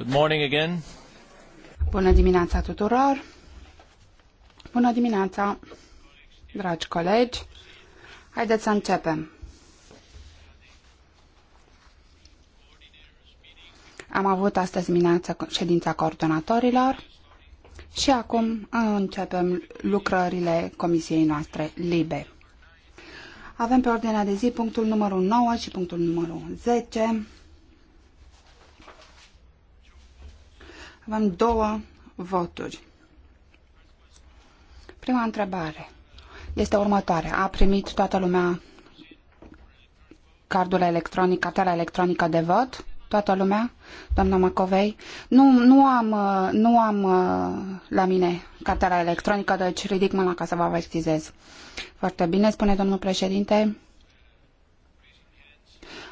Good morning again. Bună dimineața tuturor. Bună dimineața, dragi colegi. Haideți să începem. Am avut astăzi dimineața ședința coordonatorilor și acum începem lucrările comisiei noastre LIBE. Avem pe ordinea de zi punctul numărul 9 și punctul numărul 10, Avem două voturi. Prima întrebare este următoare. A primit toată lumea cardul electronic, cartela electronică de vot? Toată lumea? Doamna Macovei? Nu, nu am, nu am uh, la mine cartela electronică, deci ridic mâna ca să vă avertizez. Foarte bine, spune domnul președinte.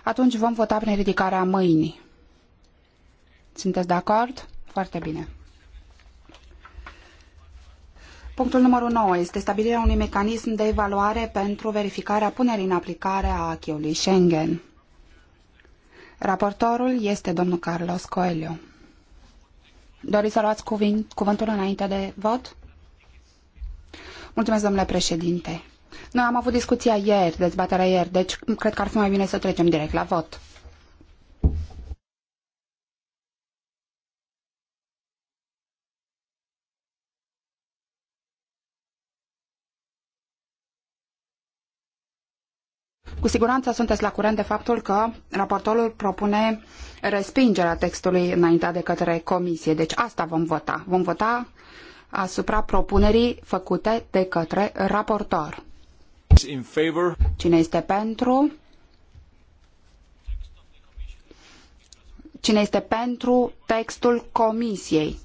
Atunci vom vota prin ridicarea mâinii. Sunteți de acord? foarte bine. Punctul numărul 9 este stabilirea unui mecanism de evaluare pentru verificarea punerii în aplicare a acquis Schengen. Raportorul este domnul Carlos Coelho. Doriți să luați cuvântul înainte de vot? Mulțumesc, domnule președinte. Noi am avut discuția ieri, dezbaterea ieri, deci cred că ar fi mai bine să trecem direct la vot. Cu siguranță sunteți la curent de faptul că raportorul propune respingerea textului înaintea de către comisie. Deci asta vom vota. Vom vota asupra propunerii făcute de către raportor. Cine este pentru? Cine este pentru textul comisiei?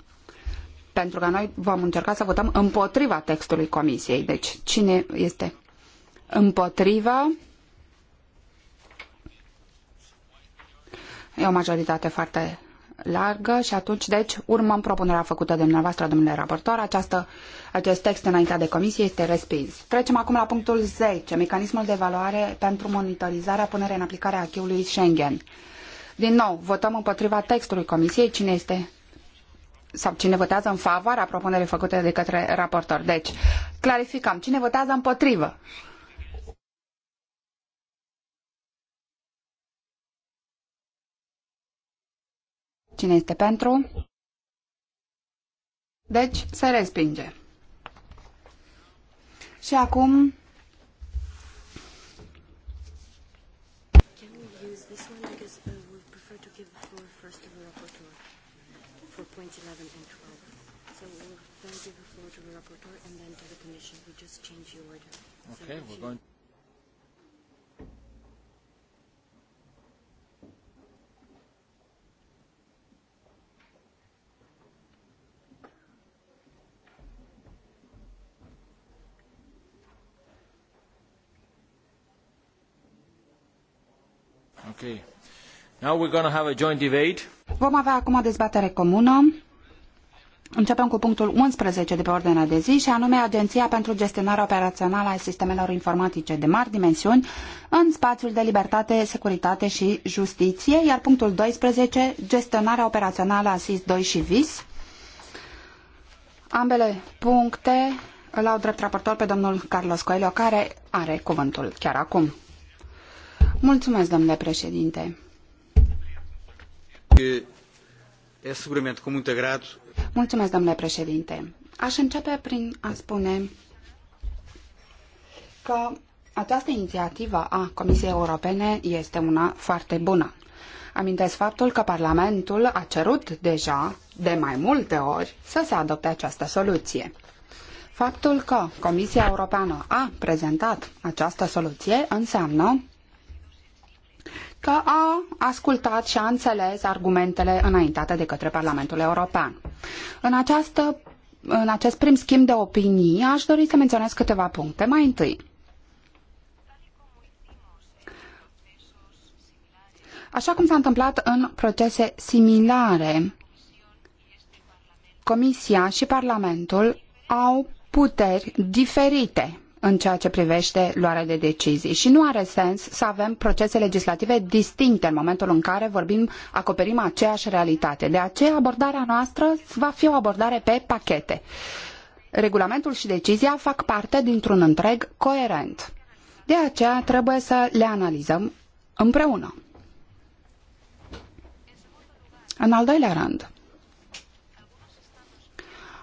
Pentru că noi vom încerca să votăm împotriva textului comisiei. Deci, cine este împotrivă? E o majoritate foarte largă și atunci, deci, urmăm propunerea făcută de dumneavoastră, domnule raportor. Această, acest text înaintea de comisie este respins. Trecem acum la punctul 10, mecanismul de evaluare pentru monitorizarea punerea în aplicare a acquis Schengen. Din nou, votăm împotriva textului comisiei. Cine este sau cine votează în favoarea propunerii făcute de către raportor. Deci, clarificăm. Cine votează împotrivă? Cine este pentru? Deci, se respinge. Și acum... Okay, we're going Okay. Now we're going to have a joint debate. Vom avea acum o dezbatere comună. Începem cu punctul 11 de pe ordinea de zi și anume Agenția pentru gestionarea operațională a sistemelor informatice de mari dimensiuni în spațiul de libertate, securitate și justiție, iar punctul 12 gestionarea operațională a SIS-2 și VIS. Ambele puncte îl au drept raportor pe domnul Carlos Coelho, care are cuvântul chiar acum. Mulțumesc, domnule președinte. cu Mulțumesc, domnule președinte. Aș începe prin a spune că această inițiativă a Comisiei Europene este una foarte bună. Amintesc faptul că Parlamentul a cerut deja, de mai multe ori, să se adopte această soluție. Faptul că Comisia Europeană a prezentat această soluție înseamnă că a ascultat și a înțeles argumentele înaintate de către Parlamentul European. În, această, în acest prim schimb de opinii, aș dori să menționez câteva puncte. Mai întâi, Așa cum s-a întâmplat în procese similare, Comisia și Parlamentul au puteri diferite în ceea ce privește luarea de decizii. Și nu are sens să avem procese legislative distincte în momentul în care vorbim, acoperim aceeași realitate. De aceea abordarea noastră va fi o abordare pe pachete. Regulamentul și decizia fac parte dintr-un întreg coerent. De aceea trebuie să le analizăm împreună. În al doilea rând,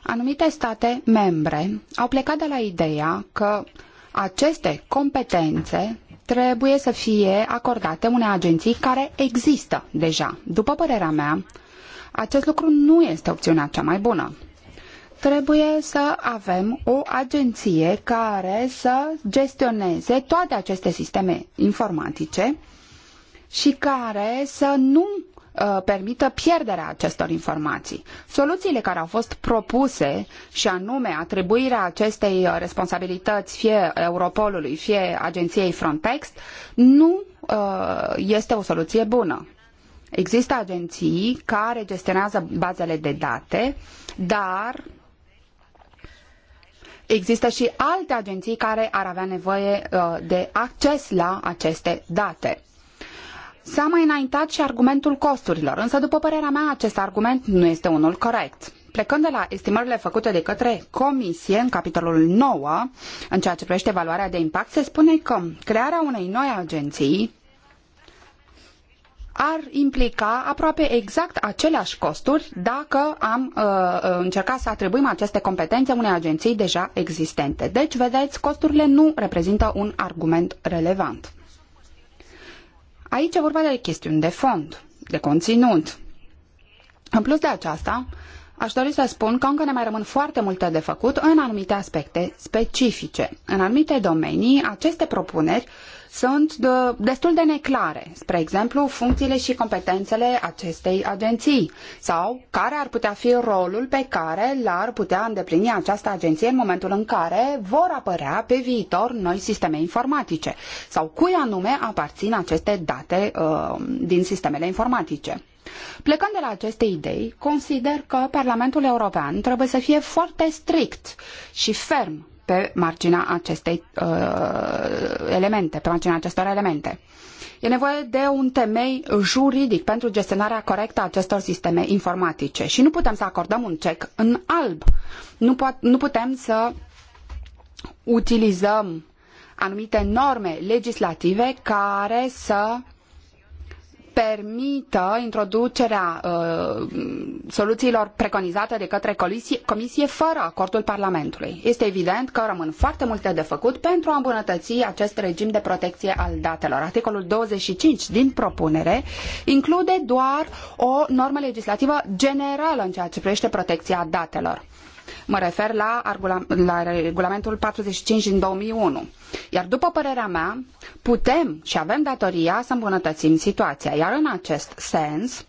Anumite state membre au plecat de la ideea că aceste competențe trebuie să fie acordate unei agenții care există deja. După părerea mea, acest lucru nu este opțiunea cea mai bună. Trebuie să avem o agenție care să gestioneze toate aceste sisteme informatice și care să nu Uh, permită pierderea acestor informații. Soluțiile care au fost propuse și anume atribuirea acestei uh, responsabilități fie Europolului, fie agenției Frontex, nu uh, este o soluție bună. Există agenții care gestionează bazele de date, dar există și alte agenții care ar avea nevoie de acces la aceste date. S-a mai înaintat și argumentul costurilor, însă după părerea mea acest argument nu este unul corect. Plecând de la estimările făcute de către Comisie în capitolul 9, în ceea ce privește valoarea de impact, se spune că crearea unei noi agenții ar implica aproape exact aceleași costuri dacă am uh, uh încercat să atribuim aceste competențe unei agenții deja existente. Deci, vedeți, costurile nu reprezintă un argument relevant. Aici e vorba de chestiuni de fond, de conținut. În plus de aceasta, aș dori să spun că încă ne mai rămân foarte multe de făcut în anumite aspecte specifice. În anumite domenii, aceste propuneri sunt de, uh, destul de neclare, spre exemplu, funcțiile și competențele acestei agenții sau care ar putea fi rolul pe care l-ar putea îndeplini această agenție în momentul în care vor apărea pe viitor noi sisteme informatice sau cui anume aparțin aceste date uh, din sistemele informatice. Plecând de la aceste idei, consider că Parlamentul European trebuie să fie foarte strict și ferm pe marginea acestei uh, elemente, pe marginea acestor elemente. E nevoie de un temei juridic pentru gestionarea corectă a acestor sisteme informatice și nu putem să acordăm un cec în alb. Nu, pot, nu putem să utilizăm anumite norme legislative care să permită introducerea uh, soluțiilor preconizate de către comisie, comisie fără acordul Parlamentului. Este evident că rămân foarte multe de făcut pentru a îmbunătăți acest regim de protecție al datelor. Articolul 25 din propunere include doar o normă legislativă generală în ceea ce privește protecția datelor. Mă refer la, la regulamentul 45 din 2001. Iar după părerea mea, putem și avem datoria să îmbunătățim situația. Iar în acest sens,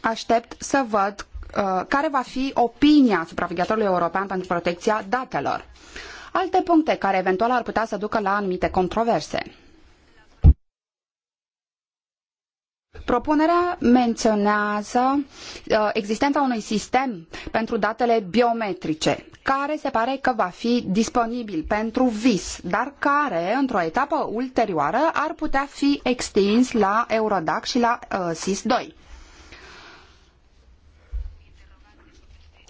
aștept să văd uh, care va fi opinia supraveghetorului european pentru protecția datelor. Alte puncte care eventual ar putea să ducă la anumite controverse. Propunerea menționează uh, existența unui sistem pentru datele biometrice, care se pare că va fi disponibil pentru vis, dar care, într-o etapă ulterioară, ar putea fi extins la Eurodac și la uh, SIS-2.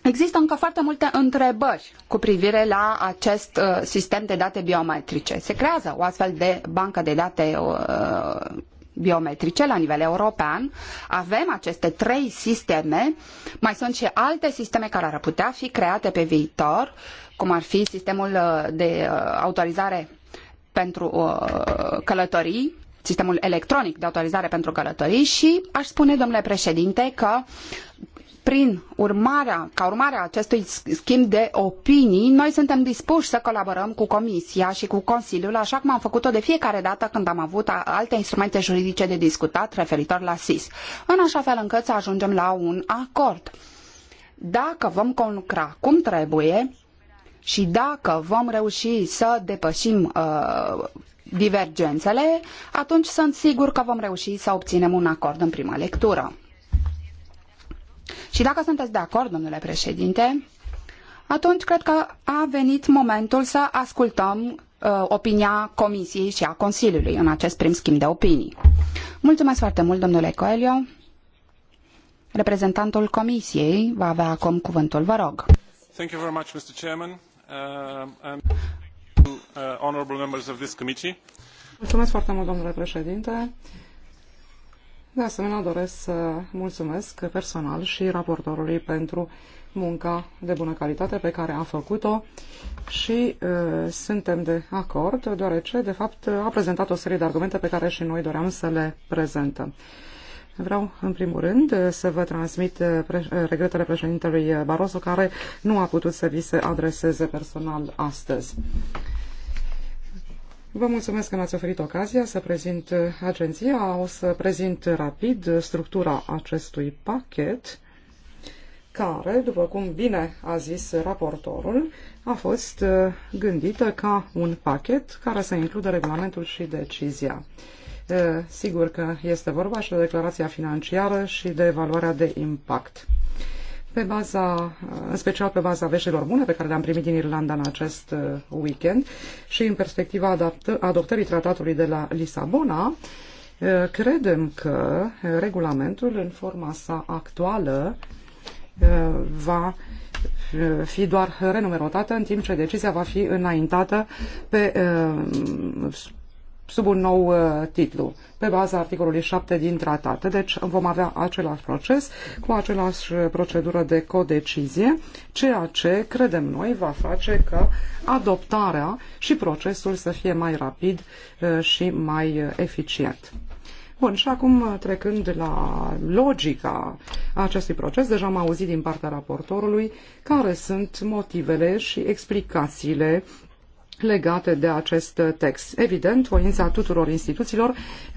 Există încă foarte multe întrebări cu privire la acest uh, sistem de date biometrice. Se creează o astfel de bancă de date uh, biometrice la nivel european. Avem aceste trei sisteme, mai sunt și alte sisteme care ar putea fi create pe viitor, cum ar fi sistemul uh, de uh, autorizare pentru uh, călătorii, sistemul electronic de autorizare pentru călătorii și aș spune, domnule președinte, că prin urmarea, ca urmare a acestui schimb de opinii, noi suntem dispuși să colaborăm cu Comisia și cu Consiliul, așa cum am făcut-o de fiecare dată când am avut alte instrumente juridice de discutat referitor la SIS, în așa fel încât să ajungem la un acord. Dacă vom conlucra cum trebuie și dacă vom reuși să depășim uh, divergențele, atunci sunt sigur că vom reuși să obținem un acord în prima lectură. Și dacă sunteți de acord, domnule președinte, atunci cred că a venit momentul să ascultăm uh, opinia Comisiei și a Consiliului în acest prim schimb de opinii. Mulțumesc foarte mult, domnule Coelho. Reprezentantul Comisiei va avea acum cuvântul, vă rog. Thank you very much, Mr. Chairman. Uh, and you, uh, honorable members of this committee. Mulțumesc foarte mult, domnule președinte. Uh, de asemenea, doresc să mulțumesc personal și raportorului pentru munca de bună calitate pe care a făcut-o și uh, suntem de acord, deoarece, de fapt, a prezentat o serie de argumente pe care și noi doream să le prezentăm. Vreau, în primul rând, să vă transmit uh, uh, regretele președintelui Barroso, care nu a putut să vi se adreseze personal astăzi. Vă mulțumesc că mi-ați oferit ocazia să prezint uh, agenția. O să prezint rapid structura acestui pachet care, după cum bine a zis raportorul, a fost uh, gândită ca un pachet care să includă regulamentul și decizia. Uh, sigur că este vorba și de declarația financiară și de evaluarea de impact pe baza, în special pe baza veștilor bune pe care le-am primit din Irlanda în acest uh, weekend și în perspectiva adoptării tratatului de la Lisabona, uh, credem că uh, regulamentul în forma sa actuală va fi doar renumerotată, în timp ce decizia va fi înaintată pe sub un nou uh, titlu, pe baza articolului 7 din tratat. Deci vom avea același proces cu același procedură de codecizie, ceea ce credem noi va face ca adoptarea și procesul să fie mai rapid uh, și mai uh, eficient. Bun, și acum trecând la logica acestui proces, deja am auzit din partea raportorului care sunt motivele și explicațiile legate de acest text. Evident, voința tuturor instituțiilor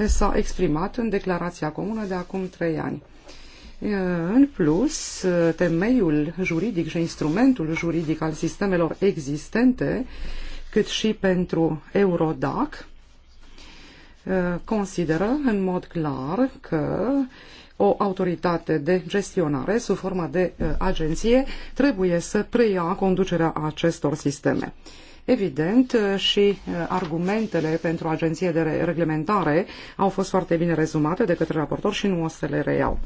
s-a exprimat în declarația comună de acum trei ani. În plus, temeiul juridic și instrumentul juridic al sistemelor existente, cât și pentru Eurodac, consideră în mod clar că o autoritate de gestionare sub formă de agenție trebuie să preia conducerea acestor sisteme. Evident, uh, și uh, argumentele pentru agenție de reglementare au fost foarte bine rezumate de către raportor și nu o să le reiau.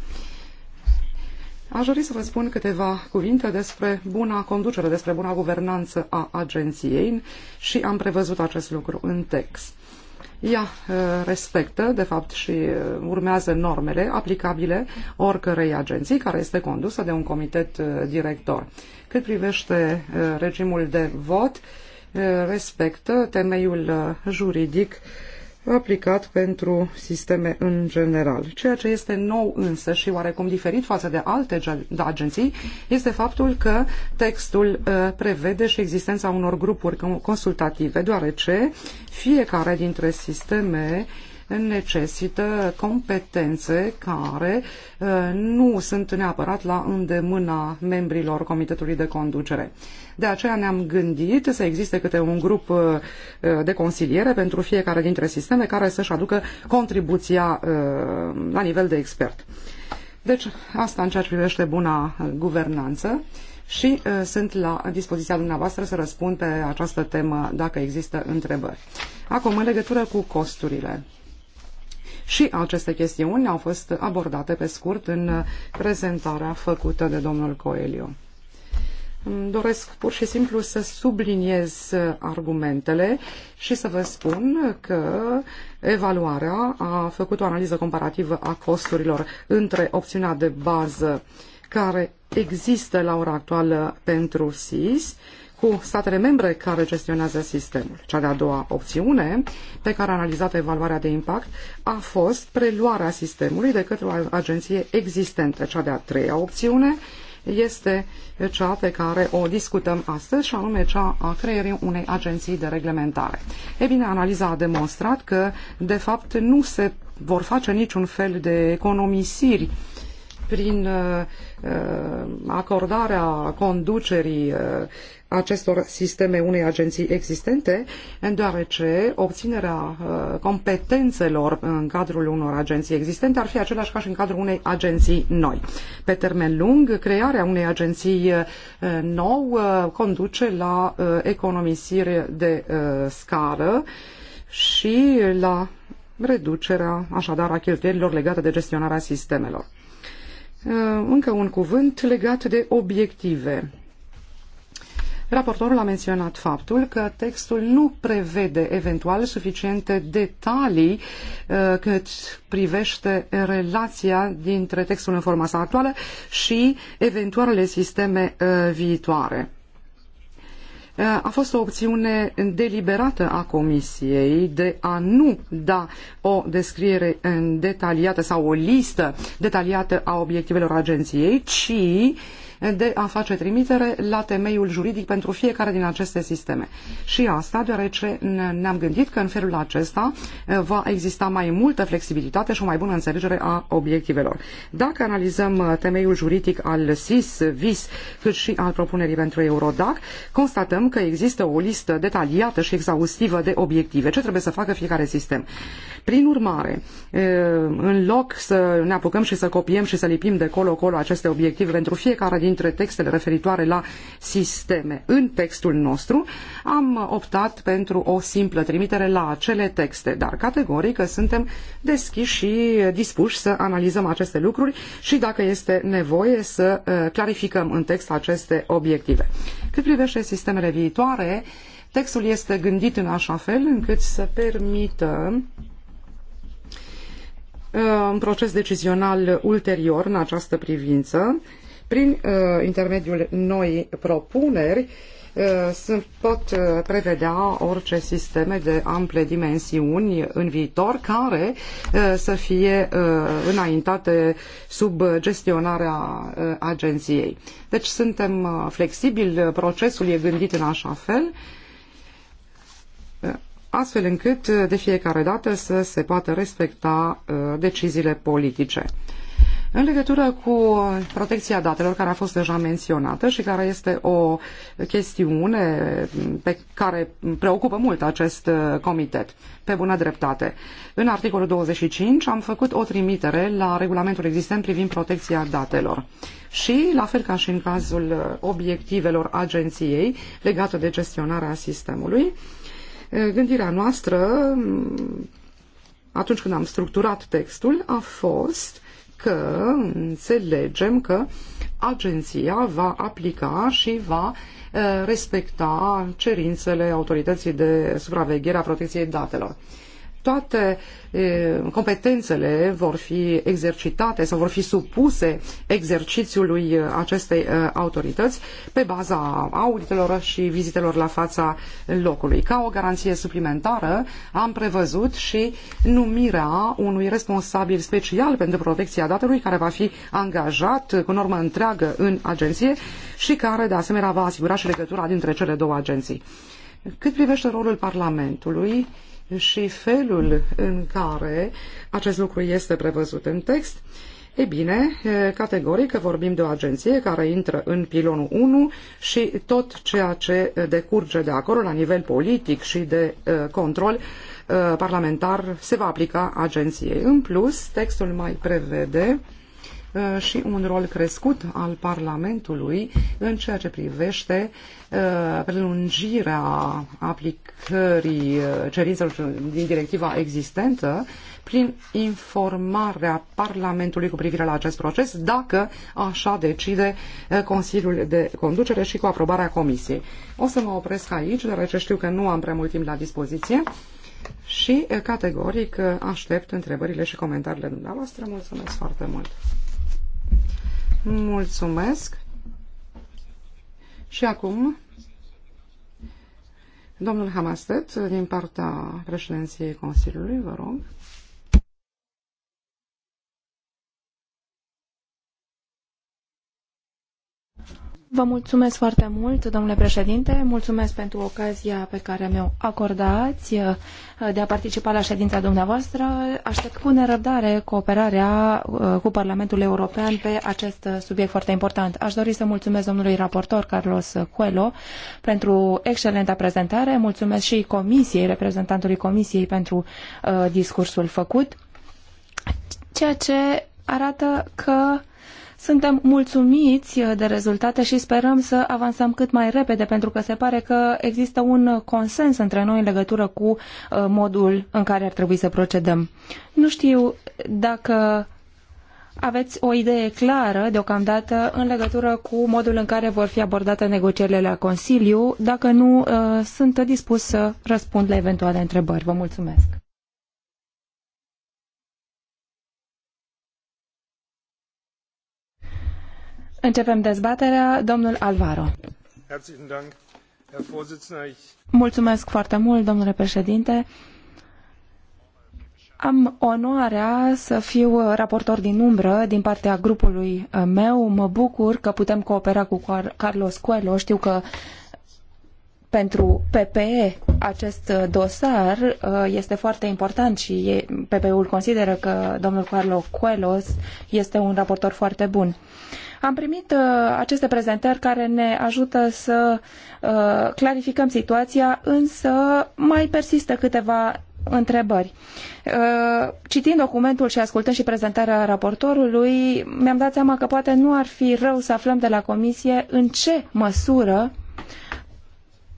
Aș dori să vă spun câteva cuvinte despre buna conducere, despre buna guvernanță a agenției și am prevăzut acest lucru în text. Ea uh, respectă, de fapt, și urmează normele aplicabile oricărei agenții care este condusă de un comitet director. Cât privește regimul de vot, respectă temeiul uh, juridic aplicat pentru sisteme în general. Ceea ce este nou însă și oarecum diferit față de alte agenții este faptul că textul uh, prevede și existența unor grupuri consultative, deoarece fiecare dintre sisteme necesită competențe care uh, nu sunt neapărat la îndemâna membrilor Comitetului de Conducere. De aceea ne-am gândit să existe câte un grup uh, de consiliere pentru fiecare dintre sisteme care să-și aducă contribuția uh, la nivel de expert. Deci, asta în ceea ce privește buna guvernanță și uh, sunt la dispoziția dumneavoastră să răspund pe această temă dacă există întrebări. Acum, în legătură cu costurile. Și aceste chestiuni au fost abordate pe scurt în prezentarea făcută de domnul Coelio. Îmi doresc pur și simplu să subliniez argumentele și să vă spun că evaluarea a făcut o analiză comparativă a costurilor între opțiunea de bază care există la ora actuală pentru SIS, uh, cu statele membre care gestionează sistemul. Cea de-a doua opțiune pe care a analizat evaluarea de impact a fost preluarea sistemului de către o agenție existentă. Cea de-a treia opțiune este cea pe care o discutăm astăzi și anume cea a creierii unei agenții de reglementare. E bine, analiza a demonstrat că de fapt nu se vor face niciun fel de economisiri prin uh, uh, acordarea conducerii uh, acestor sisteme unei agenții existente, deoarece obținerea uh, competențelor în cadrul unor agenții existente ar fi același ca și în cadrul unei agenții noi. Pe termen lung, crearea unei agenții uh, nou uh, conduce la economisire de scară și la reducerea, așadar, a cheltuielilor legate de gestionarea sistemelor. Încă un cuvânt legat de obiective. Raportorul a menționat faptul că textul nu prevede eventual suficiente detalii uh, cât privește relația dintre textul în forma sa actuală și eventualele sisteme uh, viitoare. Uh, a fost o opțiune deliberată a Comisiei de a nu da o descriere detaliată sau o listă detaliată a obiectivelor agenției, ci de a face trimitere la temeiul juridic pentru fiecare din aceste sisteme. Și asta deoarece ne-am gândit că în felul acesta eh, va exista mai multă flexibilitate și o mai bună înțelegere a obiectivelor. Dacă analizăm eh, temeiul juridic al SIS, VIS, cât și al propunerii pentru Eurodac, constatăm că există o listă detaliată și exhaustivă de obiective, ce trebuie să facă fiecare sistem. Prin urmare, eh, în loc să ne apucăm și să copiem și să lipim de colo-colo aceste obiective pentru fiecare din dintre textele referitoare la sisteme. În textul nostru am optat pentru o simplă trimitere la acele texte, dar categoric că suntem deschiși și dispuși să analizăm aceste lucruri și dacă este nevoie să uh, clarificăm în text aceste obiective. Cât privește sistemele viitoare, textul este gândit în așa fel încât să permită uh, un proces decizional ulterior în această privință prin uh, intermediul noii propuneri uh, sunt, pot uh, prevedea orice sisteme de ample dimensiuni în viitor care să fie înaintate sub gestionarea agenției. Deci suntem flexibili, procesul e gândit în așa fel astfel încât de fiecare dată să se poată respecta deciziile politice. În legătură cu protecția datelor, care a fost deja menționată și care este o chestiune pe care preocupă mult acest uh, comitet, pe bună dreptate. În articolul 25 am făcut o trimitere la regulamentul existent privind protecția datelor. Și, la fel ca și în cazul uh, obiectivelor agenției legate de gestionarea sistemului, uh, gândirea noastră mm, atunci când am structurat textul, a fost că înțelegem că agenția va aplica și va uh, respecta cerințele autorității de supraveghere a protecției datelor toate competențele vor fi exercitate sau vor fi supuse exercițiului acestei autorități pe baza auditelor și vizitelor la fața locului. Ca o garanție suplimentară am prevăzut și numirea unui responsabil special pentru protecția datelor care va fi angajat cu normă întreagă în agenție și care de asemenea va asigura și legătura dintre cele două agenții. Cât privește rolul Parlamentului, și felul în care acest lucru este prevăzut în text, E bine, categoric vorbim de o agenție care intră în pilonul 1 și tot ceea ce decurge de acolo la nivel politic și de control parlamentar se va aplica agenției. În plus, textul mai prevede uh, Uh, și un rol crescut al Parlamentului în ceea ce privește uh, prelungirea aplicării uh, cerințelor din directiva existentă prin informarea Parlamentului cu privire la acest proces, dacă așa decide Consiliul de Conducere și cu aprobarea Comisiei. O să mă opresc aici, deoarece știu că nu am prea mult timp la dispoziție și categoric aștept întrebările și comentariile dumneavoastră. Mulțumesc foarte mult! Mulțumesc. Și acum, domnul Hamastet, din partea președinției Consiliului, vă rog. Vă mulțumesc foarte mult, domnule președinte. Mulțumesc pentru ocazia pe care mi-o acordați eh, de a participa la ședința dumneavoastră. Aștept cu nerăbdare cooperarea eh, cu Parlamentul European pe acest subiect foarte important. Aș dori să mulțumesc domnului raportor Carlos Coelho pentru excelenta prezentare. Mulțumesc și comisiei, reprezentantului comisiei pentru eh, discursul făcut, ceea ce arată că suntem mulțumiți uh, de rezultate și sperăm să avansăm cât mai repede, pentru că se pare că există un consens între noi în legătură cu uh, modul în care ar trebui să procedăm. Nu știu dacă aveți o idee clară deocamdată în legătură cu modul în care vor fi abordate negocierile la Consiliu. Dacă nu, uh, sunt dispus să răspund la eventuale întrebări. Vă mulțumesc. Începem dezbaterea. Domnul Alvaro. Mulțumesc foarte mult, domnule președinte. Am onoarea să fiu raportor din umbră din partea grupului meu. Mă bucur că putem coopera cu Carlos Coelho. Știu că pentru PPE acest dosar uh, este foarte important și PPE-ul consideră că domnul Carlo Coelos este un raportor foarte bun. Am primit uh, aceste prezentări care ne ajută să uh, clarificăm situația, însă mai persistă câteva întrebări. Citind documentul și ascultând și prezentarea raportorului, mi-am dat seama că poate nu ar fi rău să aflăm de la Comisie în ce măsură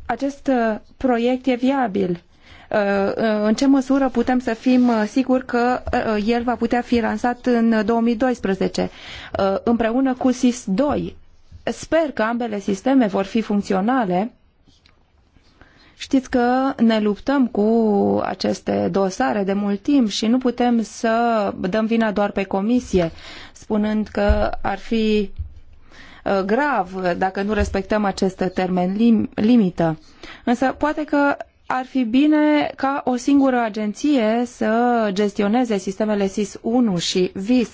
acest uh, proiect e viabil? Uh, uh, în ce măsură putem să fim siguri că el va putea fi lansat în 2012 împreună cu SIS-2? Sper că ambele sisteme vor fi funcționale. Știți că ne luptăm cu aceste dosare de mult timp și nu putem să dăm vina doar pe comisie, spunând că ar fi Uh, grav dacă nu respectăm acest termen lim limită. Însă poate că ar fi bine ca o singură agenție să gestioneze sistemele SIS 1 și VIS.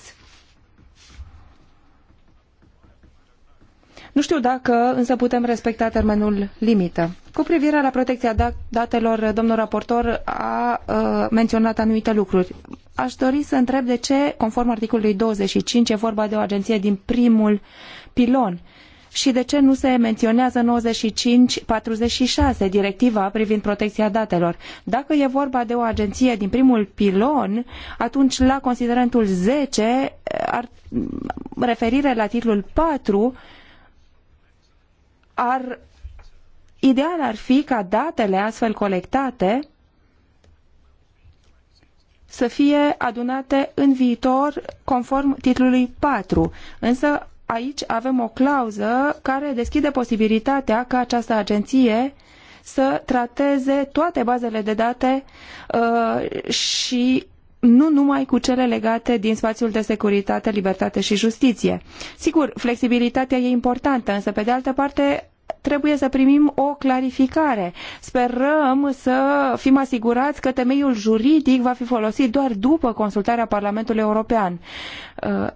Nu știu dacă însă putem respecta termenul limită. Cu privire la protecția datelor, domnul raportor a uh, menționat anumite lucruri. Aș dori să întreb de ce, conform articolului 25, e vorba de o agenție din primul pilon. Și de ce nu se menționează 95-46, directiva privind protecția datelor? Dacă e vorba de o agenție din primul pilon, atunci la considerentul 10, ar, referire la titlul 4, ar, ideal ar fi ca datele astfel colectate să fie adunate în viitor conform titlului 4. Însă aici avem o clauză care deschide posibilitatea ca această agenție să trateze toate bazele de date uh, și nu numai cu cele legate din spațiul de securitate, libertate și justiție. Sigur, flexibilitatea e importantă, însă pe de altă parte trebuie să primim o clarificare. Sperăm să fim asigurați că temeiul juridic va fi folosit doar după consultarea Parlamentului European. Uh,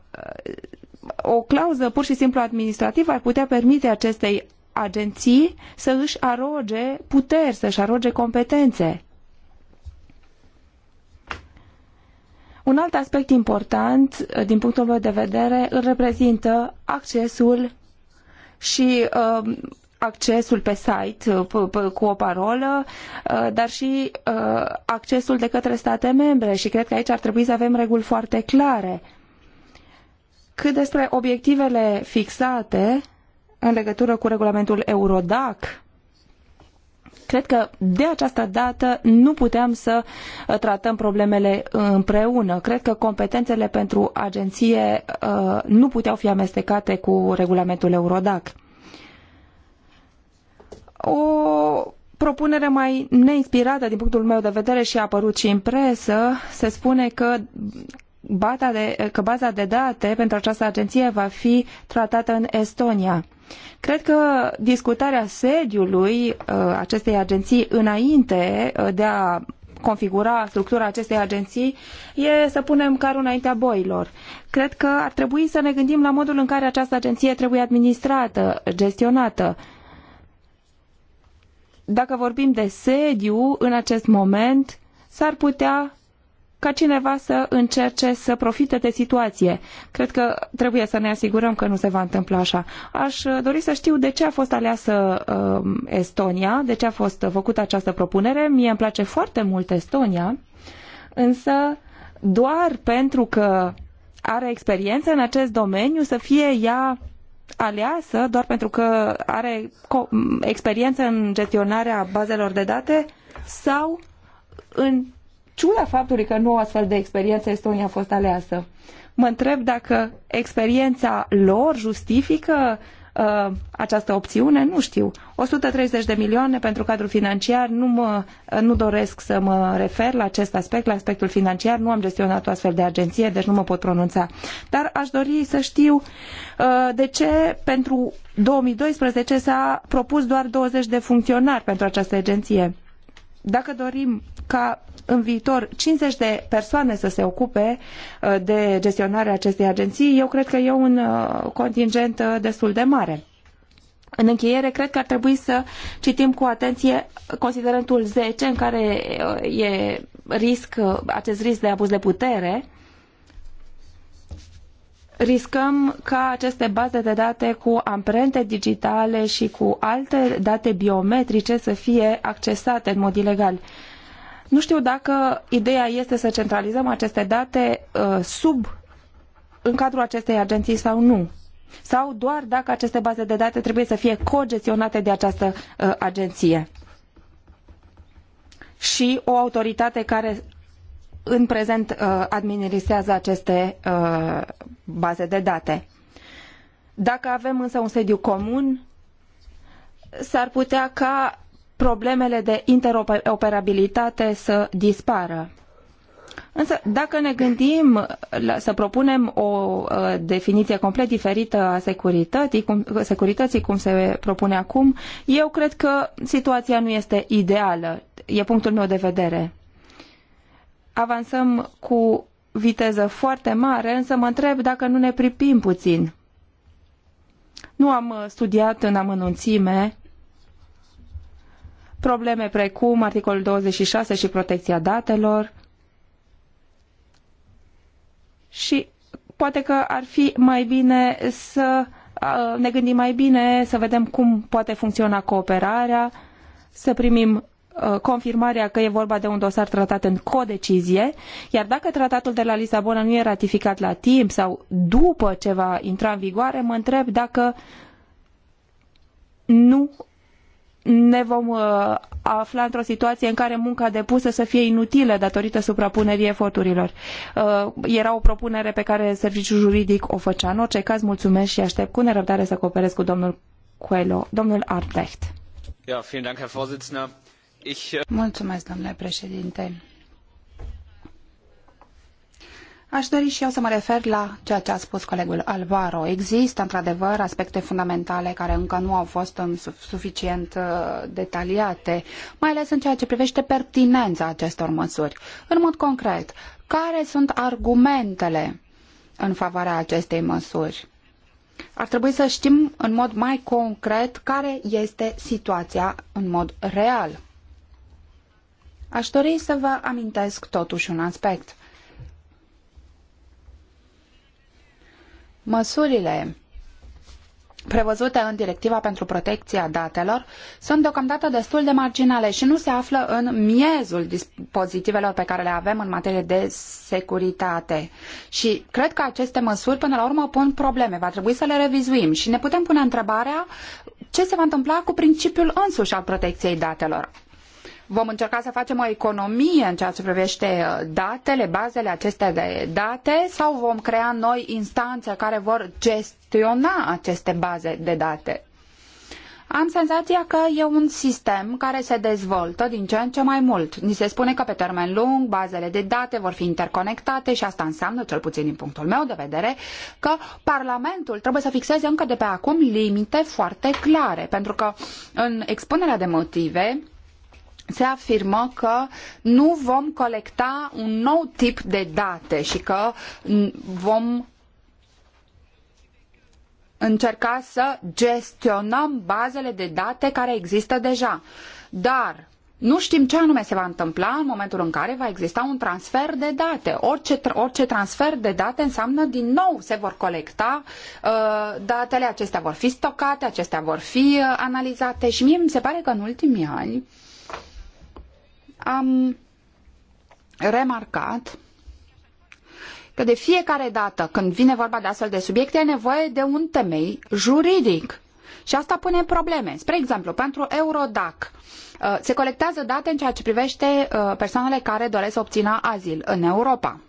o clauză pur și simplu administrativă ar putea permite acestei agenții să își aroge puteri, să își aroge competențe. Un alt aspect important, uh, din punctul meu de vedere, îl reprezintă accesul și uh, accesul pe site uh, cu o parolă, uh, dar și accesul de către state membre și cred că aici ar trebui să avem reguli foarte clare. Cât despre obiectivele fixate în legătură cu regulamentul Eurodac, cred că de această dată nu putem să uh, tratăm problemele împreună. Cred că competențele pentru agenție uh, nu puteau fi amestecate cu regulamentul Eurodac. O propunere mai neinspirată din punctul meu de vedere și a apărut și în presă, se spune că bata de, că baza de date pentru această agenție va fi tratată în Estonia. Cred că discutarea sediului uh, acestei agenții înainte uh, de a configura structura acestei agenții e să punem carul înaintea boilor. Cred că ar trebui să ne gândim la modul în care această agenție trebuie administrată, gestionată. Dacă vorbim de sediu în acest moment, s-ar putea ca cineva să încerce să profite de situație. Cred că trebuie să ne asigurăm că nu se va întâmpla așa. Aș uh, dori să știu de ce a fost aleasă uh, Estonia, de ce a fost făcută această propunere. Mie îmi place foarte mult Estonia, însă doar pentru că are experiență în acest domeniu să fie ea aleasă, doar pentru că are experiență în gestionarea bazelor de date sau în ciuda faptului că nu o astfel de experiență Estonia a fost aleasă. Mă întreb dacă experiența lor justifică uh, această opțiune, nu știu. 130 de milioane pentru cadrul financiar, nu, mă, uh, nu doresc să mă refer la acest aspect, la aspectul financiar, nu am gestionat o astfel de agenție, deci nu mă pot pronunța. Dar aș dori să știu uh, de ce pentru 2012 s-a propus doar 20 de funcționari pentru această agenție. Dacă dorim ca în viitor 50 de persoane să se ocupe uh, de gestionarea acestei agenții, eu cred că e un uh, contingent uh, destul de mare. În încheiere, cred că ar trebui să citim cu atenție considerentul 10, în care e risc, acest risc de abuz de putere. Riscăm ca aceste baze de date cu amprente digitale și cu alte date biometrice să fie accesate în mod ilegal. Nu știu dacă ideea este să centralizăm aceste date uh, sub în cadrul acestei agenții sau nu. Sau doar dacă aceste baze de date trebuie să fie cogestionate de această uh, agenție. Și o autoritate care în prezent uh, administrează aceste baze de date. Dacă avem însă un sediu comun, s-ar putea ca problemele de interoperabilitate să dispară. Însă, dacă ne gândim să propunem o uh, definiție complet diferită a securității cum, securității, cum se propune acum, eu cred că situația nu este ideală. E punctul meu de vedere. Avansăm cu viteză foarte mare, însă mă întreb dacă nu ne pripim puțin. Nu am uh, studiat în amănunțime probleme precum articolul 26 și protecția datelor și poate că ar fi mai bine să ne gândim mai bine, să vedem cum poate funcționa cooperarea, să primim confirmarea că e vorba de un dosar tratat în codecizie, iar dacă tratatul de la Lisabona nu e ratificat la timp sau după ce va intra în vigoare, mă întreb dacă nu ne vom uh, afla într-o situație în care munca depusă să fie inutilă datorită suprapunerii eforturilor. Uh, era o propunere pe care serviciul juridic o făcea. În orice caz, mulțumesc și aștept cu nerăbdare să cooperez cu domnul Coelho, domnul Arbrecht. Uh, mulțumesc, domnule președinte. Aș dori și eu să mă refer la ceea ce a spus colegul Alvaro. Există, într-adevăr, aspecte fundamentale care încă nu au fost suficient uh, detaliate, mai ales în ceea ce privește pertinența acestor măsuri. În mod concret, care sunt argumentele în favoarea acestei măsuri? Ar trebui să știm în mod mai concret care este situația în mod real. Aș dori să vă amintesc totuși un aspect – Măsurile prevăzute în directiva pentru protecția datelor sunt deocamdată destul de marginale și nu se află în miezul dispozitivelor pe care le avem în materie de securitate. Și cred că aceste măsuri până la urmă pun probleme. Va trebui să le revizuim și ne putem pune întrebarea ce se va întâmpla cu principiul însuși al protecției datelor vom încerca să facem o economie în ceea ce privește uh, datele, bazele acestea de date sau vom crea noi instanțe care vor gestiona aceste baze de date? Am senzația că e un sistem care se dezvoltă din ce în ce mai mult. Ni se spune că pe termen lung bazele de date vor fi interconectate și asta înseamnă, cel puțin din punctul meu de vedere, că Parlamentul trebuie să fixeze încă de pe acum limite foarte clare, pentru că în expunerea de motive se afirmă că nu vom colecta un nou tip de date și că vom încerca să gestionăm bazele de date care există deja. Dar nu știm ce anume se va întâmpla în momentul în care va exista un transfer de date. Orice, orice transfer de date înseamnă din nou se vor colecta uh, datele, acestea vor fi stocate, acestea vor fi uh, analizate și mie mi se pare că în ultimii ani uh, am remarcat că de fiecare dată când vine vorba de astfel de subiecte e nevoie de un temei juridic. Și asta pune probleme. Spre exemplu, pentru Eurodac uh, se colectează date în ceea ce privește uh, persoanele care doresc să obțină azil în Europa.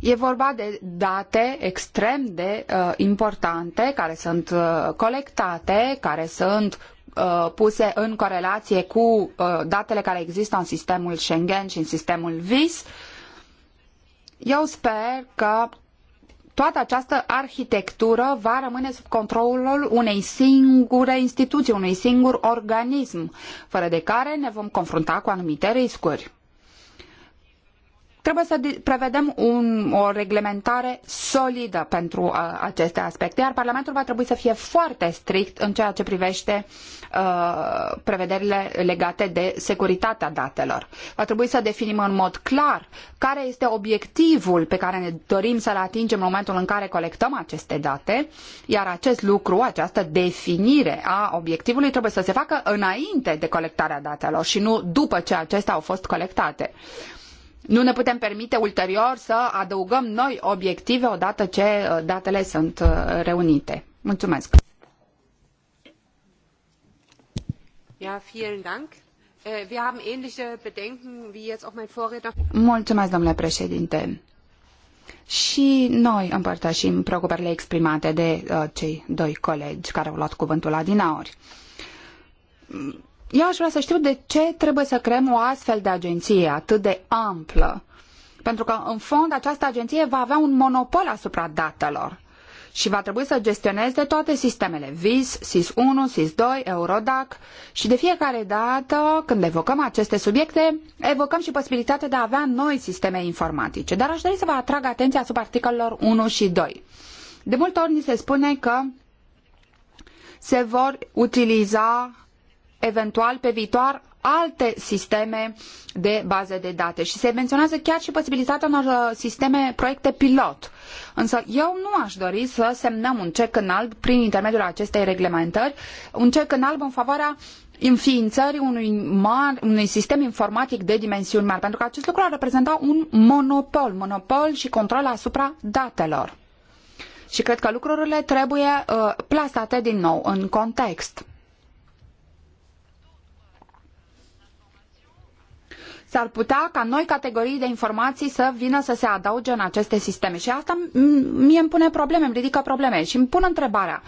E vorba de date extrem de uh, importante care sunt colectate, care sunt Uh, puse în corelație cu uh, datele care există în sistemul Schengen și în sistemul VIS. Eu sper că toată această arhitectură va rămâne sub controlul unei singure instituții, unui singur organism, fără de care ne vom confrunta cu anumite riscuri. Trebuie să prevedem un, o reglementare solidă pentru uh, aceste aspecte, iar Parlamentul va trebui să fie foarte strict în ceea ce privește uh, prevederile legate de securitatea datelor. Va trebui să definim în mod clar care este obiectivul pe care ne dorim să-l atingem în momentul în care colectăm aceste date, iar acest lucru, această definire a obiectivului trebuie să se facă înainte de colectarea datelor și nu după ce acestea au fost colectate. Nu ne putem permite ulterior să adăugăm noi obiective odată ce uh, datele sunt uh, reunite. Mulțumesc! Ja, vielen Dank. Äh, wir haben ähnliche Bedenken wie jetzt auch mein Vorredner. Mulțumesc, domnule președinte. Și noi împărtășim preocupările exprimate de uh, cei doi colegi care au luat cuvântul la dinaori eu aș vrea să știu de ce trebuie să creăm o astfel de agenție atât de amplă. Pentru că, în fond, această agenție va avea un monopol asupra datelor și va trebui să gestioneze toate sistemele VIS, SIS-1, SIS-2, Eurodac și de fiecare dată când evocăm aceste subiecte, evocăm și posibilitatea de a avea noi sisteme informatice. Dar aș dori să vă atrag atenția asupra articolelor 1 și 2. De multe ori ni se spune că se vor utiliza eventual pe viitor alte sisteme de baze de date și se menționează chiar și posibilitatea unor uh, sisteme, proiecte pilot. Însă eu nu aș dori să semnăm un cec în alb prin intermediul acestei reglementări, un cec în alb în favoarea înființării unui, mar, unui sistem informatic de dimensiuni mari, pentru că acest lucru ar reprezenta un monopol, monopol și control asupra datelor. Și cred că lucrurile trebuie uh, plasate din nou în context. s-ar putea ca noi categorii de informații să vină să se adauge în aceste sisteme. Și asta mie îmi pune probleme, îmi ridică probleme și îmi pun întrebarea.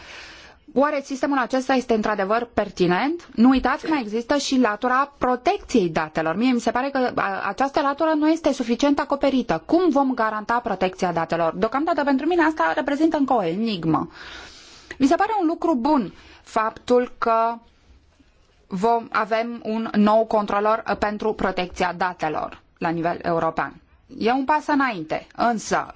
Oare sistemul acesta este într-adevăr pertinent? Nu uitați că mai există și latura protecției datelor. Mie mi se pare că această latură nu este suficient acoperită. Cum vom garanta protecția datelor? Deocamdată pentru mine asta reprezintă încă o enigmă. Mi se pare un lucru bun faptul că vom avem un nou controlor uh, pentru protecția datelor la nivel european. E un pas înainte, însă,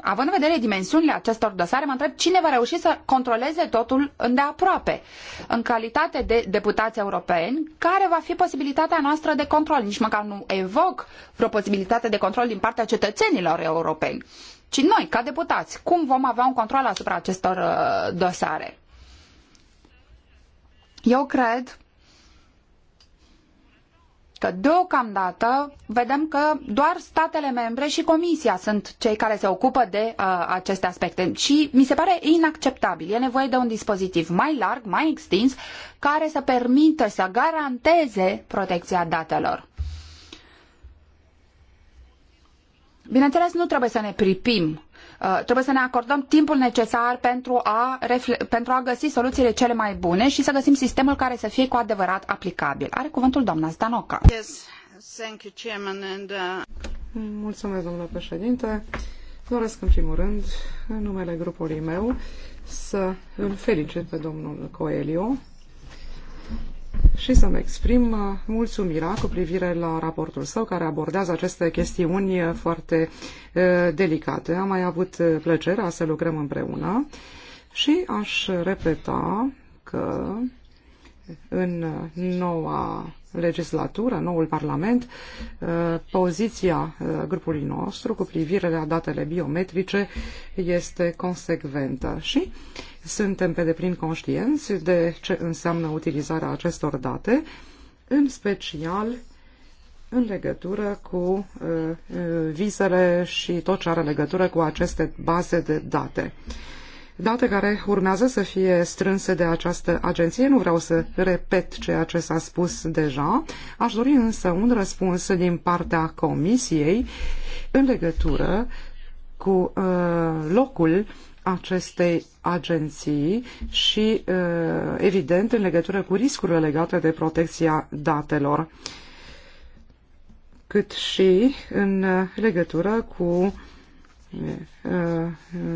având în vedere dimensiunile acestor dosare, mă întreb cine va reuși să controleze totul îndeaproape. În calitate de deputați europeni, care va fi posibilitatea noastră de control? Nici măcar nu evoc vreo posibilitate de control din partea cetățenilor europeni, ci noi, ca deputați, cum vom avea un control asupra acestor uh, dosare? Eu cred că deocamdată vedem că doar statele membre și Comisia sunt cei care se ocupă de uh, aceste aspecte și mi se pare inacceptabil. E nevoie de un dispozitiv mai larg, mai extins, care să permită să garanteze protecția datelor. Bineînțeles, nu trebuie să ne pripim Uh, trebuie să ne acordăm timpul necesar pentru a, pentru a găsi soluțiile cele mai bune și să găsim sistemul care să fie cu adevărat aplicabil. Are cuvântul doamna Zdanoca. Yes. Thank you, Chairman, and, uh... Mulțumesc, domnule președinte. Doresc, în primul rând, în numele grupului meu, să îl felicit pe domnul Coelio și să-mi exprim uh, mulțumirea cu privire la raportul său care abordează aceste chestiuni uh, foarte uh, delicate. Am mai avut plăcerea să lucrăm împreună și aș repeta că în noua legislatură, noul Parlament, poziția grupului nostru cu privire la datele biometrice este consecventă și suntem pe deplin conștienți de ce înseamnă utilizarea acestor date, în special în legătură cu uh, uh, vizele și tot ce are legătură cu aceste baze de date. Date care urmează să fie strânse de această agenție. Nu vreau să repet ceea ce s-a spus deja. Aș dori însă un răspuns din partea Comisiei în legătură cu uh, locul acestei agenții și, uh, evident, în legătură cu riscurile legate de protecția datelor, cât și în legătură cu uh,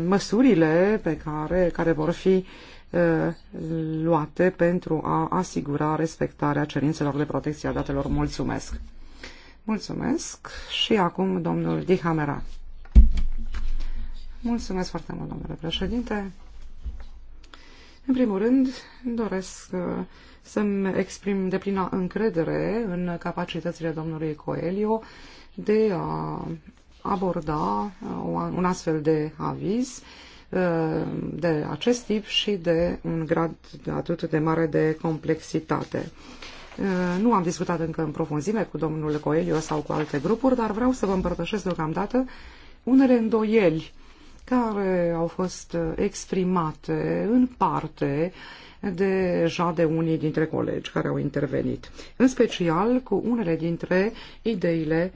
măsurile pe care, care vor fi uh, luate pentru a asigura respectarea cerințelor de protecție a datelor. Mulțumesc! Mulțumesc și acum domnul Dihamera. Mulțumesc foarte mult, domnule președinte. În primul rând, doresc uh, să-mi exprim plină încredere în capacitățile domnului Coelio de a aborda uh, un astfel de aviz uh, de acest tip și de un grad atât de mare de complexitate. Nu am discutat încă în profunzime cu domnul Coelio sau cu alte grupuri, dar vreau să vă împărtășesc deocamdată unele îndoieli care au fost uh, exprimate în parte deja de unii dintre colegi care au intervenit, în special cu unele dintre ideile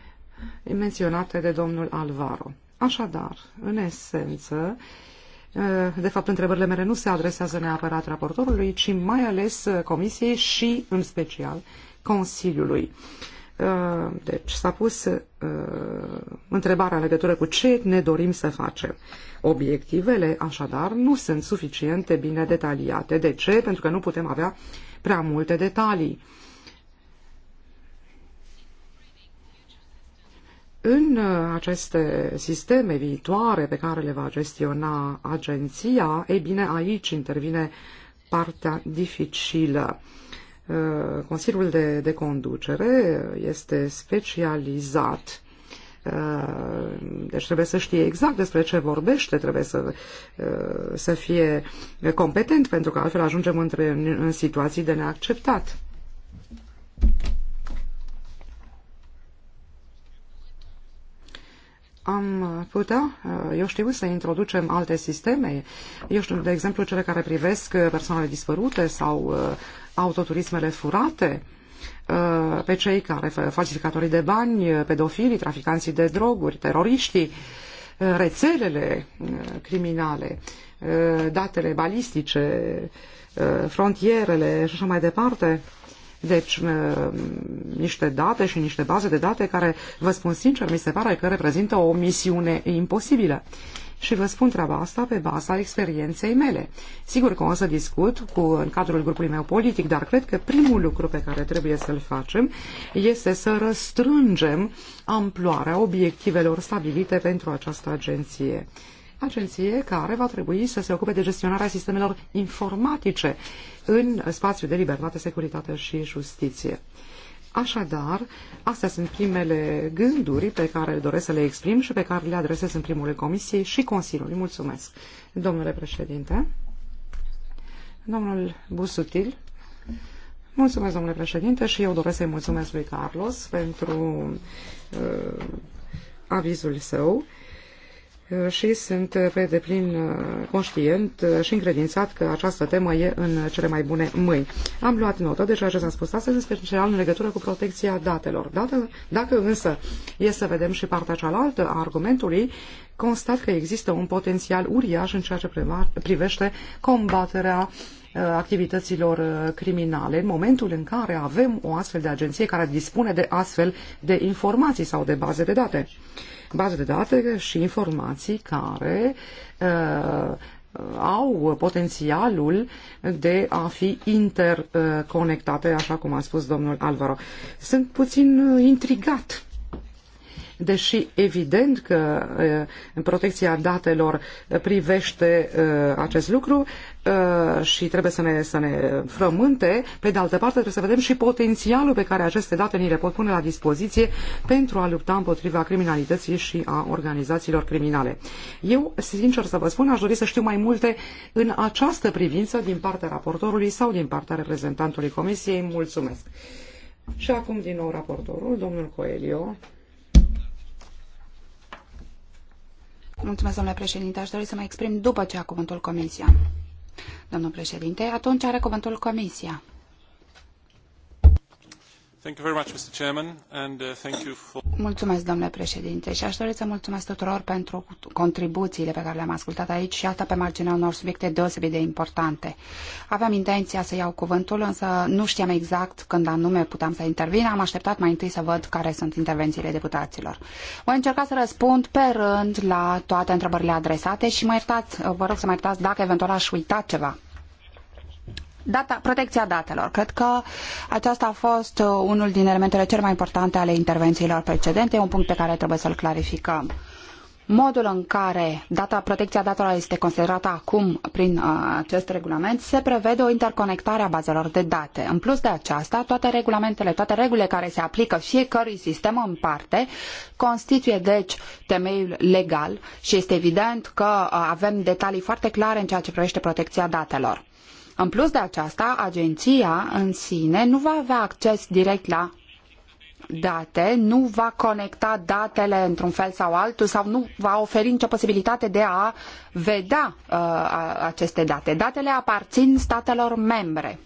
menționate de domnul Alvaro. Așadar, în esență, uh, de fapt, întrebările mele nu se adresează neapărat raportorului, ci mai ales uh, Comisiei și, în special, Consiliului. Uh, deci s-a pus uh, întrebarea în legătură cu ce ne dorim să facem. Obiectivele, așadar, nu sunt suficiente bine detaliate. De ce? Pentru că nu putem avea prea multe detalii. În uh, aceste sisteme viitoare pe care le va gestiona agenția, ei bine, aici intervine partea dificilă. Uh, Uh, Consiliul de, de Conducere este specializat uh, deci trebuie să știe exact despre ce vorbește, trebuie să, uh, să fie competent, pentru că altfel ajungem între, în situații de neacceptat. am putea, uh, eu știu, să introducem alte sisteme, eu știu, de exemplu, cele care privesc uh, persoanele dispărute sau uh, autoturismele furate, pe cei care, falsificatorii de bani, pedofilii, traficanții de droguri, teroriștii, rețelele criminale, datele balistice, frontierele și așa mai departe. Deci, uh, niște date și niște baze de date care, vă spun sincer, mi se pare că reprezintă o misiune imposibilă. Și vă spun treaba asta pe baza experienței mele. Sigur că o să discut cu, în cadrul grupului meu politic, dar cred că primul lucru pe care trebuie să-l facem este să răstrângem amploarea obiectivelor stabilite pentru această agenție agenție care va trebui să se ocupe de gestionarea sistemelor informatice în spațiul de libertate, securitate și justiție. Așadar, astea sunt primele gânduri pe care doresc să le exprim și pe care le adresez în primul Comisiei și Consiliului. Mulțumesc, domnule președinte. Domnul Busutil. Mulțumesc, domnule președinte, și eu doresc să-i mulțumesc lui Carlos pentru uh, avizul său și sunt pe deplin uh, conștient și încredințat că această temă e în cele mai bune mâini. Am luat notă de ceea ce s-a spus astăzi, în special în legătură cu protecția datelor. Dacă, dacă însă e să vedem și partea cealaltă a argumentului, constat că există un potențial uriaș în ceea ce privește combaterea uh, activităților uh, criminale, în momentul în care avem o astfel de agenție care dispune de astfel de informații sau de baze de date baze de date și informații care uh, au potențialul de a fi interconectate, așa cum a spus domnul Alvaro. Sunt puțin uh, intrigat deși evident că uh, protecția datelor privește uh, acest lucru, Uh, și trebuie să ne, să ne frământe, pe de altă parte trebuie să vedem și potențialul pe care aceste date ni le pot pune la dispoziție pentru a lupta împotriva criminalității și a organizațiilor criminale. Eu, sincer să vă spun, aș dori să știu mai multe în această privință din partea raportorului sau din partea reprezentantului Comisiei. Mulțumesc! Și acum din nou raportorul, domnul Coelio. Mulțumesc, domnule președinte. Aș dori să mă exprim după ce a cuvântul Comisia. Domnul președinte, atunci are cuvântul Comisia. Mulțumesc, domnule președinte, și aș dori să mulțumesc tuturor pentru contribuțiile pe care le-am ascultat aici și atât pe marginea unor subiecte deosebit de importante. Aveam intenția să iau cuvântul, însă nu știam exact când anume puteam să intervin. Am așteptat mai întâi să văd care sunt intervențiile deputaților. Voi încerca să răspund pe rând la toate întrebările adresate și mă iertați, vă rog să mă iertați dacă eventual aș uita ceva data, protecția datelor. Cred că aceasta a fost uh, unul din elementele cele mai importante ale intervențiilor precedente, un punct pe care trebuie să-l clarificăm. Modul în care data, protecția datelor este considerată acum prin uh, acest regulament se prevede o interconectare a bazelor de date. În plus de aceasta, toate regulamentele, toate regulile care se aplică fiecărui sistem în parte constituie deci temeiul legal și este evident că uh, avem detalii foarte clare în ceea ce privește protecția datelor. În plus de aceasta, agenția în sine nu va avea acces direct la date, nu va conecta datele într-un fel sau altul sau nu va oferi nicio posibilitate de a vedea uh, aceste date. Datele aparțin statelor membre.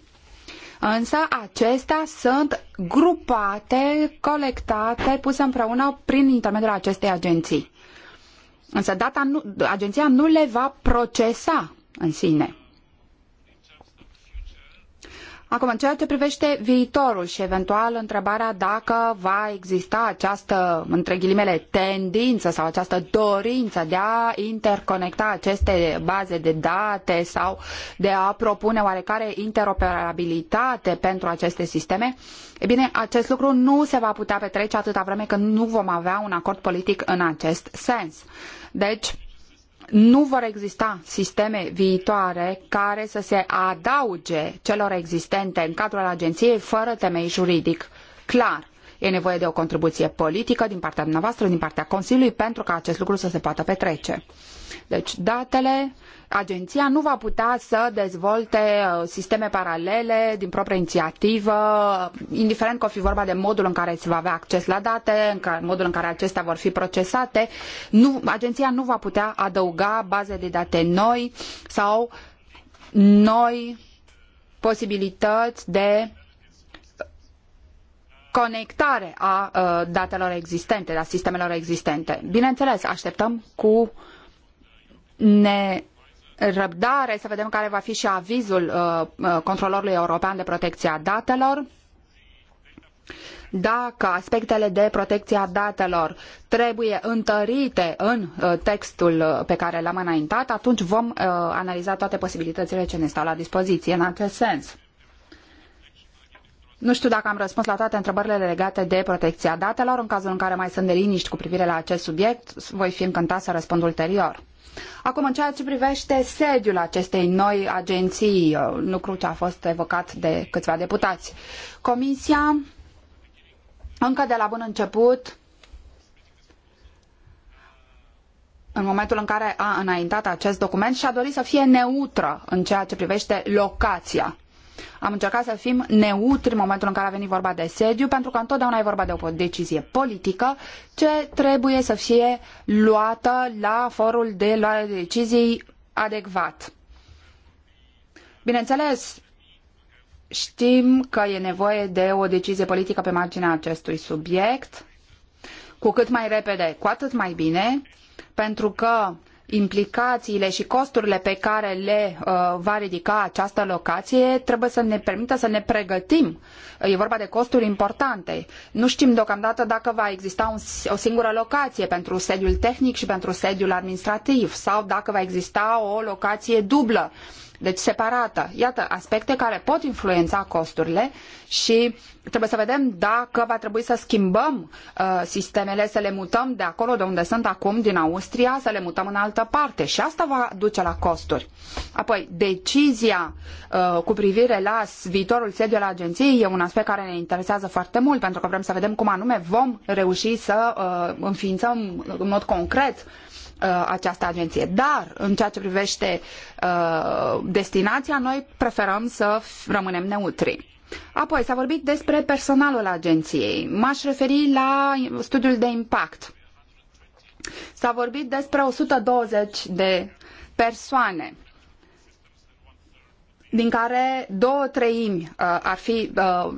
Însă acestea sunt grupate, colectate, puse împreună prin intermediul acestei agenții. Însă data nu, agenția nu le va procesa în sine. Acum, în ceea ce privește viitorul și eventual întrebarea dacă va exista această, între ghilimele, tendință sau această dorință de a interconecta aceste baze de date sau de a propune oarecare interoperabilitate pentru aceste sisteme, e bine, acest lucru nu se va putea petrece atâta vreme când nu vom avea un acord politic în acest sens. Deci, nu vor exista sisteme viitoare care să se adauge celor existente în cadrul agenției fără temei juridic clar. E nevoie de o contribuție politică din partea dumneavoastră, din partea Consiliului, pentru ca acest lucru să se poată petrece. Deci, datele agenția nu va putea să dezvolte uh, sisteme paralele din proprie inițiativă, indiferent că o fi vorba de modul în care se va avea acces la date, în modul în care acestea vor fi procesate, nu, agenția nu va putea adăuga baze de date noi sau noi posibilități de conectare a uh, datelor existente, a sistemelor existente. Bineînțeles, așteptăm cu ne răbdare să vedem care va fi și avizul uh, uh, controlorului european de protecție a datelor dacă aspectele de protecție a datelor trebuie întărite în uh, textul pe care l-am înaintat, atunci vom analiza toate posibilitățile ce ne stau la dispoziție în acest sens. Nu știu dacă am răspuns la toate întrebările legate de protecția datelor. În cazul în care mai sunt liniști cu privire la acest subiect, voi fi încântat să răspund ulterior. Acum, în ceea ce privește sediul acestei noi agenții, uh, lucru ce a fost evocat de câțiva deputați, Comisia, încă de la bun început, în momentul în care a înaintat acest document și a dorit să fie neutră în ceea ce privește locația am încercat să fim neutri în momentul în care a venit vorba de sediu, pentru că întotdeauna e vorba de o decizie politică ce trebuie să fie luată la forul de luare de decizii adecvat. Bineînțeles, știm că e nevoie de o decizie politică pe marginea acestui subiect, cu cât mai repede, cu atât mai bine, pentru că implicațiile și costurile pe care le uh, va ridica această locație trebuie să ne permită să ne pregătim. E vorba de costuri importante. Nu știm deocamdată dacă va exista un, o singură locație pentru sediul tehnic și pentru sediul administrativ sau dacă va exista o locație dublă. Uh, deci separată. Iată, aspecte care pot influența costurile și trebuie să vedem dacă va trebui să schimbăm uh, sistemele, să le mutăm de acolo de unde sunt acum, din Austria, să le mutăm în altă parte și asta va duce la costuri. Apoi, decizia uh, cu privire la viitorul sediu al agenției e un aspect care ne interesează foarte mult pentru că vrem să vedem cum anume vom reuși să uh, înființăm în mod concret uh, Uh, această agenție. Dar, în ceea ce privește uh, destinația, noi preferăm să rămânem neutri. Apoi, s-a vorbit despre personalul agenției. M-aș referi la studiul de impact. S-a vorbit despre 120 de persoane din care două treimi uh, ar fi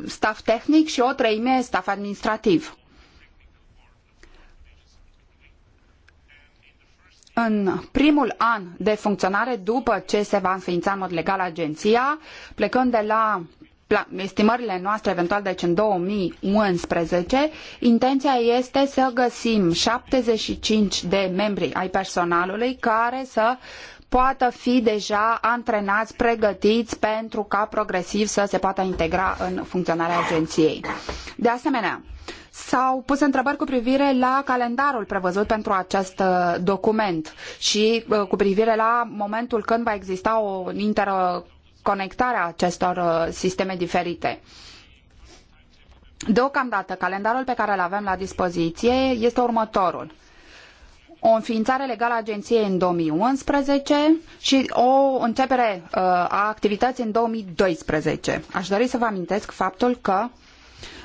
staff tehnic și o treime staff administrativ. în primul an de funcționare după ce se va înființa în mod legal agenția, plecând de la estimările noastre eventual deci în 2011, intenția este să găsim 75 de membri ai personalului care să poată fi deja antrenați, pregătiți pentru ca progresiv să se poată integra în funcționarea agenției. De asemenea, S-au pus întrebări cu privire la calendarul prevăzut pentru acest uh, document și uh, cu privire la momentul când va exista o interconectare a acestor uh, sisteme diferite. Deocamdată, calendarul pe care îl avem la dispoziție este următorul o înființare legală a agenției în 2011 și o începere uh, a activității în 2012. Aș dori să vă amintesc faptul că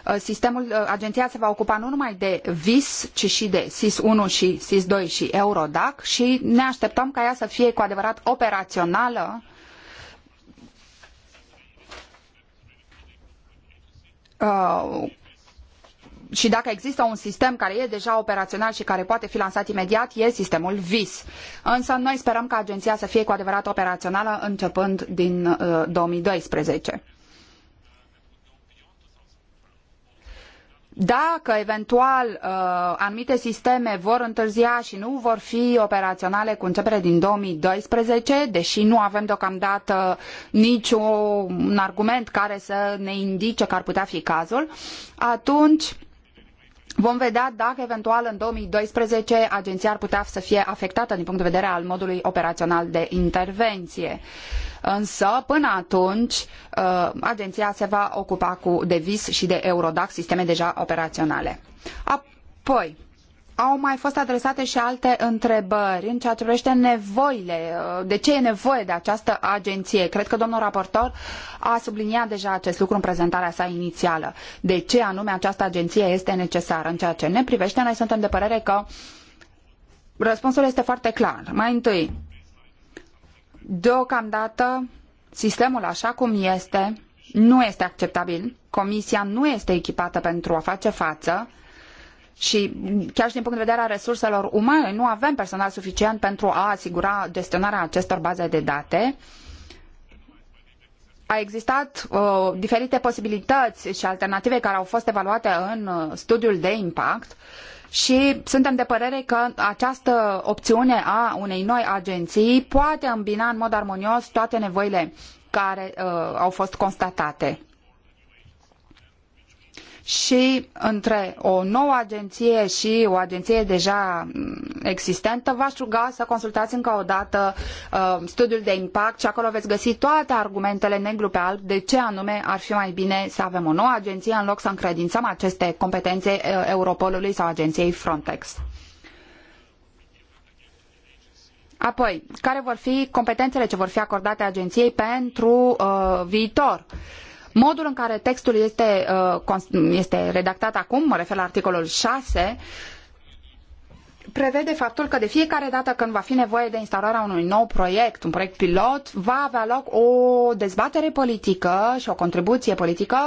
uh, sistemul, uh, agenția se va ocupa nu numai de VIS, ci și de SIS-1 și SIS-2 și Eurodac și ne așteptăm ca ea să fie cu adevărat operațională și dacă există un sistem care e deja operațional și care poate fi lansat imediat, e sistemul VIS. Însă noi sperăm ca agenția să fie cu adevărat operațională începând din uh, 2012. Dacă eventual uh, anumite sisteme vor întârzia și nu vor fi operaționale cu începere din 2012, deși nu avem deocamdată niciun argument care să ne indice că ar putea fi cazul, atunci Vom vedea dacă eventual în 2012 agenția ar putea să fie afectată din punct de vedere al modului operațional de intervenție. Însă, până atunci, uh, agenția se va ocupa cu DEVIS și de Eurodac, sisteme deja operaționale. Apoi, au mai fost adresate și alte întrebări în ceea ce privește nevoile, uh, de ce e nevoie de această agenție. Cred că domnul raportor a subliniat deja acest lucru în prezentarea sa inițială. De ce anume această agenție este necesară? În ceea ce ne privește, noi suntem de părere că răspunsul este foarte clar. Mai întâi, deocamdată, sistemul așa cum este nu este acceptabil. Comisia nu este echipată pentru a face față și chiar și din punct de vedere a resurselor umane, nu avem personal suficient pentru a asigura gestionarea acestor baze de date. A existat uh, diferite posibilități și alternative care au fost evaluate în uh, studiul de impact și suntem de părere că această opțiune a unei noi agenții poate îmbina în mod armonios toate nevoile care uh, au fost constatate și între o nouă agenție și o agenție deja mm, existentă, v-aș ruga să consultați încă o dată uh, studiul de impact și acolo veți găsi toate argumentele negru pe alb de ce anume ar fi mai bine să avem o nouă agenție în loc să încredințăm aceste competențe uh, Europolului sau agenției Frontex. Apoi, care vor fi competențele ce vor fi acordate agenției pentru uh, viitor? Uh, Modul în care textul este, uh, este redactat acum, mă refer la articolul 6, prevede faptul că de fiecare dată când va fi nevoie de instaurarea unui nou proiect, un proiect pilot, va avea loc o dezbatere politică și o contribuție politică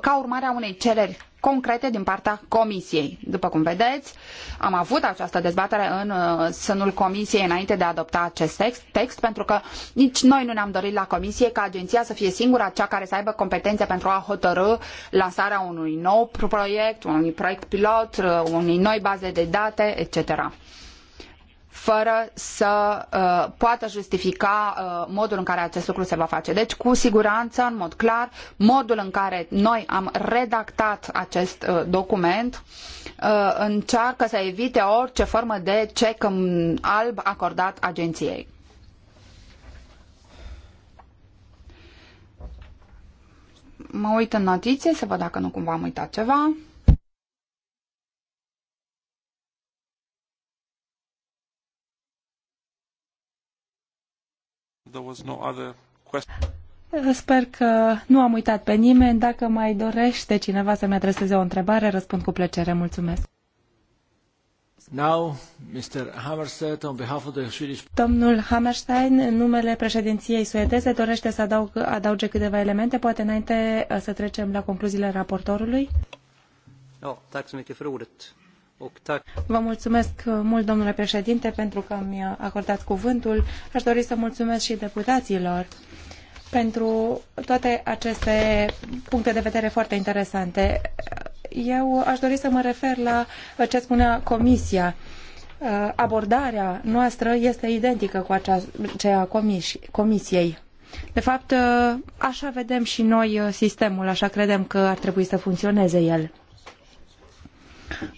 ca urmare a unei cereri concrete din partea Comisiei. După cum vedeți, am avut această dezbatere în uh, sânul Comisiei înainte de a adopta acest text, text pentru că nici noi nu ne-am dorit la Comisie ca agenția să fie singura cea care să aibă competențe pentru a hotărâ lansarea unui nou proiect, unui proiect pilot, uh, unei noi baze de date, etc fără să uh, poată justifica uh, modul în care acest lucru se va face. Deci, cu siguranță, în mod clar, modul în care noi am redactat acest uh, document uh, încearcă să evite orice formă de cec alb acordat agenției. Mă uit în notițe să văd dacă nu cumva am uitat ceva. Sper că nu am uitat pe nimeni. Dacă mai dorește cineva să-mi adreseze o întrebare, răspund cu plăcere. Mulțumesc. Now, Mr. Hammerstein, on behalf of the Swedish... Domnul Hammerstein, în numele președinției suedeze, dorește să adaug, adauge câteva elemente, poate înainte uh, să trecem la concluziile raportorului. Ja, tack så Vă mulțumesc mult, domnule președinte, pentru că mi-a acordat cuvântul. Aș dori să mulțumesc și deputaților pentru toate aceste puncte de vedere foarte interesante. Eu aș dori să mă refer la ce spunea Comisia. Abordarea noastră este identică cu aceea a Comisiei. De fapt, așa vedem și noi sistemul, așa credem că ar trebui să funcționeze el.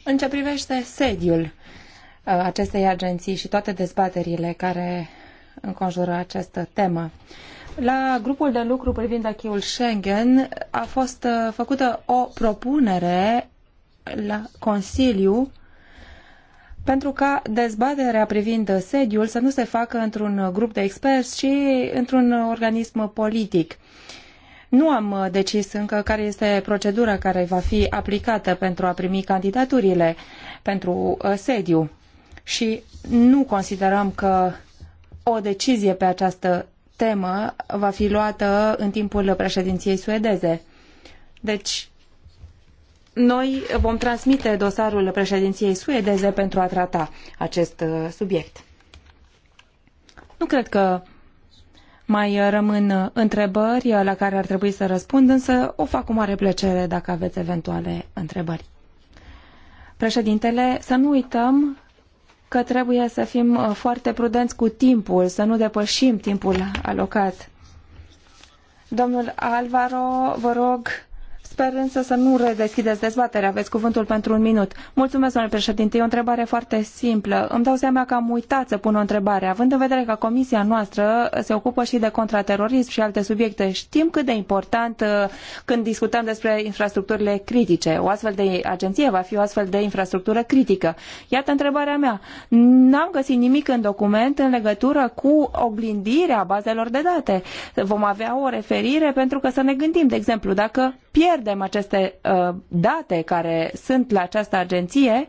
În ce privește sediul uh, acestei agenții și toate dezbaterile care înconjură această temă, la grupul de lucru privind achiul Schengen a fost uh, făcută o propunere la Consiliu pentru ca dezbaterea privind sediul să nu se facă într-un grup de experți, ci într-un organism politic. Nu am uh, decis încă care este procedura care va fi aplicată pentru a primi candidaturile pentru uh, sediu și nu considerăm că o decizie pe această temă va fi luată în timpul președinției suedeze. Deci, noi vom transmite dosarul președinției suedeze pentru a trata acest uh, subiect. Nu cred că mai uh, rămân uh, întrebări uh, la care ar trebui să răspund, însă o fac cu mare plăcere dacă aveți eventuale întrebări. Președintele, să nu uităm că trebuie să fim foarte prudenți cu timpul, să nu depășim timpul alocat. Domnul Alvaro, vă rog Sper însă să nu redeschideți dezbaterea. Aveți cuvântul pentru un minut. Mulțumesc, domnule președinte. E o întrebare foarte simplă. Îmi dau seama că am uitat să pun o întrebare. Având în vedere că comisia noastră se ocupă și de contraterorism și alte subiecte, știm cât de important uh, când discutăm despre infrastructurile critice. O astfel de agenție va fi o astfel de infrastructură critică. Iată întrebarea mea. N-am găsit nimic în document în legătură cu oglindirea bazelor de date. Vom avea o referire pentru că să ne gândim, de exemplu, dacă pierd pierdem aceste uh, date care sunt la această agenție,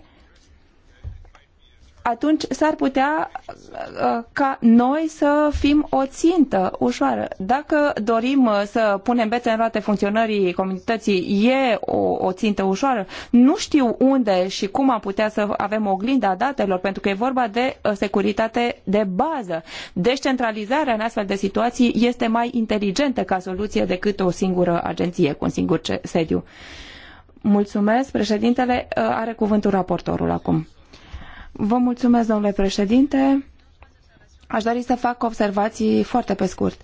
atunci s-ar putea uh, ca noi să fim o țintă ușoară. Dacă dorim uh, să punem bețe în roate funcționării comunității, e o, o țintă ușoară. Nu știu unde și cum am putea să avem oglinda datelor, pentru că e vorba de uh, securitate de bază. Descentralizarea în astfel de situații este mai inteligentă ca soluție decât o singură agenție cu un singur sediu. Mulțumesc. Președintele are cuvântul raportorul acum. Vă mulțumesc, domnule președinte. Aș dori să fac observații foarte pe scurt.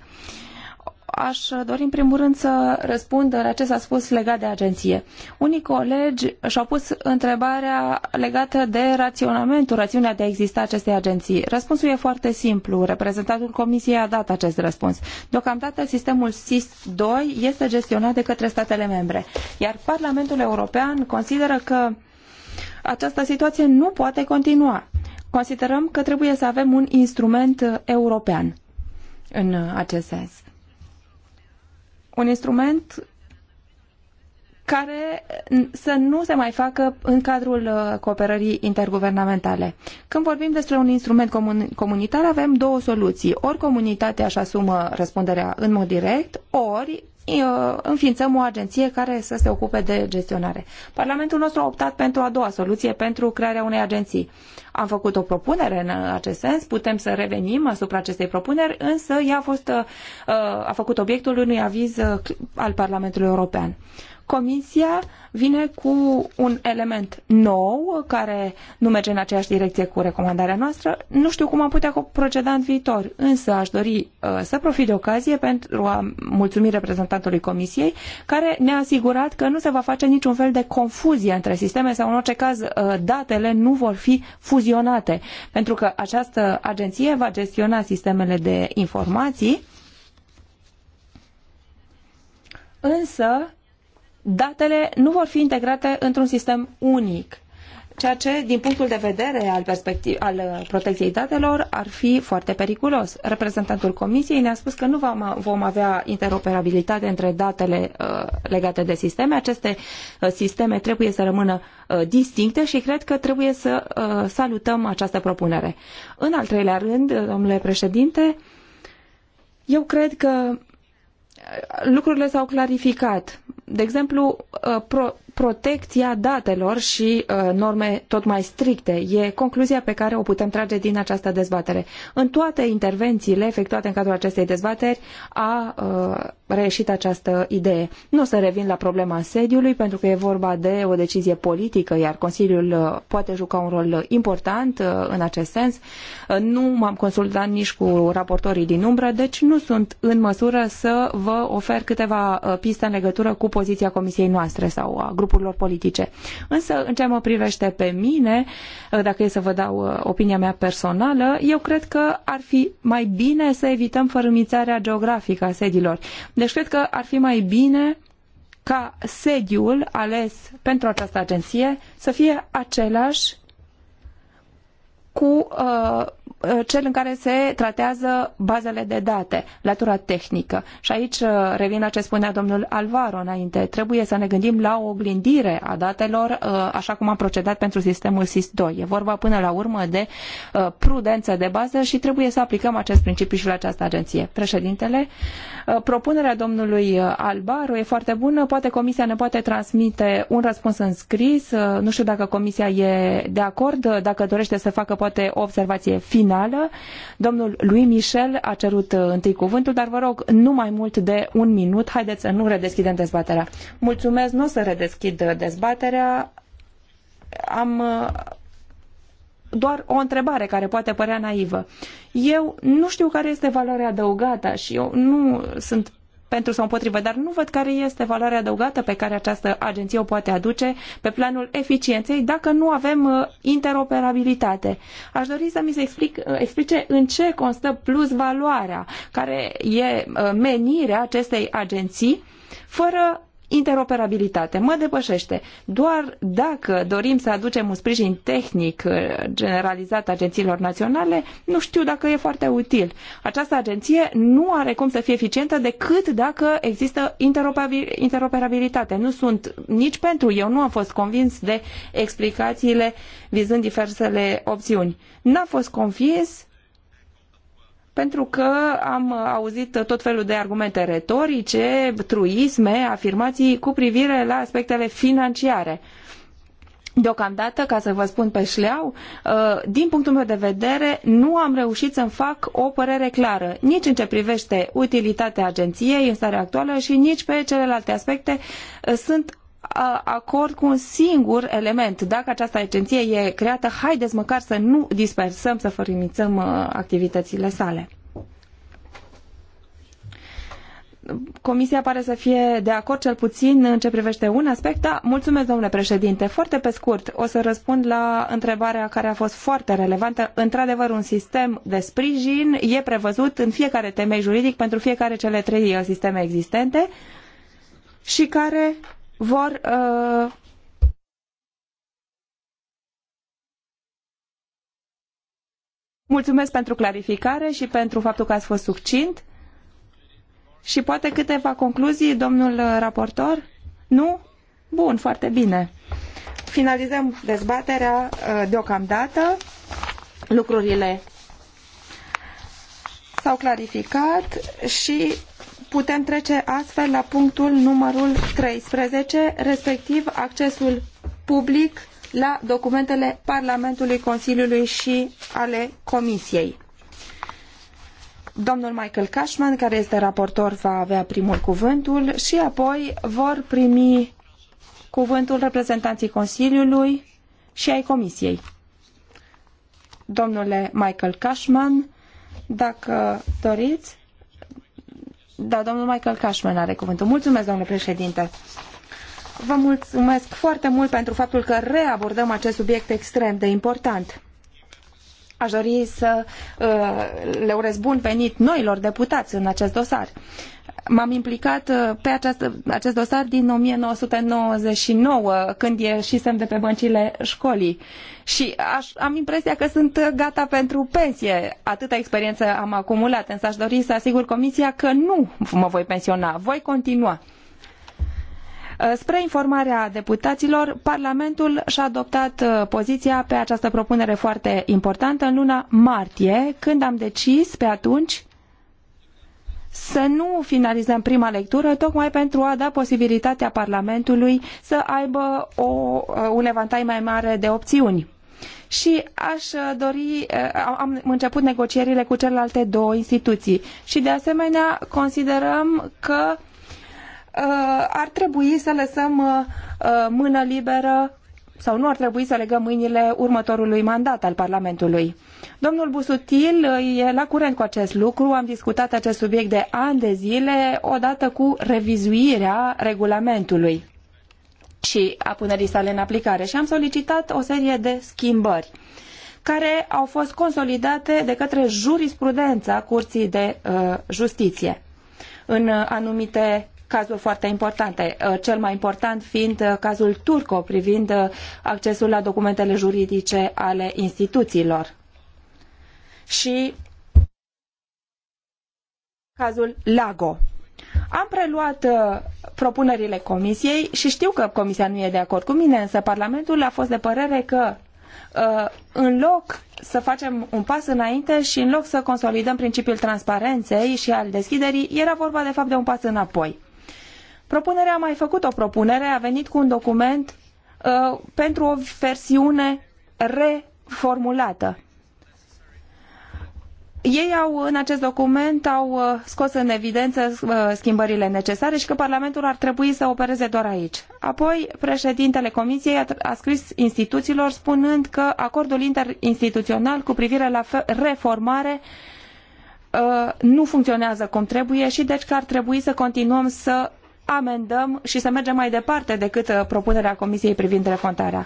Aș dori în primul rând să răspund la ce s-a spus legat de agenție. Unii colegi și-au pus întrebarea legată de raționamentul, rațiunea de a exista acestei agenții. Răspunsul e foarte simplu. Reprezentantul Comisiei a dat acest răspuns. Deocamdată sistemul SIS-2 este gestionat de către statele membre, iar Parlamentul European consideră că această situație nu poate continua. Considerăm că trebuie să avem un instrument uh, european în uh, acest sens. Un instrument care uh, să nu se mai facă în cadrul cooperării interguvernamentale. Când vorbim despre un instrument comun comunitar, avem două soluții. Ori comunitatea își asumă răspunderea în mod direct, ori înființăm o agenție care să se ocupe de gestionare. Parlamentul nostru a optat pentru a doua soluție, pentru crearea unei agenții. Am făcut o propunere în acest sens, putem să revenim asupra acestei propuneri, însă ea a, fost, uh, a făcut obiectul unui aviz uh, al Parlamentului European. Comisia vine cu un element nou care nu merge în aceeași direcție cu recomandarea noastră. Nu știu cum am putea proceda în viitor, însă aș dori uh, să profit de ocazie pentru a mulțumi reprezentantului Comisiei care ne-a asigurat că nu se va face niciun fel de confuzie între sisteme sau în orice caz uh, datele nu vor fi fuzionate, pentru că această agenție va gestiona sistemele de informații Însă, datele nu vor fi integrate într-un sistem unic, ceea ce, din punctul de vedere al, perspectiv- al uh, protecției datelor, ar fi foarte periculos. Reprezentantul Comisiei ne-a spus că nu vom avea interoperabilitate între datele uh, legate de sisteme. Aceste uh, sisteme trebuie să rămână uh, distincte și cred că trebuie să uh, salutăm această propunere. În al treilea rând, uh, domnule președinte, eu cred că lucrurile s-au clarificat. De exemplu, uh, pro protecția datelor și uh, norme tot mai stricte. E concluzia pe care o putem trage din această dezbatere. În toate intervențiile efectuate în cadrul acestei dezbateri a uh, reieșit această idee. Nu o să revin la problema sediului, pentru că e vorba de o decizie politică, iar Consiliul uh, poate juca un rol important uh, în acest sens. Uh, nu m-am consultat nici cu raportorii din umbră, deci nu sunt în măsură să vă ofer câteva uh, piste în legătură cu poziția comisiei noastre sau a grupurilor politice. Însă, în ce mă privește pe mine, dacă e să vă dau uh, opinia mea personală, eu cred că ar fi mai bine să evităm fărâmițarea geografică a sediilor. Deci cred că ar fi mai bine ca sediul ales pentru această agenție să fie același cu uh, Uh, cel în care se tratează bazele de date, latura tehnică. Și aici uh, revin la ce spunea domnul Alvaro înainte. Trebuie să ne gândim la o oglindire a datelor, uh, așa cum am procedat pentru sistemul SIS-2. E vorba până la urmă de prudență de bază și trebuie să aplicăm acest principiu și la această agenție. Președintele, propunerea domnului Alvaro e foarte bună. Poate comisia ne poate transmite un răspuns în scris. Nu știu dacă comisia e de acord, dacă dorește să facă poate o observație finală. Domnul lui Michel a cerut uh, întâi cuvântul, dar vă rog, nu mai mult de un minut. Haideți să nu redeschidem dezbaterea. Mulțumesc, nu o să redeschid uh, dezbaterea. Am uh, doar o întrebare care poate părea naivă. Eu nu știu care este valoarea adăugată și eu nu sunt pentru sau împotrivă, dar nu văd care este valoarea adăugată pe care această agenție o poate aduce pe planul eficienței dacă nu avem uh, interoperabilitate. Aș dori să mi se explic, uh, explice în ce constă plus valoarea, care e uh, menirea acestei agenții, fără interoperabilitate. Mă depășește. Doar dacă dorim să aducem un sprijin tehnic uh, generalizat agențiilor naționale, nu știu dacă e foarte util. Această agenție nu are cum să fie eficientă decât dacă există interoperabilitate. Nu sunt nici pentru, eu nu am fost convins de explicațiile vizând diversele opțiuni. N-am fost convins pentru că am auzit tot felul de argumente retorice, truisme, afirmații cu privire la aspectele financiare. Deocamdată, ca să vă spun pe șleau, uh, din punctul meu de vedere, nu am reușit să-mi fac o părere clară, nici în ce privește utilitatea agenției în starea actuală și nici pe celelalte aspecte. Uh, sunt acord cu un singur element. Dacă această agenție e creată, haideți măcar să nu dispersăm, să fărâmițăm activitățile sale. Comisia pare să fie de acord cel puțin în ce privește un aspect. Da, mulțumesc, domnule președinte. Foarte pe scurt, o să răspund la întrebarea care a fost foarte relevantă. Într-adevăr, un sistem de sprijin e prevăzut în fiecare temei juridic pentru fiecare cele trei uh, sisteme existente și care vor uh, Mulțumesc pentru clarificare și pentru faptul că ați fost succint. Și poate câteva concluzii, domnul raportor? Nu? Bun, foarte bine. Finalizăm dezbaterea uh, deocamdată. Lucrurile s-au clarificat și Putem trece astfel la punctul numărul 13, respectiv accesul public la documentele Parlamentului, Consiliului și ale Comisiei. Domnul Michael Cashman, care este raportor, va avea primul cuvântul și apoi vor primi cuvântul reprezentanții Consiliului și ai Comisiei. Domnule Michael Cashman, dacă doriți, da, domnul Michael Cashman are cuvântul. Mulțumesc, domnule președinte. Vă mulțumesc foarte mult pentru faptul că reabordăm acest subiect extrem de important. Aș dori să uh, le urez bun venit noilor deputați în acest dosar. M-am implicat uh, pe acest acest dosar din 1999, când ieșisem de pe băncile școlii. Și aș, am impresia că sunt gata pentru pensie. Atâta experiență am acumulat, însă aș dori să asigur Comisia că nu mă voi pensiona, voi continua. Uh, spre informarea deputaților, Parlamentul și-a adoptat uh, poziția pe această propunere foarte importantă în luna martie, când am decis pe atunci să nu finalizăm prima lectură, tocmai pentru a da posibilitatea Parlamentului să aibă o, uh, un evantai mai mare de opțiuni. Și aș uh, dori, uh, am început negocierile cu celelalte două instituții și de asemenea considerăm că ar trebui să lăsăm mână liberă sau nu ar trebui să legăm mâinile următorului mandat al Parlamentului. Domnul Busutil e la curent cu acest lucru, am discutat acest subiect de ani de zile, odată cu revizuirea regulamentului și a punerii sale în aplicare și am solicitat o serie de schimbări care au fost consolidate de către jurisprudența Curții de uh, Justiție. În uh, anumite cazuri foarte importante, uh, cel mai important fiind uh, cazul Turco privind uh, accesul la documentele juridice ale instituțiilor. Și cazul Lago. Am preluat propunerile comisiei și știu că comisia nu e de acord cu mine, însă Parlamentul a fost de părere că în loc să facem un pas înainte și în loc să consolidăm principiul transparenței și al deschiderii, era vorba de fapt de un pas înapoi. Propunerea a mai făcut o propunere, a venit cu un document uh, pentru o versiune reformulată. Ei au, în acest document, au uh, scos în evidență uh, schimbările necesare și că Parlamentul ar trebui să opereze doar aici. Apoi, președintele Comisiei a scris instituțiilor spunând că acordul interinstituțional cu privire la reformare uh, nu funcționează cum trebuie și deci că ar trebui să continuăm să amendăm și să mergem mai departe decât uh, propunerea Comisiei privind refontarea.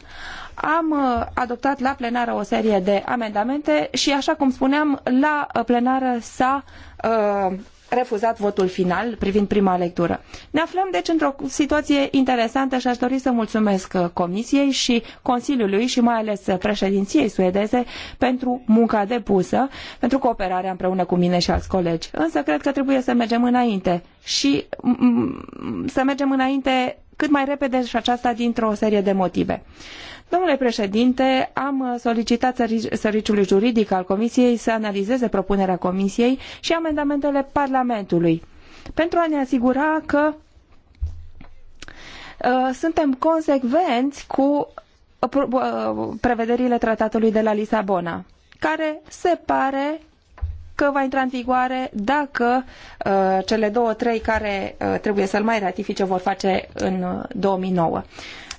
Am uh, adoptat la plenară o serie de amendamente și, așa cum spuneam, la uh, plenară s-a uh, refuzat votul final privind prima lectură. Ne aflăm deci într-o situație interesantă și aș dori să mulțumesc uh, Comisiei și Consiliului și mai ales uh, președinției suedeze pentru munca depusă, pentru cooperarea împreună cu mine și alți colegi. Însă cred că trebuie să mergem înainte și să mergem înainte cât mai repede și aceasta dintr-o serie de motive. Domnule președinte, am solicitat serviciului juridic al Comisiei să analizeze propunerea Comisiei și amendamentele Parlamentului pentru a ne asigura că uh, suntem consecvenți cu uh, uh prevederile tratatului de la Lisabona, care se pare că va intra în vigoare dacă uh, cele două, trei care uh, trebuie să-l mai ratifice vor face în 2009. Uh,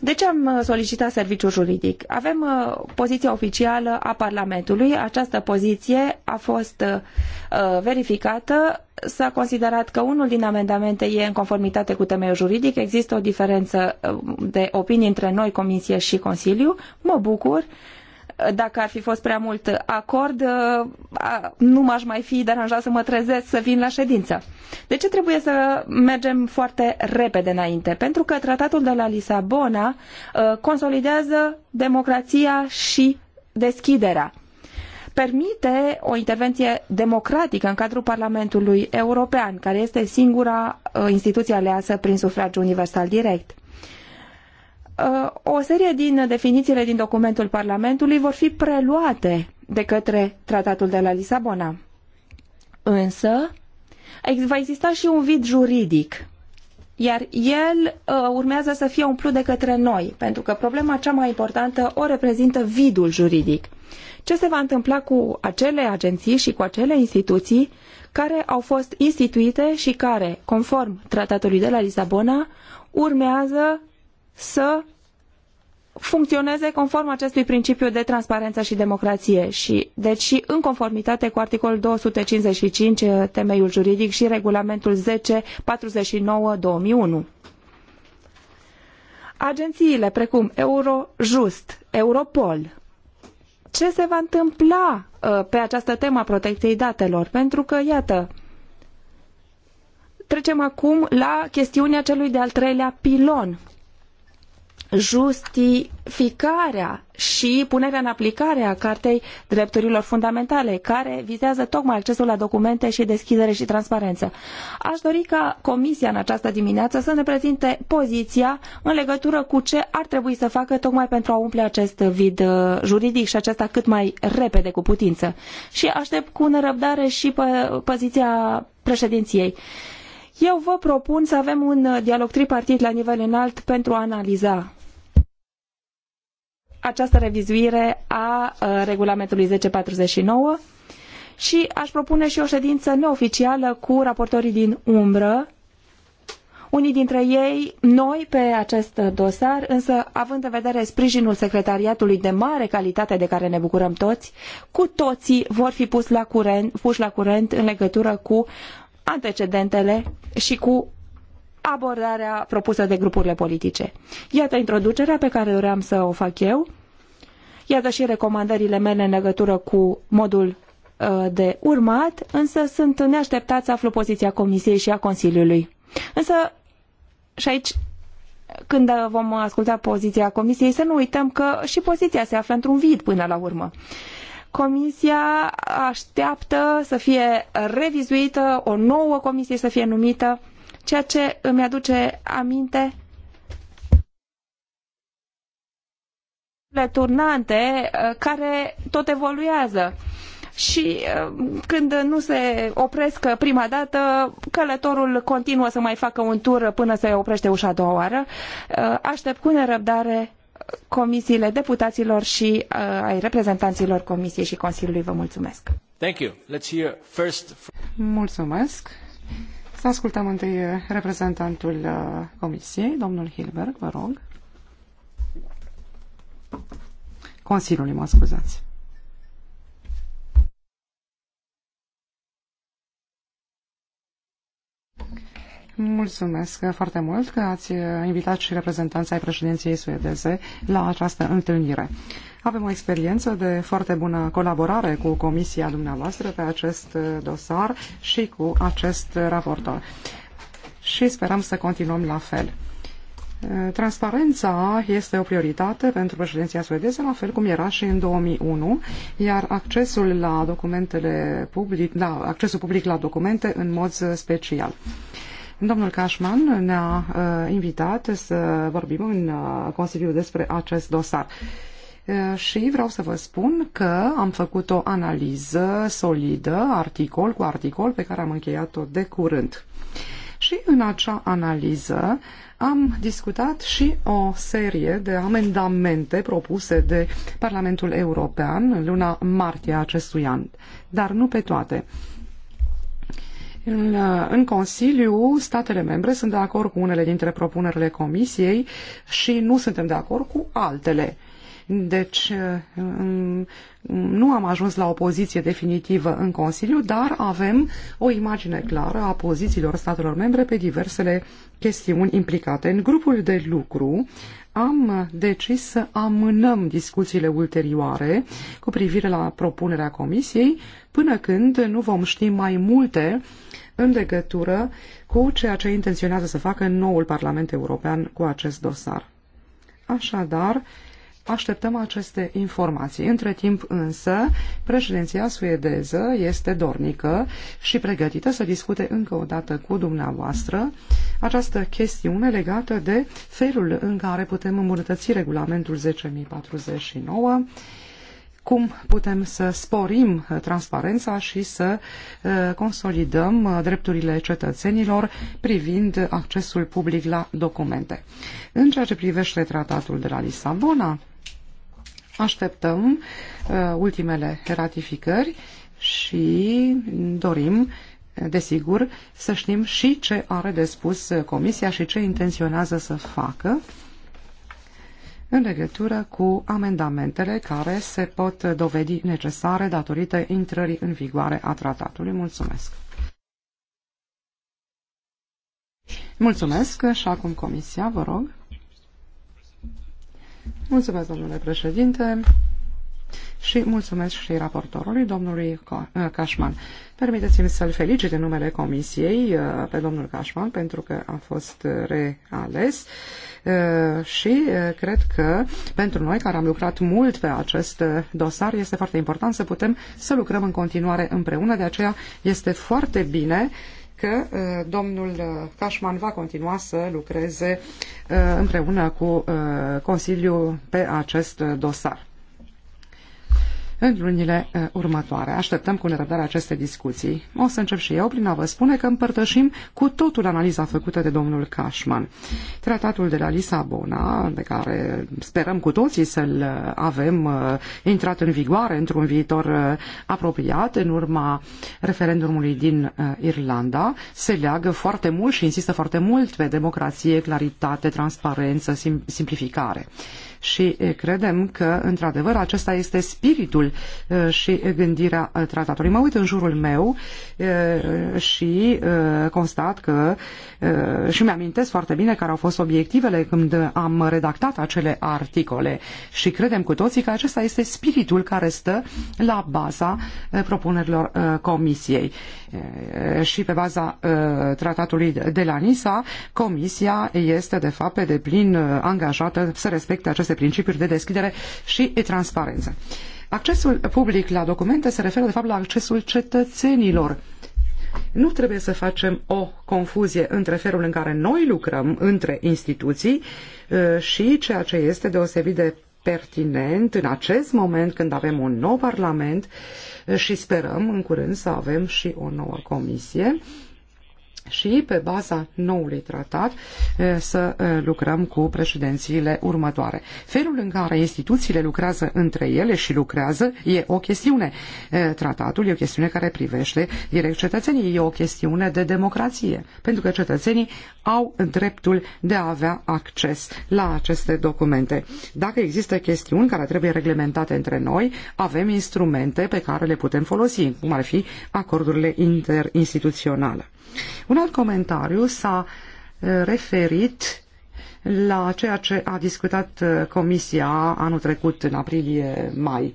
de ce am uh, solicitat serviciul juridic? Avem uh, poziția oficială a Parlamentului. Această poziție a fost uh, verificată. S-a considerat că unul din amendamente e în conformitate cu temeiul juridic. Există o diferență de opinii între noi, Comisie și Consiliu. Mă bucur dacă ar fi fost prea mult acord, uh, nu m-aș mai fi deranjat să mă trezesc să vin la ședință. De ce trebuie să mergem foarte repede înainte? Pentru că tratatul de la Lisabona uh, consolidează democrația și deschiderea permite o intervenție democratică în cadrul Parlamentului European, care este singura uh, instituție aleasă prin sufragiu universal direct o serie din definițiile din documentul Parlamentului vor fi preluate de către Tratatul de la Lisabona. Însă, va exista și un vid juridic, iar el uh, urmează să fie umplut de către noi, pentru că problema cea mai importantă o reprezintă vidul juridic. Ce se va întâmpla cu acele agenții și cu acele instituții care au fost instituite și care, conform Tratatului de la Lisabona, urmează să funcționeze conform acestui principiu de transparență și democrație și deci și în conformitate cu articolul 255 uh, temeiul juridic și regulamentul 1049-2001. Agențiile precum Eurojust, Europol, ce se va întâmpla uh, pe această temă a protecției datelor? Pentru că, iată, trecem acum la chestiunea celui de-al treilea pilon justificarea și punerea în aplicare a Cartei Drepturilor Fundamentale, care vizează tocmai accesul la documente și deschidere și transparență. Aș dori ca Comisia în această dimineață să ne prezinte poziția în legătură cu ce ar trebui să facă tocmai pentru a umple acest vid uh, juridic și acesta cât mai repede cu putință. Și aștept cu nerăbdare și poziția președinției. Eu vă propun să avem un dialog tripartit la nivel înalt pentru a analiza această revizuire a uh, regulamentului 1049 și aș propune și o ședință neoficială cu raportorii din umbră, unii dintre ei noi pe acest dosar, însă având în vedere sprijinul secretariatului de mare calitate de care ne bucurăm toți, cu toții vor fi pus la curent, puși la curent în legătură cu antecedentele și cu abordarea propusă de grupurile politice. Iată introducerea pe care doream să o fac eu Iată și recomandările mele în legătură cu modul uh, de urmat, însă sunt neașteptat să aflu poziția Comisiei și a Consiliului. Însă, și aici, când vom asculta poziția Comisiei, să nu uităm că și poziția se află într-un vid până la urmă. Comisia așteaptă să fie revizuită, o nouă comisie să fie numită, ceea ce îmi aduce aminte turnante uh, care tot evoluează și uh, când nu se opresc prima dată, călătorul continuă să mai facă un tur până se oprește ușa a doua oară. Uh, aștept cu nerăbdare comisiile deputaților și ai reprezentanților Comisiei și Consiliului. Vă mulțumesc! Thank you. Let's hear first... Mulțumesc! Să ascultăm întâi reprezentantul Comisiei, domnul Hilberg, vă rog. Consiliului, mă scuzați. Mulțumesc foarte mult că ați invitat și reprezentanța ai președinției suedeze la această întâlnire. Avem o experiență de foarte bună colaborare cu comisia dumneavoastră pe acest dosar și cu acest raportor. Și sperăm să continuăm la fel. Transparența este o prioritate pentru președinția suedeză, la fel cum era și în 2001, iar accesul la documentele public, la, da, accesul public la documente în mod special. Domnul Cashman ne-a uh, invitat să vorbim în uh, Consiliu despre acest dosar. Uh, și vreau să vă spun că am făcut o analiză solidă, articol cu articol, pe care am încheiat-o de curând. Uh, și în acea analiză am discutat și o serie de amendamente propuse de Parlamentul European în luna martie acestui an, dar nu pe toate. În, în Consiliu, statele membre sunt de acord cu unele dintre propunerile Comisiei și nu suntem de acord cu altele. Deci nu am ajuns la o poziție definitivă în Consiliu, dar avem o imagine clară a pozițiilor statelor membre pe diversele chestiuni implicate. În grupul de lucru am decis să amânăm discuțiile ulterioare cu privire la propunerea Comisiei până când nu vom ști mai multe în legătură cu ceea ce intenționează să facă noul Parlament European cu acest dosar. Așadar, așteptăm aceste informații. Între timp însă, președinția suedeză este dornică și pregătită să discute încă o dată cu dumneavoastră această chestiune legată de felul în care putem îmbunătăți regulamentul 10049 cum putem să sporim transparența și să uh, consolidăm uh, drepturile cetățenilor privind accesul public la documente. În ceea ce privește tratatul de la Lisabona, Așteptăm uh, ultimele ratificări și dorim, desigur, să știm și ce are de spus Comisia și ce intenționează să facă în legătură cu amendamentele care se pot dovedi necesare datorită intrării în vigoare a tratatului. Mulțumesc! Mulțumesc și acum Comisia, vă rog. Mulțumesc, domnule președinte, și mulțumesc și raportorului, domnului Cașman. Uh, Permiteți-mi să-l felicit în numele Comisiei uh, pe domnul Cașman pentru că a fost reales uh, și cred că pentru noi care am lucrat mult pe acest dosar este foarte important să putem să lucrăm în continuare împreună, de aceea este foarte bine uh, că uh, domnul uh, Cașman va continua să lucreze uh, împreună cu Consiliul pe acest dosar în lunile uh, următoare. Așteptăm cu nerăbdare aceste discuții. O să încep și eu prin a vă spune că împărtășim cu totul analiza făcută de domnul Cashman. Tratatul de la Lisabona, de care sperăm cu toții să-l uh, avem uh, intrat în vigoare într-un viitor apropiat, în urma referendumului din Irlanda, se leagă foarte mult și insistă foarte mult pe democrație, claritate, transparență, simplificare și credem că, într-adevăr, acesta este spiritul și gândirea tratatului. Mă uit în jurul meu și constat că și mi-amintesc foarte bine care au fost obiectivele când am redactat acele articole și credem cu toții că acesta este spiritul care stă la baza propunerilor Comisiei. Și pe baza tratatului de la Nisa, Comisia este de fapt pe deplin angajată să respecte aceste aceste principiuri de deschidere și transparență. Accesul public la documente se referă, de fapt, la accesul cetățenilor nu trebuie să facem o confuzie între felul în care noi lucrăm între instituții ă, și ceea ce este deosebit de pertinent în acest moment când avem un nou parlament ă, și sperăm în curând să avem și o nouă comisie și pe baza noului tratat să lucrăm cu președințiile următoare. Felul în care instituțiile lucrează între ele și lucrează e o chestiune. Tratatul e o chestiune care privește direct cetățenii, e o chestiune de democrație, pentru că cetățenii au dreptul de a avea acces la aceste documente. Dacă există chestiuni care trebuie reglementate între noi, avem instrumente pe care le putem folosi, cum ar fi acordurile interinstituționale. Un alt comentariu s-a eh, referit la ceea ce a discutat eh, Comisia anul trecut, în aprilie-mai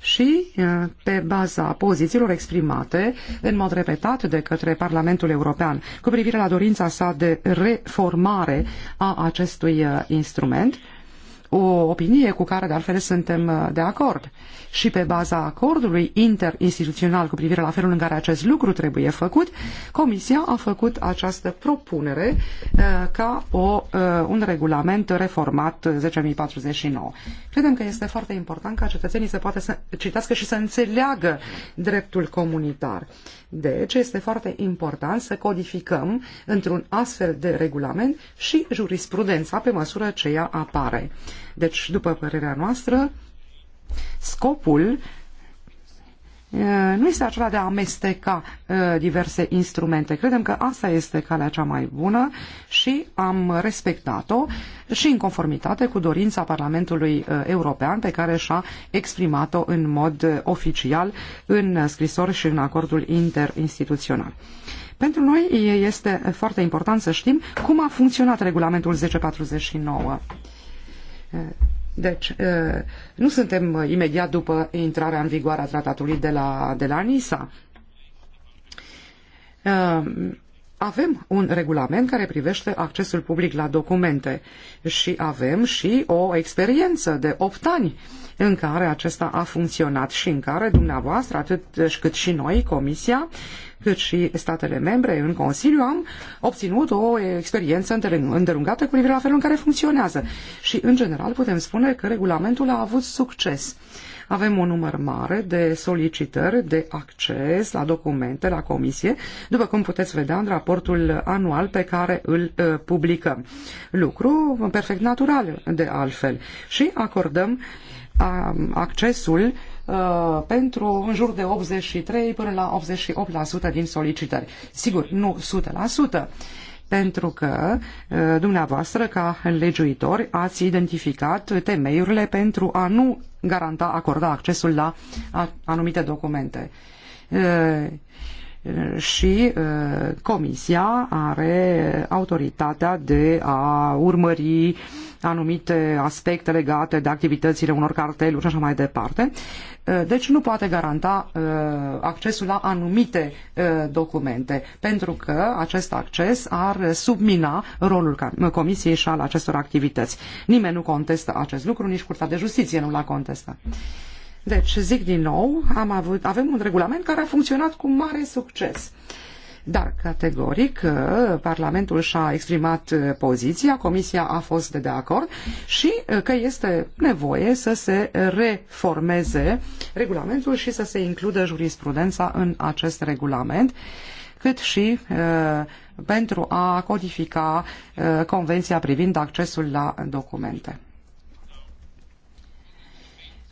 și eh, pe baza pozițiilor exprimate în mod repetat de către Parlamentul European cu privire la dorința sa de reformare a acestui instrument o opinie cu care de altfel suntem uh, de acord. Și pe baza acordului interinstituțional cu privire la felul în care acest lucru trebuie făcut, Comisia a făcut această propunere uh, ca o, uh, un regulament reformat 10.049. Credem că este foarte important ca cetățenii să poată să citească și să înțeleagă dreptul comunitar. Deci este foarte important să codificăm într-un astfel de regulament și jurisprudența pe măsură ce ea apare. Deci, după părerea noastră, scopul nu este acela de a amesteca diverse instrumente. Credem că asta este calea cea mai bună și am respectat-o și în conformitate cu dorința Parlamentului European pe care și-a exprimat-o în mod oficial în scrisori și în acordul interinstituțional. Pentru noi este foarte important să știm cum a funcționat regulamentul 1049. Deci, nu suntem imediat după intrarea în vigoare a tratatului de la, de la Nisa. Avem un regulament care privește accesul public la documente și avem și o experiență de 8 ani în care acesta a funcționat și în care dumneavoastră, atât cât și noi, Comisia, cât și statele membre în Consiliu, am obținut o experiență îndelungată cu privire la felul în care funcționează. Și, în general, putem spune că regulamentul a avut succes. Avem un număr mare de solicitări de acces la documente la comisie, după cum puteți vedea în raportul anual pe care îl uh, publicăm. Lucru perfect natural, de altfel. Și acordăm uh, accesul Uh, pentru în jur de 83 până la 88% din solicitări. Sigur, nu 100% pentru că uh, dumneavoastră, ca legiuitori, ați identificat temeiurile pentru a nu garanta, acorda accesul la anumite documente. Uh, și uh, Comisia are autoritatea de a urmări anumite aspecte legate de activitățile unor carteluri și așa mai departe. Uh, deci nu poate garanta uh, accesul la anumite documente, pentru că acest acces ar submina rolul Comisiei și al acestor activități. Nimeni nu contestă acest lucru, nici Curtea de Justiție nu l-a contestat. Deci, zic din nou, am avut, avem un regulament care a funcționat cu mare succes. Dar, categoric, uh, Parlamentul și-a exprimat uh, poziția, Comisia a fost de, de acord și uh, că este nevoie să se reformeze regulamentul și să se includă jurisprudența în acest regulament cât și uh, pentru a codifica uh, Convenția privind accesul la documente.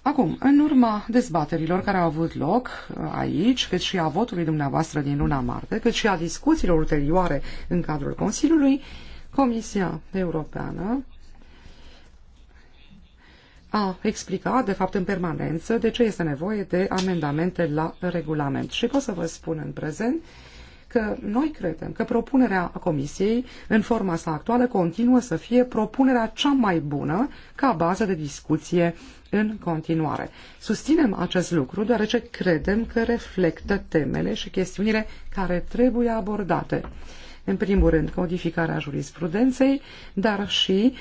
Acum, în urma dezbaterilor care au avut loc uh, aici, cât și a votului dumneavoastră din luna martie, cât și a discuțiilor ulterioare în cadrul Consiliului, Comisia Europeană a explicat, de fapt, în permanență de ce este nevoie de amendamente la regulament. Și pot să vă spun în prezent că noi credem că propunerea Comisiei, în forma sa actuală, continuă să fie propunerea cea mai bună ca bază de discuție în continuare. Susținem acest lucru deoarece credem că reflectă temele și chestiunile care trebuie abordate. În primul rând, codificarea jurisprudenței, dar și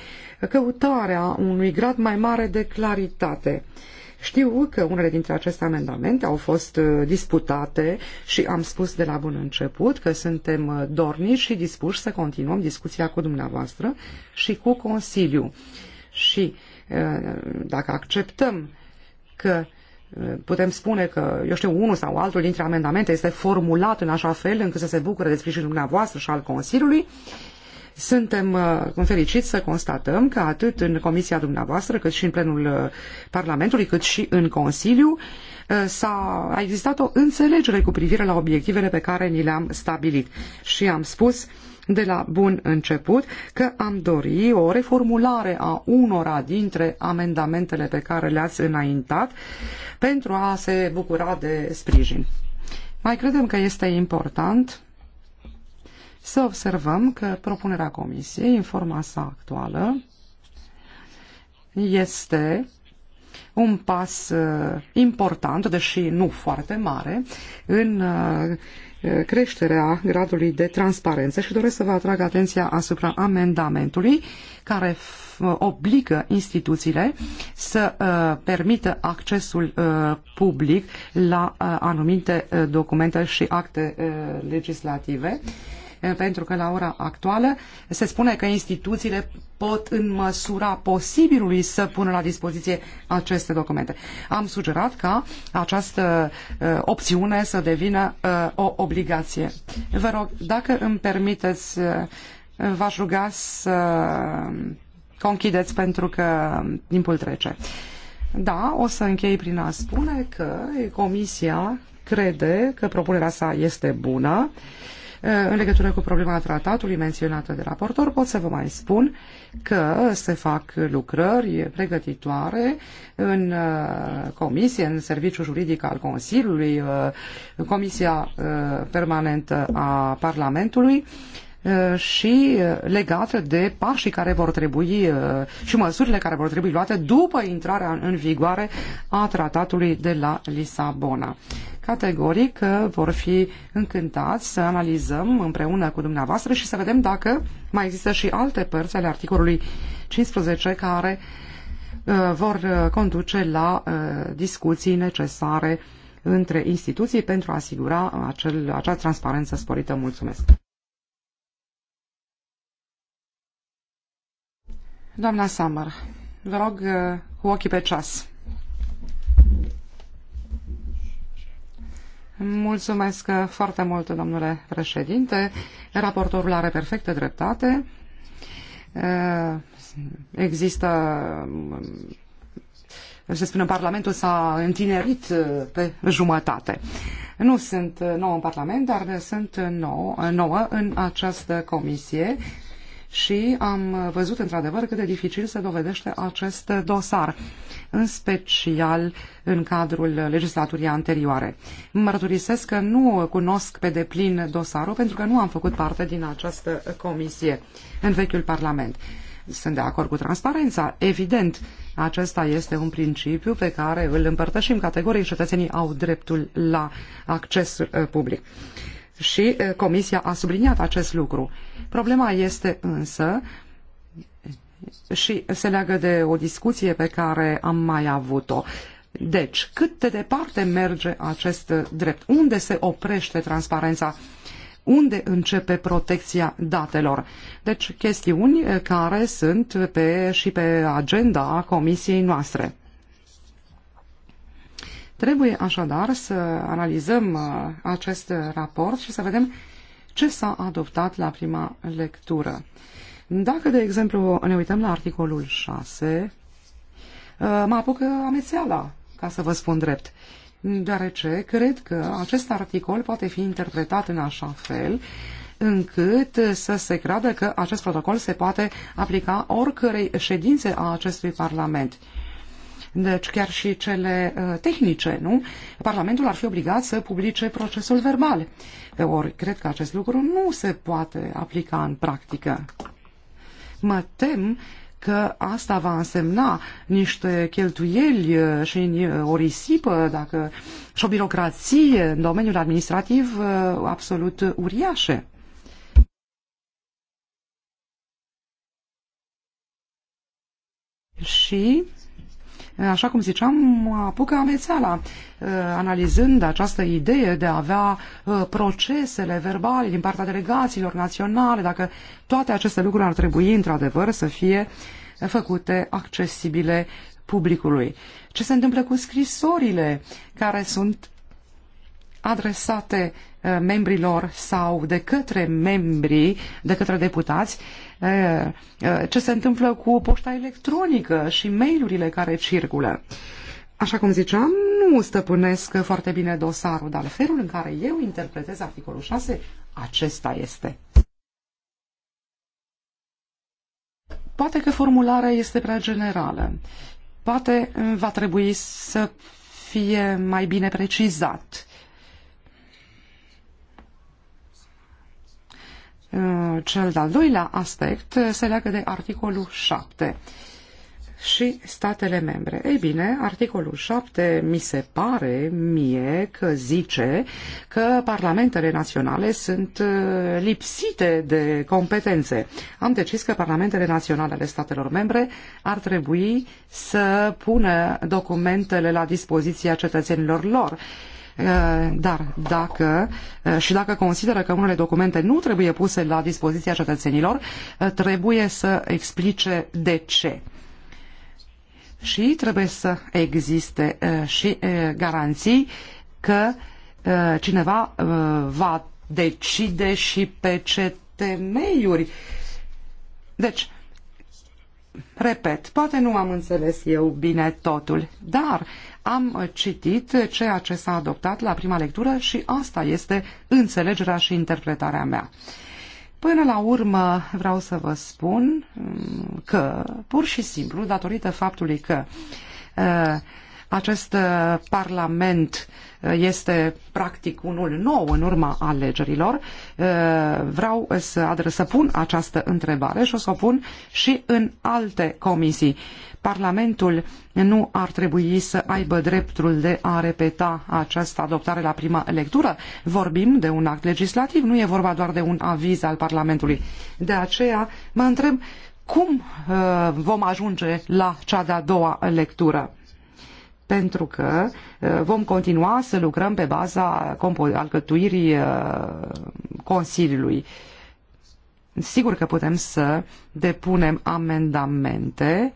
căutarea unui grad mai mare de claritate. Știu că unele dintre aceste amendamente au fost uh, disputate și am spus de la bun început că suntem uh, dorniți și dispuși să continuăm discuția cu dumneavoastră și cu Consiliu. Și uh, Eh, dacă acceptăm că eh, putem spune că, eu știu, unul sau altul dintre amendamente este formulat în așa fel încât să se bucure de sprijinul dumneavoastră și al Consiliului, suntem eh, fericiți să constatăm că atât în comisia dumneavoastră, cât și în plenul Parlamentului, cât și în Consiliu, s-a, a existat o înțelegere cu privire la obiectivele pe care ni le-am stabilit. Și am spus uh, de la bun început că am dori o reformulare a unora dintre amendamentele pe care le-ați înaintat pentru a se bucura de sprijin. Mai credem că este important să observăm că propunerea Comisiei, în forma sa actuală, este un pas uh, important, deși nu foarte mare, în uh, creșterea gradului de transparență și doresc să vă atrag atenția asupra amendamentului care obligă instituțiile să uh, permită accesul uh, public la uh, anumite documente și acte legislative pentru că la ora actuală se spune că instituțiile pot în măsura posibilului să pună la dispoziție aceste documente. Am sugerat ca această uh, opțiune să devină uh, o obligație. Vă rog, dacă îmi permiteți, uh, v-aș ruga să conchideți pentru că timpul trece. Da, o să închei prin a spune că Comisia crede că propunerea sa este bună. Uh, Eh, în legătură cu problema tratatului menționată de raportor, pot să vă mai spun că se fac lucrări pregătitoare în eh, comisie, în serviciul juridic al Consiliului, eh, Comisia Permanentă a Parlamentului, și legată de pașii care vor trebui și măsurile care vor trebui luate după intrarea în vigoare a tratatului de la Lisabona. Categoric vor fi încântați să analizăm împreună cu dumneavoastră și să vedem dacă mai există și alte părți ale articolului 15 care uh, vor uh, conduce la uh, discuții necesare între instituții pentru a asigura acel, acea transparență sporită. Mulțumesc! Doamna Summer, vă rog cu ochii pe ceas. Mulțumesc foarte mult, domnule președinte. Raportorul are perfectă dreptate. Există să spunem, Parlamentul s-a întinerit pe jumătate. Nu sunt nouă în Parlament, dar sunt nouă, nouă în această comisie și am văzut într-adevăr cât de dificil se dovedește acest dosar, în special în cadrul legislaturii anterioare. Mărturisesc că nu cunosc pe deplin dosarul pentru că nu am făcut parte din această comisie în vechiul Parlament. Sunt de acord cu transparența, evident, acesta este un principiu pe care îl împărtășim categoric. Cetățenii au dreptul la acces uh, public și Comisia a subliniat acest lucru. Problema este însă și se leagă de o discuție pe care am mai avut-o. Deci, cât de departe merge acest drept? Unde se oprește transparența? Unde începe protecția datelor? Deci, chestiuni care sunt pe, și pe agenda comisiei noastre. Trebuie așadar să analizăm uh, acest raport și să vedem ce s-a adoptat la prima lectură. Dacă, de exemplu, ne uităm la articolul 6, uh, mă apucă amețeala, ca să vă spun drept, deoarece cred că acest articol poate fi interpretat în așa fel încât să se creadă că acest protocol se poate aplica oricărei ședințe a acestui Parlament – deci chiar și cele uh, tehnice, nu? Parlamentul ar fi obligat să publice procesul verbal. Ori, cred că acest lucru nu se poate aplica în practică. Mă tem că asta va însemna niște cheltuieli uh, și uh, o risipă dacă, și o birocrație în domeniul administrativ absolut uriașe. Și așa cum ziceam, mă apucă amețeala, analizând această idee de a avea procesele verbale din partea delegațiilor naționale, dacă toate aceste lucruri ar trebui, într-adevăr, să fie făcute accesibile publicului. Ce se întâmplă cu scrisorile care sunt adresate membrilor sau de către membrii, de către deputați, ce se întâmplă cu poșta electronică și mailurile care circulă. Așa cum ziceam, nu stăpânesc foarte bine dosarul, dar felul în care eu interpretez articolul 6, acesta este. Poate că formularea este prea generală. Poate va trebui să fie mai bine precizat. Uh, cel de-al doilea aspect uh, se leagă de articolul 7 și statele membre. Ei bine, articolul 7 mi se pare mie că zice că parlamentele naționale sunt uh, lipsite de competențe. Am decis că parlamentele naționale ale statelor membre ar trebui să pună documentele la dispoziția cetățenilor lor Eh, dar dacă eh, și dacă consideră că unele documente nu trebuie puse la dispoziția cetățenilor, eh, trebuie să explice de ce. Și trebuie să existe și garanții că cineva va decide și pe ce temeiuri. Deci, repet, poate nu am înțeles eu bine totul, dar am citit ceea ce s-a adoptat la prima lectură și asta este înțelegerea și interpretarea mea. Până la urmă vreau să vă spun mm, că, pur și simplu, datorită faptului că uh, acest uh, parlament uh, este practic unul nou în urma alegerilor. Uh, vreau să, adres, să pun această întrebare și o să o pun și în alte comisii. Parlamentul nu ar trebui să aibă dreptul de a repeta această adoptare la prima lectură. Vorbim de un act legislativ, nu e vorba doar de un aviz al Parlamentului. De aceea mă întreb cum vom ajunge la cea de-a doua lectură pentru că uh, vom continua să lucrăm pe baza alcătuirii uh, Consiliului. Sigur că putem să depunem amendamente,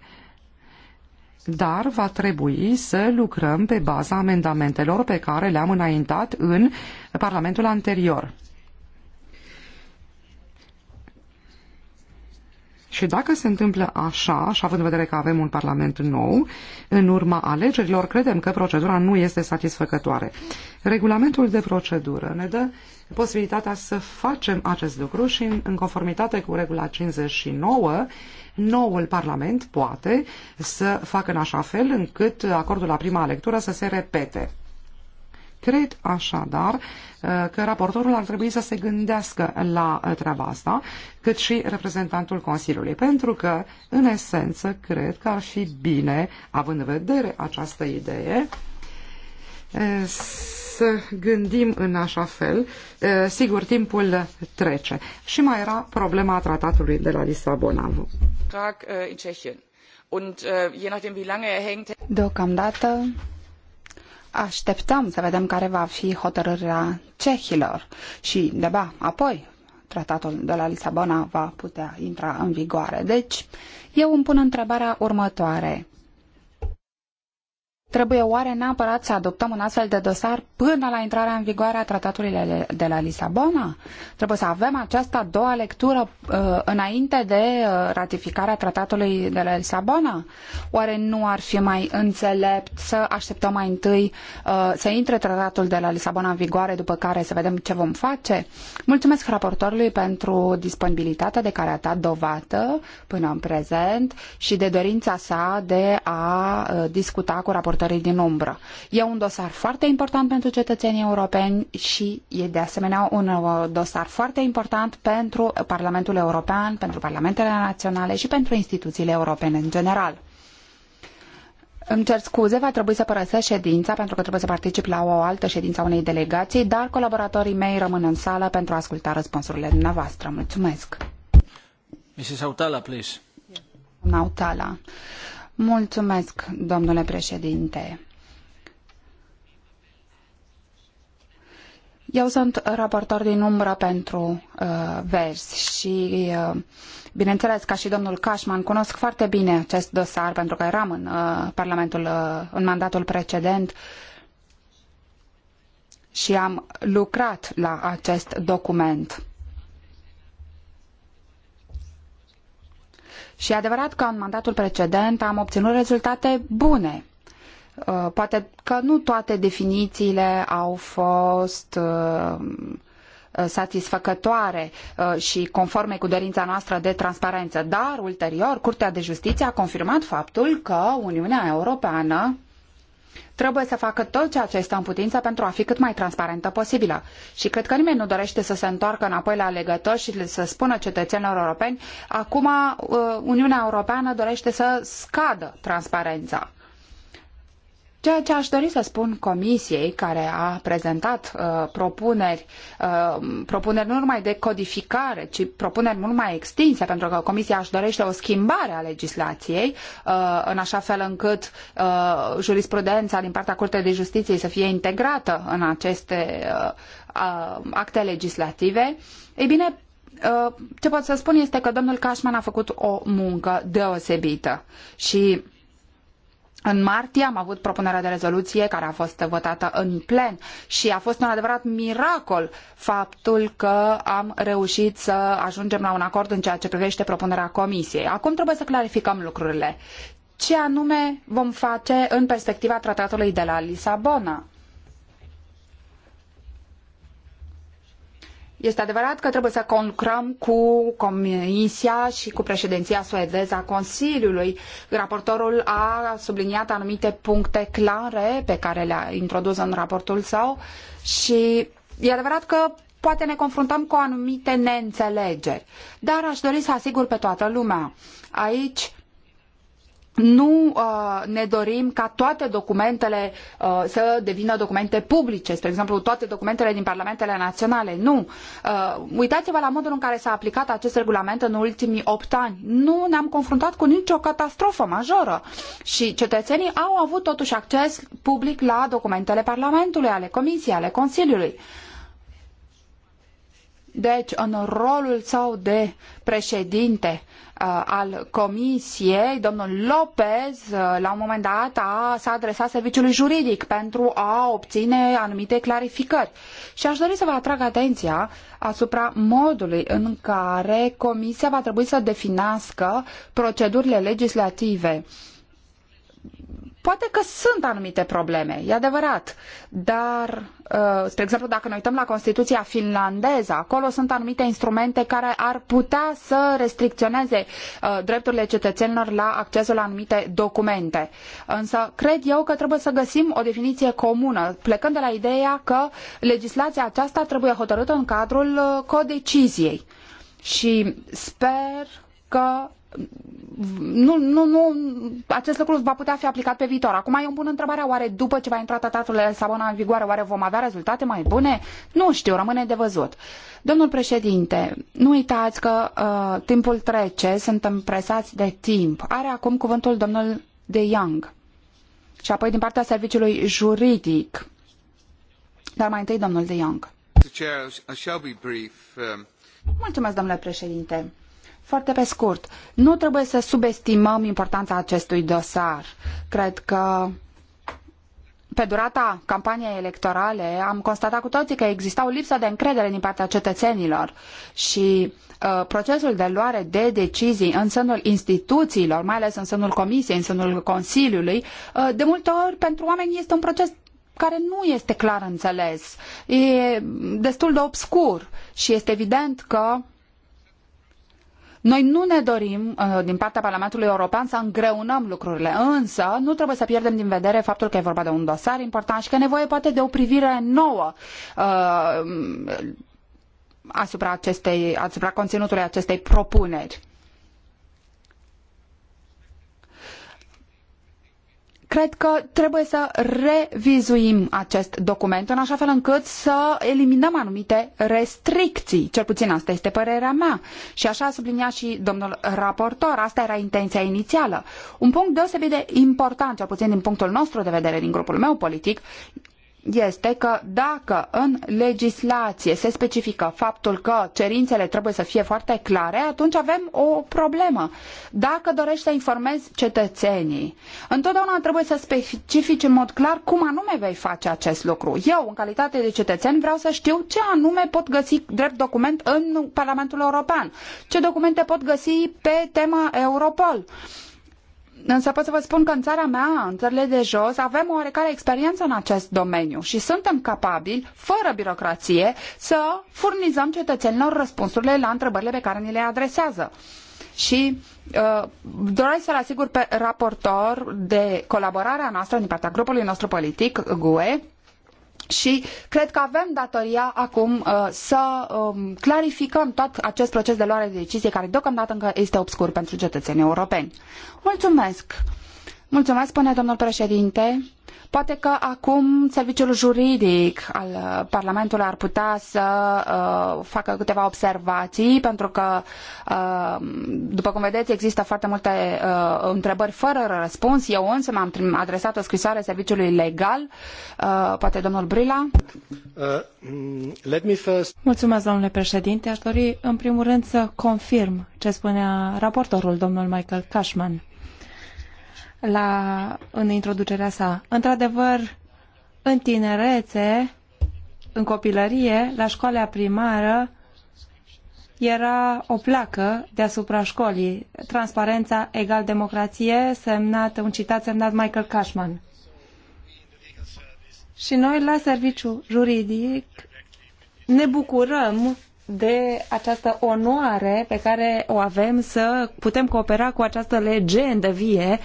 dar va trebui să lucrăm pe baza amendamentelor pe care le-am înaintat în Parlamentul anterior. Și dacă se întâmplă așa, și având în vedere că avem un Parlament nou, în urma alegerilor, credem că procedura nu este satisfăcătoare. Regulamentul de procedură ne dă posibilitatea să facem acest lucru și, în conformitate cu regula 59, noul Parlament poate să facă în așa fel încât acordul la prima lectură să se repete. Cred așadar uh, că raportorul ar trebui să se gândească la uh, treaba asta, cât și reprezentantul Consiliului, pentru că, în esență, cred că ar fi bine, având în vedere această idee, uh, să gândim în așa fel. Sigur, timpul trece. Și mai era problema tratatului de la Lisabona. Er Deocamdată așteptăm să vedem care va fi hotărârea cehilor și de-abia apoi tratatul de la Lisabona va putea intra în vigoare. Deci, eu îmi pun întrebarea următoare. Trebuie oare neapărat să adoptăm un astfel de dosar până la intrarea în vigoare a tratatului de la Lisabona? Trebuie să avem această a doua lectură uh, înainte de uh, ratificarea tratatului de la Lisabona? Oare nu ar fi mai înțelept să așteptăm mai întâi uh, să intre tratatul de la Lisabona în vigoare, după care să vedem ce vom face? Mulțumesc raportorului pentru disponibilitatea de care a dat dovadă până în prezent și de dorința sa de a uh, discuta cu raportorul raportorii din umbră. E un dosar foarte important pentru cetățenii europeni și e de asemenea un uh, dosar foarte important pentru Parlamentul European, pentru Parlamentele Naționale și pentru instituțiile europene în general. Îmi cer scuze, va trebui să părăsesc ședința pentru că trebuie să particip la o altă ședință a unei delegații, dar colaboratorii mei rămân în sală pentru a asculta răspunsurile dumneavoastră. Mulțumesc! Mrs. Autala, please. Doamna Autala. Mulțumesc, domnule președinte. Eu sunt raportor din umbră pentru uh, Verzi și, uh, bineînțeles, ca și domnul Cashman, cunosc foarte bine acest dosar pentru că eram în uh, Parlamentul, uh, în mandatul precedent și am lucrat la acest document. Și e adevărat că în mandatul precedent am obținut rezultate bune. Uh, poate că nu toate definițiile au fost uh, uh, satisfăcătoare și conforme cu dorința noastră de transparență. Dar, ulterior, Curtea de Justiție a confirmat faptul că Uniunea Europeană trebuie să facă tot ceea ce este în putință pentru a fi cât mai transparentă posibilă. Și cred că nimeni nu dorește să se întoarcă înapoi la legători și să spună cetățenilor europeni, acum uh, Uniunea Europeană dorește să scadă transparența. Ceea ce aș dori să spun comisiei care a prezentat uh, propuneri, uh, propuneri nu numai de codificare, ci propuneri mult mai extinse, pentru că comisia își dorește o schimbare a legislației, uh, în așa fel încât uh, jurisprudența din partea Curții de Justiție să fie integrată în aceste uh, uh acte legislative. Ei bine, uh, ce pot să spun este că domnul Cashman a făcut o muncă deosebită și în martie am avut propunerea de rezoluție care a fost votată în plen și a fost un adevărat miracol faptul că am reușit să ajungem la un acord în ceea ce privește propunerea comisiei. Acum trebuie să clarificăm lucrurile. Ce anume vom face în perspectiva tratatului de la Lisabona? Este adevărat că trebuie să concurăm cu Comisia și cu președinția suedeză a Consiliului. Raportorul a subliniat anumite puncte clare pe care le-a introdus în raportul său și e adevărat că poate ne confruntăm cu anumite neînțelegeri. Dar aș dori să asigur pe toată lumea. Aici nu uh, ne dorim ca toate documentele uh, să devină documente publice, spre exemplu toate documentele din parlamentele naționale. Nu. Uh, uitați-vă la modul în care s-a aplicat acest regulament în ultimii opt ani. Nu ne-am confruntat cu nicio catastrofă majoră și cetățenii au avut totuși acces public la documentele Parlamentului, ale Comisiei, ale Consiliului. Deci, în rolul său de președinte, Uh, al Comisiei, domnul Lopez, uh, la un moment dat a, s-a adresat serviciului juridic pentru a obține anumite clarificări. Și aș dori să vă atrag atenția asupra modului în care Comisia va trebui să definească procedurile legislative uh, Poate că sunt anumite probleme, e adevărat, dar, uh, spre exemplu, dacă ne uităm la Constituția finlandeză, acolo sunt anumite instrumente care ar putea să restricționeze uh, drepturile cetățenilor la accesul la anumite documente. Însă, cred eu că trebuie să găsim o definiție comună, plecând de la ideea că legislația aceasta trebuie hotărâtă în cadrul uh, codeciziei. Și sper că nu, nu, nu, acest lucru va putea fi aplicat pe viitor. Acum eu îmi pun întrebarea, oare după ce va intra tratatul de Lisabona în vigoare, oare vom avea rezultate mai bune? Nu știu, rămâne de văzut. Domnul președinte, nu uitați că uh, timpul trece, suntem presați de timp. Are acum cuvântul domnul de Young și apoi din partea serviciului juridic. Dar mai întâi domnul de Young. Um, Mulțumesc, domnule președinte. Foarte pe scurt, nu trebuie să subestimăm importanța acestui dosar. Cred că pe durata campaniei electorale am constatat cu toții că exista o lipsă de încredere din partea cetățenilor și uh, procesul de luare de decizii în sânul instituțiilor, mai ales în sânul Comisiei, în sânul Consiliului, uh, de multe ori pentru oameni este un proces care nu este clar înțeles, e destul de obscur și este evident că noi nu ne dorim, uh, din partea Parlamentului European, să îngreunăm lucrurile, însă nu trebuie să pierdem din vedere faptul că e vorba de un dosar important și că e nevoie poate de o privire nouă uh, asupra, acestei, asupra conținutului acestei propuneri. Cred că trebuie să revizuim acest document în așa fel încât să eliminăm anumite restricții. Cel puțin asta este părerea mea. Și așa a subliniat și domnul raportor, asta era intenția inițială. Un punct deosebit de important, cel puțin din punctul nostru de vedere, din grupul meu politic, este că dacă în legislație se specifică faptul că cerințele trebuie să fie foarte clare, atunci avem o problemă. Dacă dorești să informezi cetățenii, întotdeauna trebuie să specifici în mod clar cum anume vei face acest lucru. Eu, în calitate de cetățen, vreau să știu ce anume pot găsi drept document în Parlamentul European, ce documente pot găsi pe tema Europol. Însă pot să vă spun că în țara mea, în țările de jos, avem o oarecare experiență în acest domeniu și suntem capabili, fără birocrație, să furnizăm cetățenilor răspunsurile la întrebările pe care ni le adresează și uh, doresc să-l asigur pe raportor de colaborarea noastră din partea grupului nostru politic, GUE, și cred că avem datoria acum uh, să um, clarificăm tot acest proces de luare de decizie care deocamdată încă este obscur pentru cetățenii europeni. Mulțumesc! Mulțumesc, spune domnul președinte. Poate că acum serviciul juridic al Parlamentului ar putea să uh, facă câteva observații, pentru că, uh, după cum vedeți, există foarte multe uh, întrebări fără răspuns. Eu însă m-am adresat o scrisoare serviciului legal. Uh, poate domnul Brila? Uh, first... Mulțumesc, domnule președinte. Aș dori, în primul rând, să confirm ce spunea raportorul, domnul Michael Cashman la, în introducerea sa. Într-adevăr, în tinerețe, în copilărie, la școala primară, era o placă deasupra școlii, Transparența egal democrație, semnat, un citat semnat Michael Cashman. Și noi, la serviciu juridic, ne bucurăm de această onoare pe care o avem să putem coopera cu această legendă vie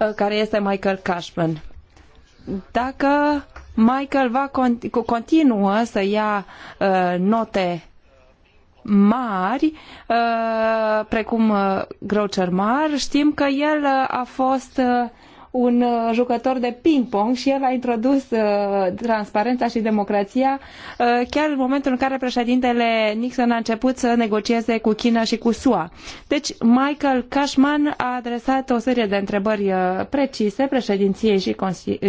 Uh, care este Michael Cashman. Dacă Michael va continuă să ia uh, note mari, uh, precum Groucher Mar, știm că el a fost un uh, jucător de ping-pong și el a introdus uh, transparența și democrația uh, chiar în momentul în care președintele Nixon a început să negocieze cu China și cu SUA. Deci Michael Cashman a adresat o serie de întrebări uh, precise președinției și,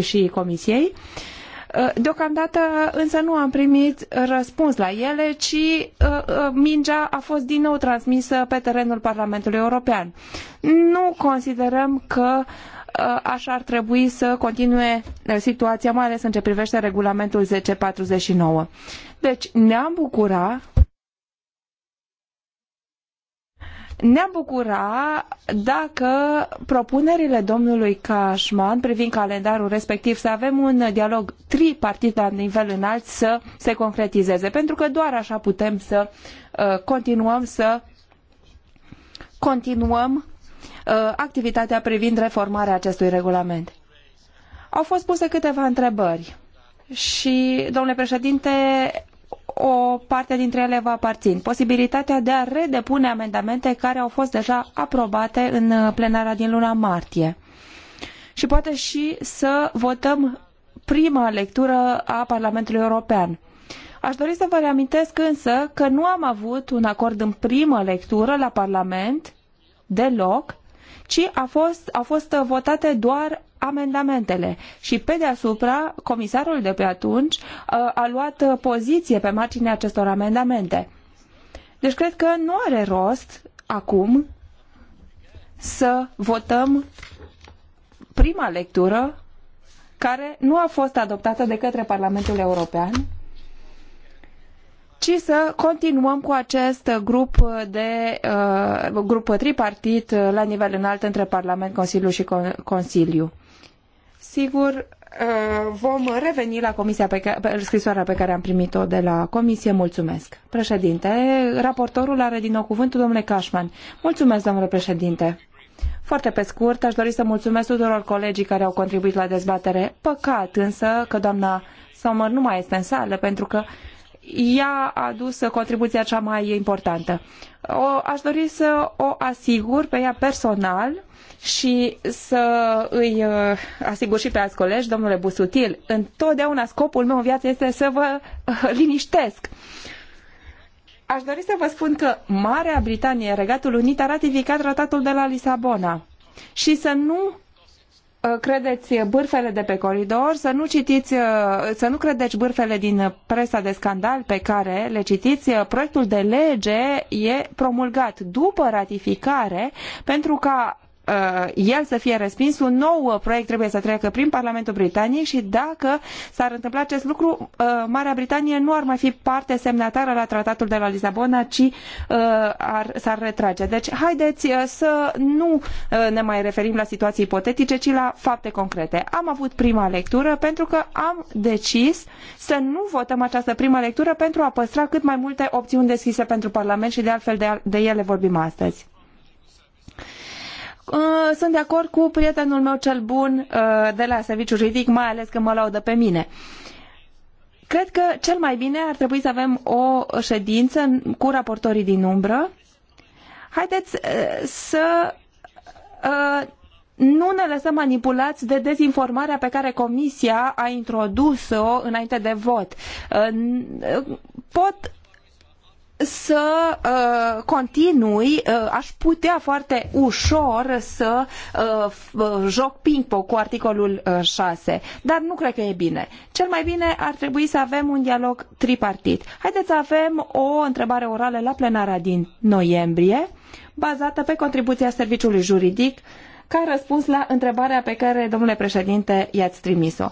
și Comisiei. Uh, deocamdată însă nu am primit răspuns la ele, ci mingea a fost din nou transmisă pe terenul Parlamentului European. Nu considerăm că uh, Uh, așa ar trebui să continue uh, situația, mai ales în ce privește regulamentul 1049. Deci ne-am bucura ne-am bucura dacă propunerile domnului Cashman privind calendarul respectiv să avem un dialog tripartit la nivel înalt să se concretizeze, pentru că doar așa putem să uh, continuăm să continuăm Uh, activitatea privind reformarea acestui regulament. Au fost puse câteva întrebări și, domnule președinte, o parte dintre ele vă aparțin. Posibilitatea de a redepune amendamente care au fost deja aprobate în plenara din luna martie. Și poate și să votăm prima lectură a Parlamentului European. Aș dori să vă reamintesc însă că nu am avut un acord în primă lectură la Parlament deloc ci a fost, au fost votate doar amendamentele și pe deasupra comisarul de pe atunci uh, a luat poziție pe marginea acestor amendamente. Deci cred că nu are rost acum să votăm prima lectură care nu a fost adoptată de către Parlamentul European ci să continuăm cu acest grup, de, uh, grup tripartit la nivel înalt între Parlament, Consiliu și Consiliu. Sigur, uh, vom reveni la comisia pe care, scrisoarea pe care am primit-o de la comisie. Mulțumesc. Președinte, raportorul are din nou cuvântul, domnule Cașman. Mulțumesc, domnule președinte. Foarte pe scurt, aș dori să mulțumesc tuturor colegii care au contribuit la dezbatere. Păcat însă că doamna Sommer nu mai este în sală, pentru că ea a adus contribuția cea mai importantă. O, aș dori să o asigur pe ea personal și să îi uh, asigur și pe alți colegi, domnule Busutil, întotdeauna scopul meu în viață este să vă uh, liniștesc. Aș dori să vă spun că Marea Britanie, Regatul Unit, a ratificat tratatul de la Lisabona și să nu Uh, credeți bârfele de pe coridor, să nu citiți, uh, să nu credeți bârfele din presa de scandal pe care le citiți. Uh, proiectul de lege e promulgat după ratificare pentru ca Uh, el să fie respins, un nou uh, proiect trebuie să treacă prin Parlamentul Britaniei și dacă s-ar întâmpla acest lucru, uh, Marea Britanie nu ar mai fi parte semnatară la tratatul de la Lisabona, ci ar, s-ar retrage. Deci haideți să nu ne mai referim la situații ipotetice, ci la fapte concrete. Am avut prima lectură pentru că am decis să nu votăm această primă lectură pentru a păstra cât mai multe opțiuni deschise pentru Parlament și de altfel de, de ele vorbim astăzi. Uh, sunt de acord cu prietenul meu cel bun uh, de la serviciu juridic, mai ales că mă laudă pe mine. Cred că cel mai bine ar trebui să avem o ședință cu raportorii din umbră. Haideți uh, să nu ne lăsăm manipulați de dezinformarea pe care Comisia a introdus-o înainte de vot. Pot să uh, continui, uh, aș putea foarte ușor să uh, uh joc ping-pong cu articolul uh, 6, dar nu cred că e bine. Cel mai bine ar trebui să avem un dialog tripartit. Haideți să avem o întrebare orală la plenara din noiembrie, bazată pe contribuția serviciului juridic uh, ca răspuns la întrebarea pe care, domnule președinte, i-ați trimis-o.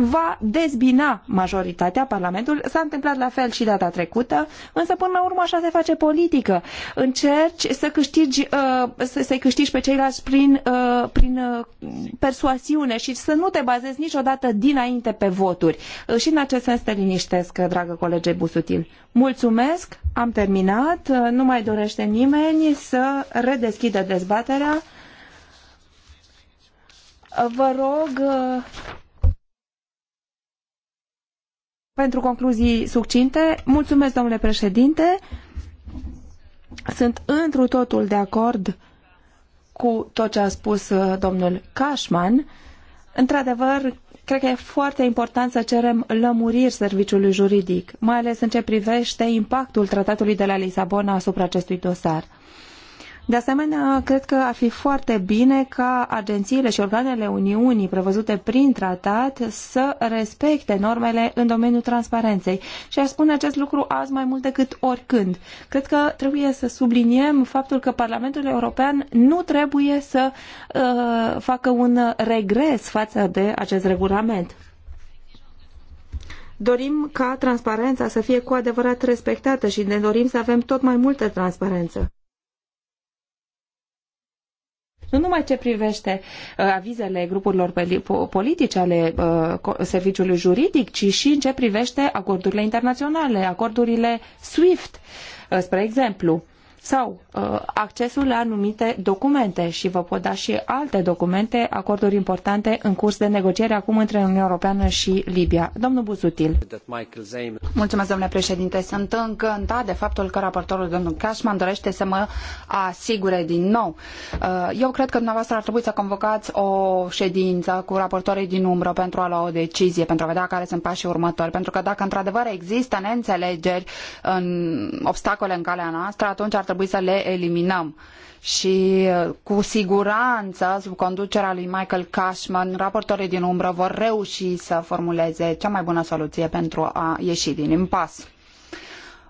Va dezbina majoritatea Parlamentul, s-a întâmplat la fel și data trecută, însă până la urmă așa se face politică. Încerci să câștigi, uh, să-i câștigi pe ceilalți prin, uh, prin uh, persuasiune și să nu te bazezi niciodată dinainte pe voturi. Și în acest sens te liniștesc, dragă colege Busutil. Mulțumesc, am terminat, nu mai dorește nimeni să redeschidă dezbaterea. Vă rog uh, pentru concluzii succinte. Mulțumesc, domnule președinte. Sunt întru totul de acord cu tot ce a spus uh, domnul Cashman. Într-adevăr, cred că e foarte important să cerem lămuriri serviciului juridic, mai ales în ce privește impactul tratatului de la Lisabona asupra acestui dosar. De asemenea, cred că ar fi foarte bine ca agențiile și organele Uniunii prevăzute prin tratat să respecte normele în domeniul transparenței. Și aș spune acest lucru azi mai mult decât oricând. Cred că trebuie să subliniem faptul că Parlamentul European nu trebuie să uh, facă un regres față de acest regulament. Dorim ca transparența să fie cu adevărat respectată și ne dorim să avem tot mai multă transparență nu numai ce privește uh, avizele grupurilor politice ale uh, serviciului juridic, ci și în ce privește acordurile internaționale, acordurile SWIFT, uh, spre exemplu sau uh, accesul la anumite documente și vă pot da și alte documente, acorduri importante în curs de negociere acum între Uniunea Europeană și Libia. Domnul Buzutil. Mulțumesc, domnule președinte. Sunt încântat de faptul că raportorul domnul Cashman dorește să mă asigure din nou. Uh, eu cred că dumneavoastră ar trebui să convocați o ședință cu raportorii din umbră pentru a lua o decizie, pentru a vedea care sunt pașii următori. Pentru că dacă într-adevăr există neînțelegeri, în obstacole în calea noastră, atunci ar trebui să le eliminăm. Și uh, cu siguranță, sub conducerea lui Michael Cashman, raportorii din umbră vor reuși să formuleze cea mai bună soluție pentru a ieși din impas.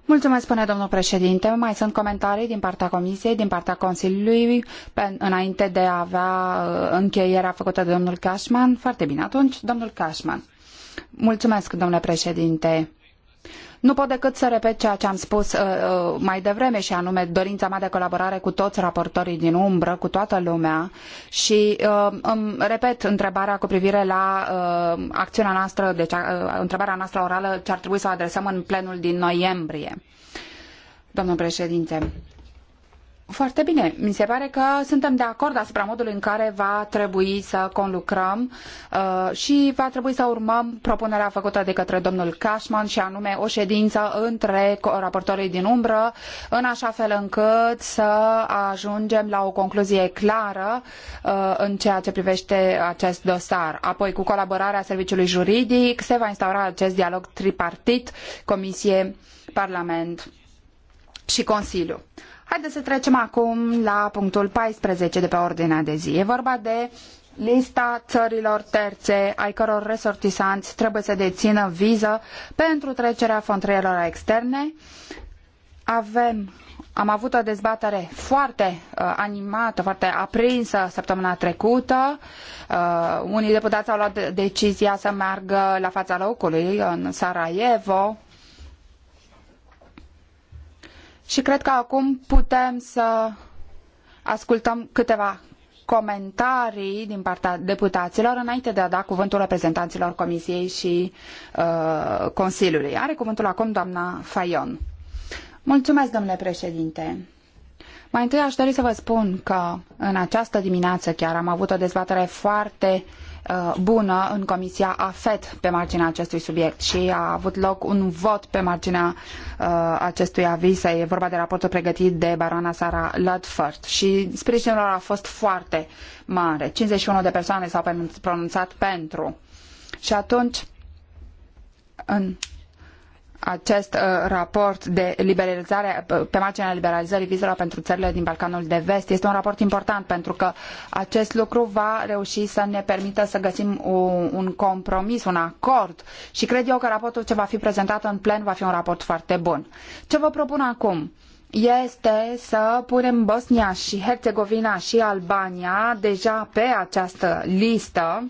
Mulțumesc, spune domnul președinte. Mai sunt comentarii din partea Comisiei, din partea Consiliului, pe, înainte de a avea uh, încheierea făcută de domnul Cashman? Foarte bine, atunci, domnul Cashman. Mulțumesc, domnule președinte. Nu pot decât să repet ceea ce am spus uh, uh, mai devreme și anume dorința mea de colaborare cu toți raportorii din umbră, cu toată lumea și uh, îmi repet întrebarea cu privire la uh, acțiunea noastră, deci uh, întrebarea noastră orală ce ar trebui să o adresăm în plenul din noiembrie. Domnul președinte, foarte bine. Mi se pare că suntem de acord asupra modului în care va trebui să conlucrăm uh, și va trebui să urmăm propunerea făcută de către domnul Cashman și anume o ședință între raportorii din umbră, în așa fel încât să ajungem la o concluzie clară uh, în ceea ce privește acest dosar. Apoi, cu colaborarea serviciului juridic, se va instaura acest dialog tripartit, Comisie, Parlament și Consiliu. Haideți să trecem acum la punctul 14 de pe ordinea de zi. E vorba de lista țărilor terțe ai căror resortisanți trebuie să dețină viză pentru trecerea frontierelor externe. Avem am avut o dezbatere foarte uh, animată, foarte aprinsă săptămâna trecută. Uh, unii deputați au luat de decizia să meargă la fața locului în Sarajevo, și cred că acum putem să ascultăm câteva comentarii din partea deputaților înainte de a da cuvântul reprezentanților Comisiei și uh, Consiliului. Are cuvântul acum doamna Fayon. Mulțumesc, domnule președinte. Mai întâi aș dori să vă spun că în această dimineață chiar am avut o dezbatere foarte uh, Uh, bună în Comisia AFET pe marginea acestui subiect și a avut loc un vot pe marginea uh, acestui aviz. E vorba de raportul pregătit de baroana Sara Ludford și sprijinul lor a fost foarte mare. 51 de persoane s-au pronunțat pentru. Și atunci, în acest uh, raport de liberalizare, uh, pe marginea liberalizării vizelor pentru țările din Balcanul de Vest. Este un raport important pentru că acest lucru va reuși să ne permită să găsim un, un compromis, un acord și cred eu că raportul ce va fi prezentat în plen va fi un raport foarte bun. Ce vă propun acum? este să punem Bosnia și Herțegovina și Albania deja pe această listă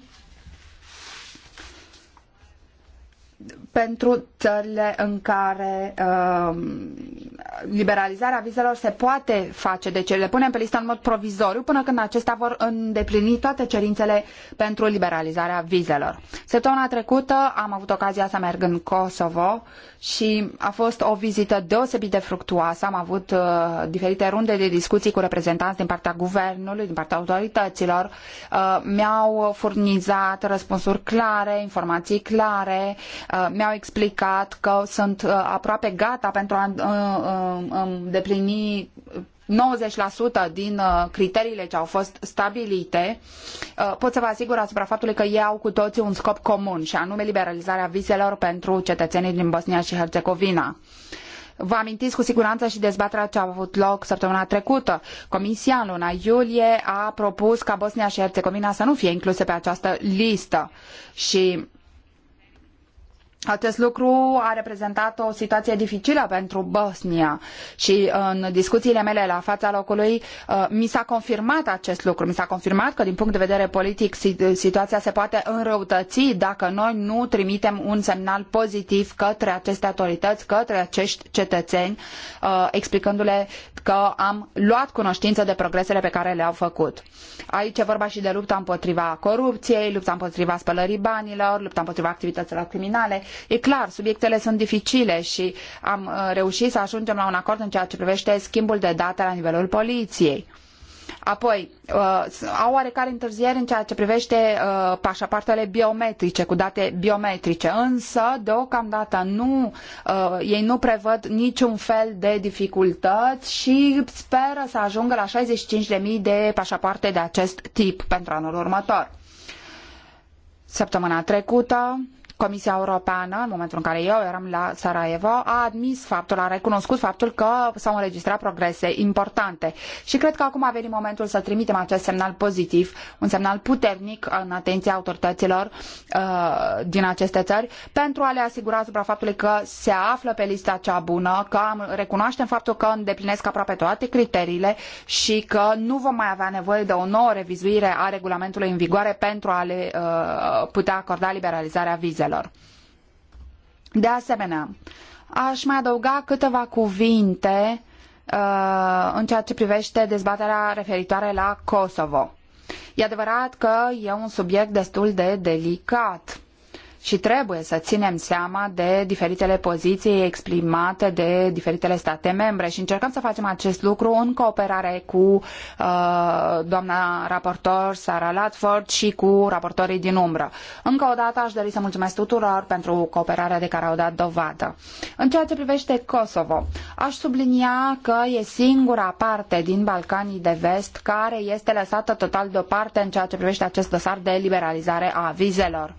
pentru țările în care uh, liberalizarea vizelor se poate face, deci le punem pe listă în mod provizoriu până când acestea vor îndeplini toate cerințele pentru liberalizarea vizelor. Săptămâna trecută am avut ocazia să merg în Kosovo și a fost o vizită deosebit de fructuoasă. Am avut uh, diferite runde de discuții cu reprezentanți din partea guvernului, din partea autorităților. Uh, mi-au furnizat răspunsuri clare, informații clare, Uh, mi-au explicat că sunt uh, aproape gata pentru a uh, um, îndeplini 90% din criteriile ce au fost stabilite, pot să vă asigur asupra faptului că ei au cu toții un scop comun și anume liberalizarea vizelor pentru cetățenii din Bosnia și Herțegovina. Vă amintiți cu siguranță și dezbaterea ce a avut loc săptămâna trecută. Comisia în luna iulie a propus ca Bosnia și Herțegovina să nu fie incluse pe această listă și acest lucru a reprezentat o situație dificilă pentru Bosnia și în discuțiile mele la fața locului uh, mi s-a confirmat acest lucru. Mi s-a confirmat că din punct de vedere politic situația se poate înrăutăți dacă noi nu trimitem un semnal pozitiv către aceste autorități, către acești cetățeni, uh, explicându-le că am luat cunoștință de progresele pe care le-au făcut. Aici e vorba și de lupta împotriva corupției, lupta împotriva spălării banilor, lupta împotriva activităților criminale E clar, subiectele sunt dificile și am uh, reușit să ajungem la un acord în ceea ce privește schimbul de date la nivelul poliției. Apoi, uh, au oarecare întârzieri în ceea ce privește uh, pașapartele biometrice, cu date biometrice, însă, deocamdată, nu, uh, ei nu prevăd niciun fel de dificultăți și speră să ajungă la 65.000 de pașaparte de acest tip pentru anul următor. Săptămâna trecută, Comisia Europeană, în momentul în care eu eram la Sarajevo, a admis faptul, a recunoscut faptul că s-au înregistrat progrese importante. Și cred că acum a venit momentul să trimitem acest semnal pozitiv, un semnal puternic în atenția autorităților uh, din aceste țări, pentru a le asigura asupra faptului că se află pe lista cea bună, că recunoaștem faptul că îndeplinesc aproape toate criteriile și că nu vom mai avea nevoie de o nouă revizuire a regulamentului în vigoare pentru a le uh, putea acorda liberalizarea vizelor cuvintelor. De asemenea, aș mai adăuga câteva cuvinte uh, în ceea ce privește dezbaterea referitoare la Kosovo. E adevărat că e un subiect destul de delicat și trebuie să ținem seama de diferitele poziții exprimate de diferitele state membre și încercăm să facem acest lucru în cooperare cu uh, doamna raportor Sara Latford și cu raportorii din umbră. Încă o dată aș dori să mulțumesc tuturor pentru cooperarea de care au dat dovadă. În ceea ce privește Kosovo, aș sublinia că e singura parte din Balcanii de Vest care este lăsată total deoparte în ceea ce privește acest dosar de liberalizare a vizelor.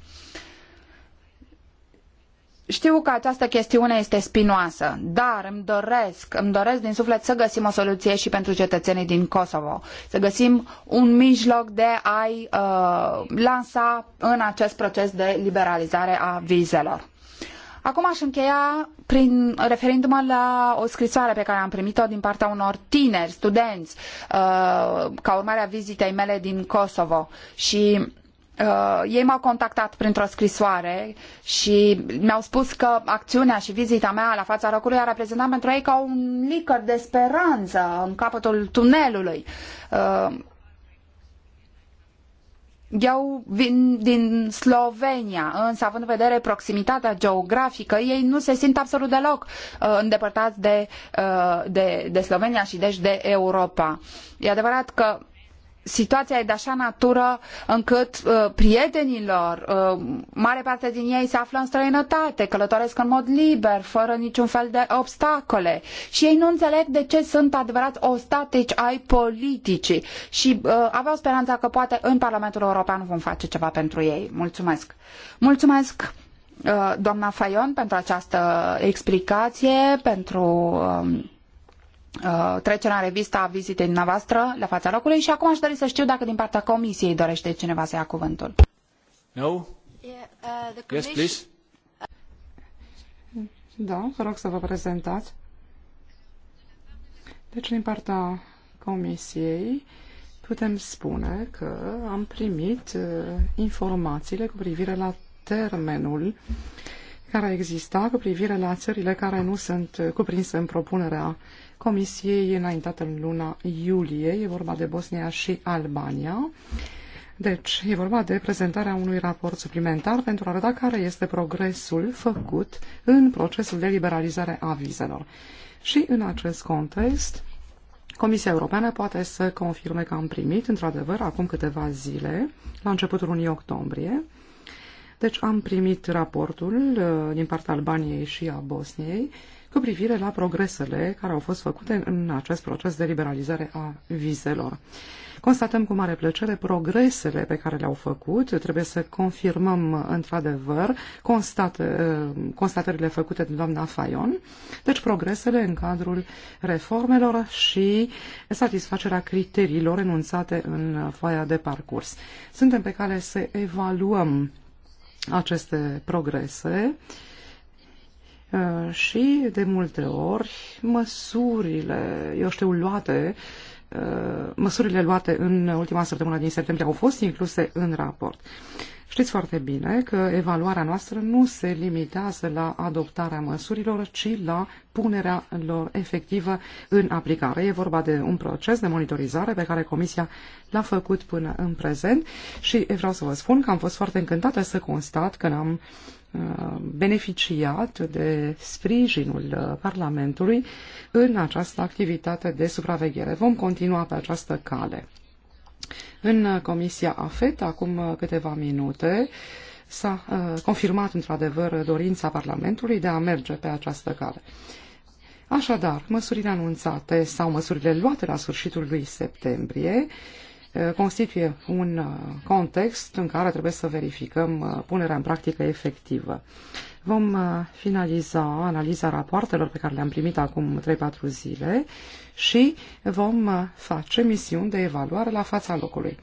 Știu că această chestiune este spinoasă, dar îmi doresc, îmi doresc din suflet să găsim o soluție și pentru cetățenii din Kosovo, să găsim un mijloc de a-i uh, lansa în acest proces de liberalizare a vizelor. Acum aș încheia prin, referindu-mă la o scrisoare pe care am primit-o din partea unor tineri, studenți, uh, ca urmare a vizitei mele din Kosovo. Și Uh, ei m-au contactat printr-o scrisoare și mi-au spus că acțiunea și vizita mea la fața locului a reprezentat pentru ei ca un licăr de speranță în capătul tunelului. Uh, eu vin din Slovenia, însă având în vedere proximitatea geografică, ei nu se simt absolut deloc uh, îndepărtați de, uh, de, de Slovenia și deci de Europa. E adevărat că situația e de așa natură încât uh, prietenilor, uh, mare parte din ei se află în străinătate, călătoresc în mod liber, fără niciun fel de obstacole și ei nu înțeleg de ce sunt adevărați ostatici ai politicii și uh, aveau speranța că poate în Parlamentul European vom face ceva pentru ei. Mulțumesc! Mulțumesc! Uh, doamna Fayon pentru această explicație, pentru um, Uh, trecerea în revista a vizitei dumneavoastră la fața locului și acum aș dori să știu dacă din partea comisiei dorește cineva să ia cuvântul. No? Uh, yes, please. Da, vă rog să vă prezentați. Deci, din partea comisiei, putem spune că am primit uh, informațiile cu privire la termenul care exista cu privire la țările care nu sunt cuprinse în propunerea uh, Comisiei înaintată în luna iulie. E vorba de Bosnia și Albania. Deci, e vorba de prezentarea unui raport suplimentar pentru a arăta care este progresul făcut în procesul de liberalizare a vizelor. Și în acest context, Comisia Europeană poate să confirme că am primit, într-adevăr, acum câteva zile, la începutul lunii octombrie, deci am primit raportul uh, din partea Albaniei și a Bosniei cu privire la progresele care au fost făcute în acest proces de liberalizare a vizelor. Constatăm cu mare plăcere progresele pe care le-au făcut. Trebuie să confirmăm într-adevăr constat, uh, constatările făcute de doamna Fayon, deci progresele în cadrul reformelor și satisfacerea criteriilor enunțate în foaia de parcurs. Suntem pe cale să evaluăm aceste progrese uh, Uh, și de multe ori măsurile, eu știu, luate, uh, măsurile luate în ultima săptămână din septembrie au fost incluse în raport. Știți foarte bine că evaluarea noastră nu se limitează la adoptarea măsurilor, ci la punerea lor efectivă în aplicare. E vorba de un proces de monitorizare pe care Comisia l-a făcut până în prezent și vreau să vă spun că am fost foarte încântată să constat că am beneficiat de sprijinul uh, Parlamentului în această activitate de supraveghere. Vom continua pe această cale. În uh, Comisia AFET, acum uh, câteva minute, s-a confirmat într-adevăr dorința Parlamentului de a merge pe această cale. Așadar, măsurile anunțate sau măsurile luate la sfârșitul lui septembrie Uh, constituie un uh, context în care trebuie să verificăm uh, punerea în practică efectivă. Vom finaliza analiza rapoartelor pe care le-am primit acum 3-4 zile și vom face misiuni de evaluare la fața locului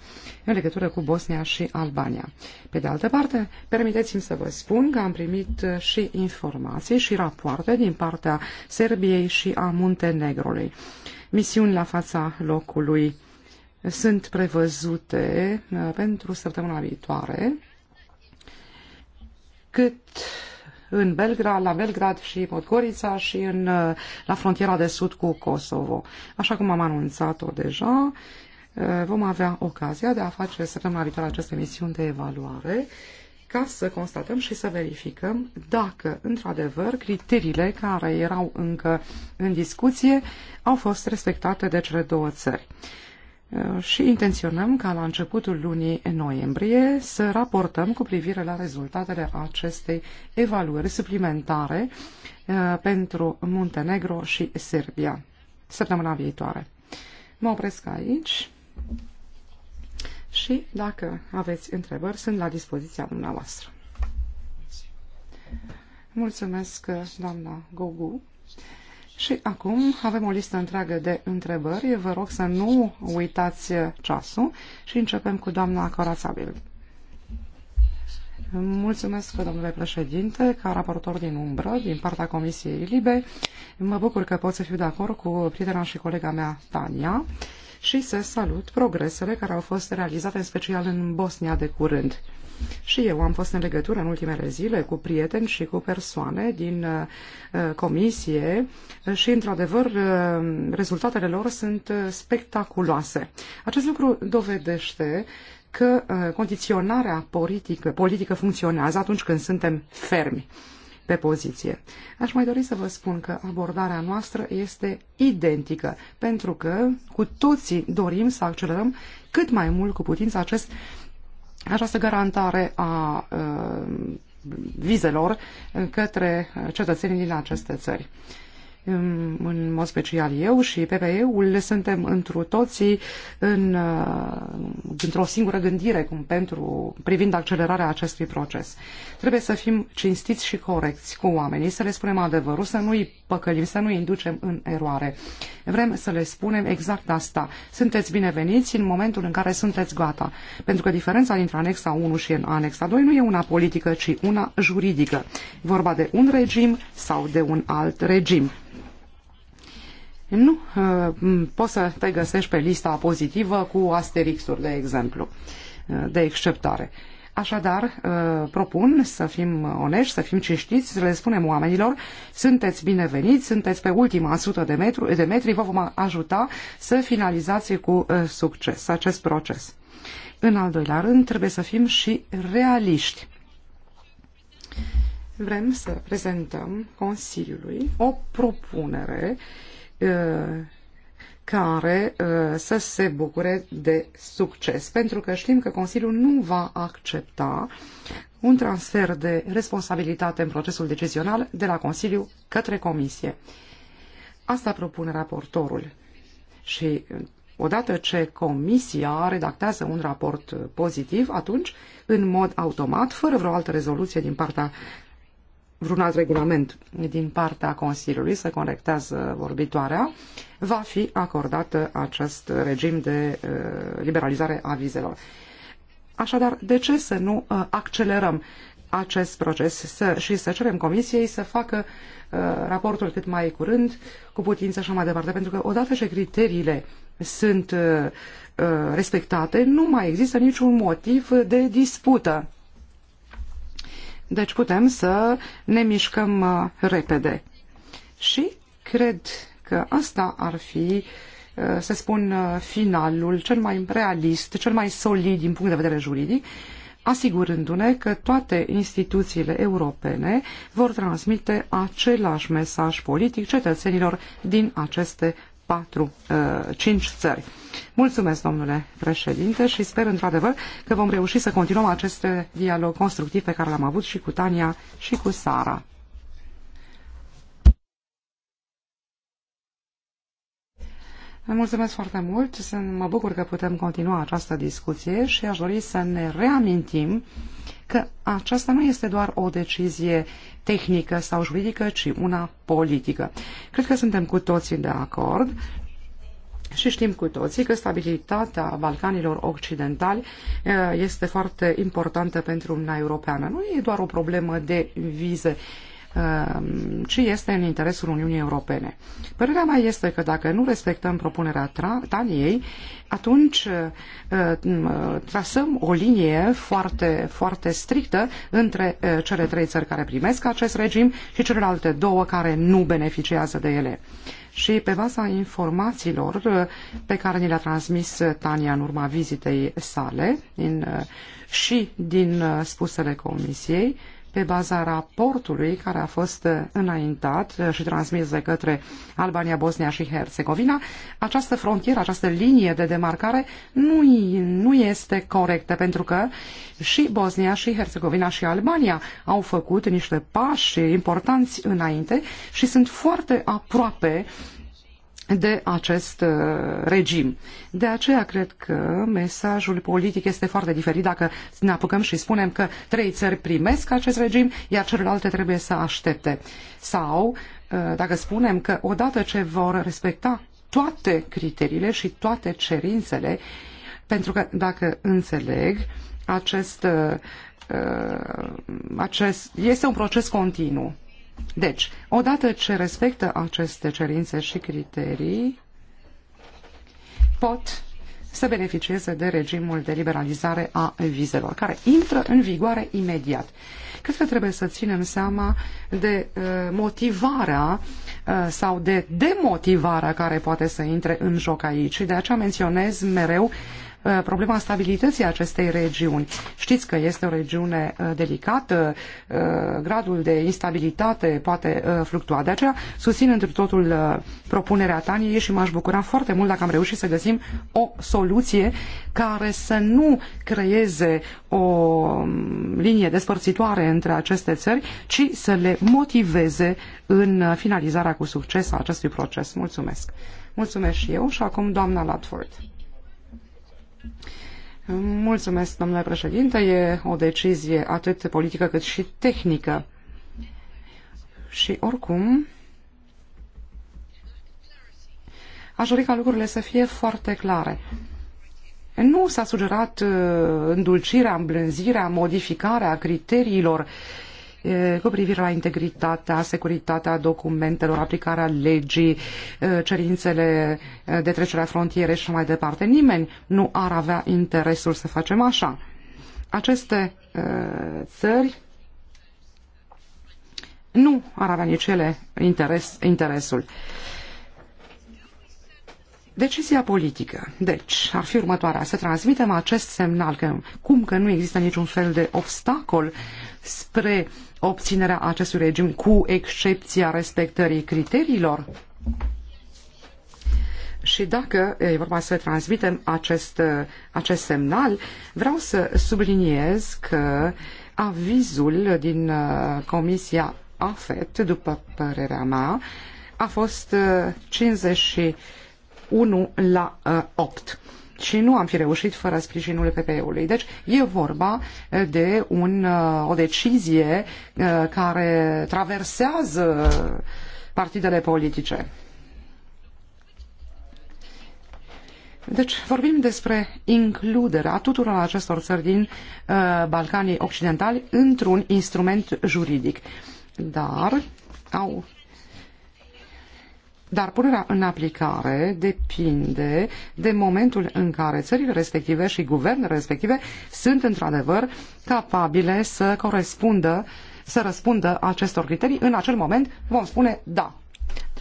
în legătură cu Bosnia și Albania. Pe de altă parte, permiteți-mi să vă spun că am primit și informații și rapoarte din partea Serbiei și a Muntenegrului. Misiuni la fața locului sunt prevăzute uh, pentru săptămâna viitoare, cât în Belgrad, la Belgrad și Podgorica și în, uh, la frontiera de sud cu Kosovo. Așa cum am anunțat-o deja, uh, vom avea ocazia de a face săptămâna viitoare aceste misiuni de evaluare ca să constatăm și să verificăm dacă, într-adevăr, criteriile care erau încă în discuție au fost respectate de cele două țări. Uh, și intenționăm ca la începutul lunii noiembrie să raportăm cu privire la rezultatele acestei evaluări suplimentare uh, pentru Muntenegro și Serbia săptămâna viitoare. Mă opresc aici și dacă aveți întrebări, sunt la dispoziția dumneavoastră. Mulțumesc, uh, doamna Gogu. Și acum avem o listă întreagă de întrebări. Vă rog să nu uitați ceasul și începem cu doamna Corațabil. Mulțumesc, domnule președinte, ca raportor din umbră, din partea Comisiei Libe. Mă bucur că pot să fiu de acord cu prietena și colega mea, Tania, și să salut progresele care au fost realizate, în special în Bosnia de curând. Și eu am fost în legătură în ultimele zile cu prieteni și cu persoane din uh, comisie uh, și, într-adevăr, uh, rezultatele lor sunt spectaculoase. Acest lucru dovedește că condiționarea politică, politică funcționează atunci când suntem fermi pe poziție. Aș mai dori să vă spun că abordarea noastră este identică, pentru că cu toții dorim să accelerăm cât mai mult cu putință acest această garantare a uh, vizelor uh, către uh, cetățenii din aceste țări în mod special eu și PPE-ul, suntem întru toții în, uh, într-o singură gândire cum pentru, privind accelerarea acestui proces. Trebuie să fim cinstiți și corecți cu oamenii, să le spunem adevărul, să nu-i păcălim, să nu-i inducem în eroare. Vrem să le spunem exact asta. Sunteți bineveniți în momentul în care sunteți gata. Pentru că diferența dintre anexa 1 și anexa 2 nu e una politică, ci una juridică. vorba de un regim sau de un alt regim nu uh, poți să te găsești pe lista pozitivă cu asterixuri, de exemplu, uh, de exceptare. Așadar, uh, propun să fim onești, să fim cinștiți, să le spunem oamenilor, sunteți bineveniți, sunteți pe ultima sută de, metru, de metri, vă vom ajuta să finalizați cu succes acest proces. În al doilea rând, trebuie să fim și realiști. Vrem să prezentăm Consiliului o propunere uh, Uh, care uh, să se bucure de succes, pentru că știm că Consiliul nu va accepta un transfer de responsabilitate în procesul decizional de la Consiliu către Comisie. Asta propune raportorul. Și odată ce Comisia redactează un raport pozitiv, atunci, în mod automat, fără vreo altă rezoluție din partea vreun alt regulament din partea Consiliului, se corectează vorbitoarea, va fi acordat acest regim de uh, liberalizare a vizelor. Așadar, de ce să nu uh, accelerăm acest proces să, și să cerem Comisiei să facă uh, raportul cât mai curând, cu putință și mai departe, pentru că odată ce criteriile sunt uh, uh respectate, nu mai există niciun motiv de dispută deci putem să ne mișcăm uh, repede. Și cred că asta ar fi, uh, să spun, uh, finalul cel mai realist, cel mai solid din punct de vedere juridic, asigurându-ne că toate instituțiile europene vor transmite același mesaj politic cetățenilor din aceste patru, uh, cinci țări. Mulțumesc, domnule președinte, și sper într-adevăr că vom reuși să continuăm acest dialog constructiv pe care l-am avut și cu Tania și cu Sara. Mulțumesc foarte mult, Sunt mă bucur că putem continua această discuție și aș dori să ne reamintim că aceasta nu este doar o decizie tehnică sau juridică, ci una politică. Cred că suntem cu toții de acord și știm cu toții că stabilitatea Balcanilor Occidentali eh, este foarte importantă pentru Uniunea Europeană. Nu e doar o problemă de vize, Um, ci este în interesul Uniunii Europene. Părerea mea este că dacă nu respectăm propunerea Taniei, atunci uh, um, uh, trasăm o linie foarte, foarte strictă între uh, cele trei țări care primesc acest regim și celelalte două care nu beneficiază de ele. Și pe baza informațiilor pe care ni le-a transmis Tania în urma vizitei sale din, și din spusele comisiei, pe baza raportului care a fost înaintat și transmis de către Albania, Bosnia și Herțegovina, această frontieră, această linie de demarcare nu, nu este corectă, pentru că și Bosnia și Herțegovina și Albania au făcut niște pași importanți înainte și sunt foarte aproape uh, de acest uh, regim. De aceea cred că mesajul politic este foarte diferit dacă ne apucăm și spunem că trei țări primesc acest regim, iar celelalte trebuie să aștepte. Sau uh, dacă spunem că odată ce vor respecta toate criteriile și toate cerințele, pentru că dacă înțeleg, acest, uh, acest este un proces continuu deci, odată ce respectă aceste cerințe și criterii, pot să beneficieze de regimul de liberalizare a vizelor, care intră în vigoare imediat. Cred că trebuie să ținem seama de uh, motivarea uh, sau de demotivarea care poate să intre în joc aici. De aceea menționez mereu uh, Uh, problema stabilității acestei regiuni. Știți că este o regiune uh, delicată, uh, gradul de instabilitate poate fluctua. De aceea susțin într totul propunerea Taniei și m-aș bucura foarte mult dacă am reușit să găsim o soluție care să nu creeze o um, linie despărțitoare între aceste țări, ci să le motiveze în finalizarea cu succes a acestui proces. Mulțumesc! Mulțumesc și eu și acum doamna Latford. Mulțumesc, domnule președinte. E o decizie atât politică cât și tehnică. Și oricum, aș dori ca lucrurile să fie foarte clare. Nu s-a sugerat uh, îndulcirea, îmblânzirea, modificarea criteriilor cu privire la integritatea, securitatea documentelor, aplicarea legii, cerințele de trecere a frontiere și mai departe. Nimeni nu ar avea interesul să facem așa. Aceste țări nu ar avea nici ele interes, interesul. Decizia politică, deci, ar fi următoarea, să transmitem acest semnal că cum că nu există niciun fel de obstacol spre obținerea acestui regim, cu excepția respectării criteriilor? Și dacă e vorba să transmitem acest, acest semnal, vreau să subliniez că avizul din uh, Comisia AFET, după părerea mea, a fost 51 uh, la 8. Uh, și nu am fi reușit fără sprijinul PPE-ului. Deci e vorba eh, de un, eh, o decizie eh, care traversează partidele politice. Deci vorbim despre includerea tuturor acestor țări din Balcanii Occidentali într-un instrument juridic. Dar au dar punerea în aplicare depinde de momentul în care țările respective și guvernele respective sunt într-adevăr capabile să corespundă, să răspundă acestor criterii. În acel moment vom spune da.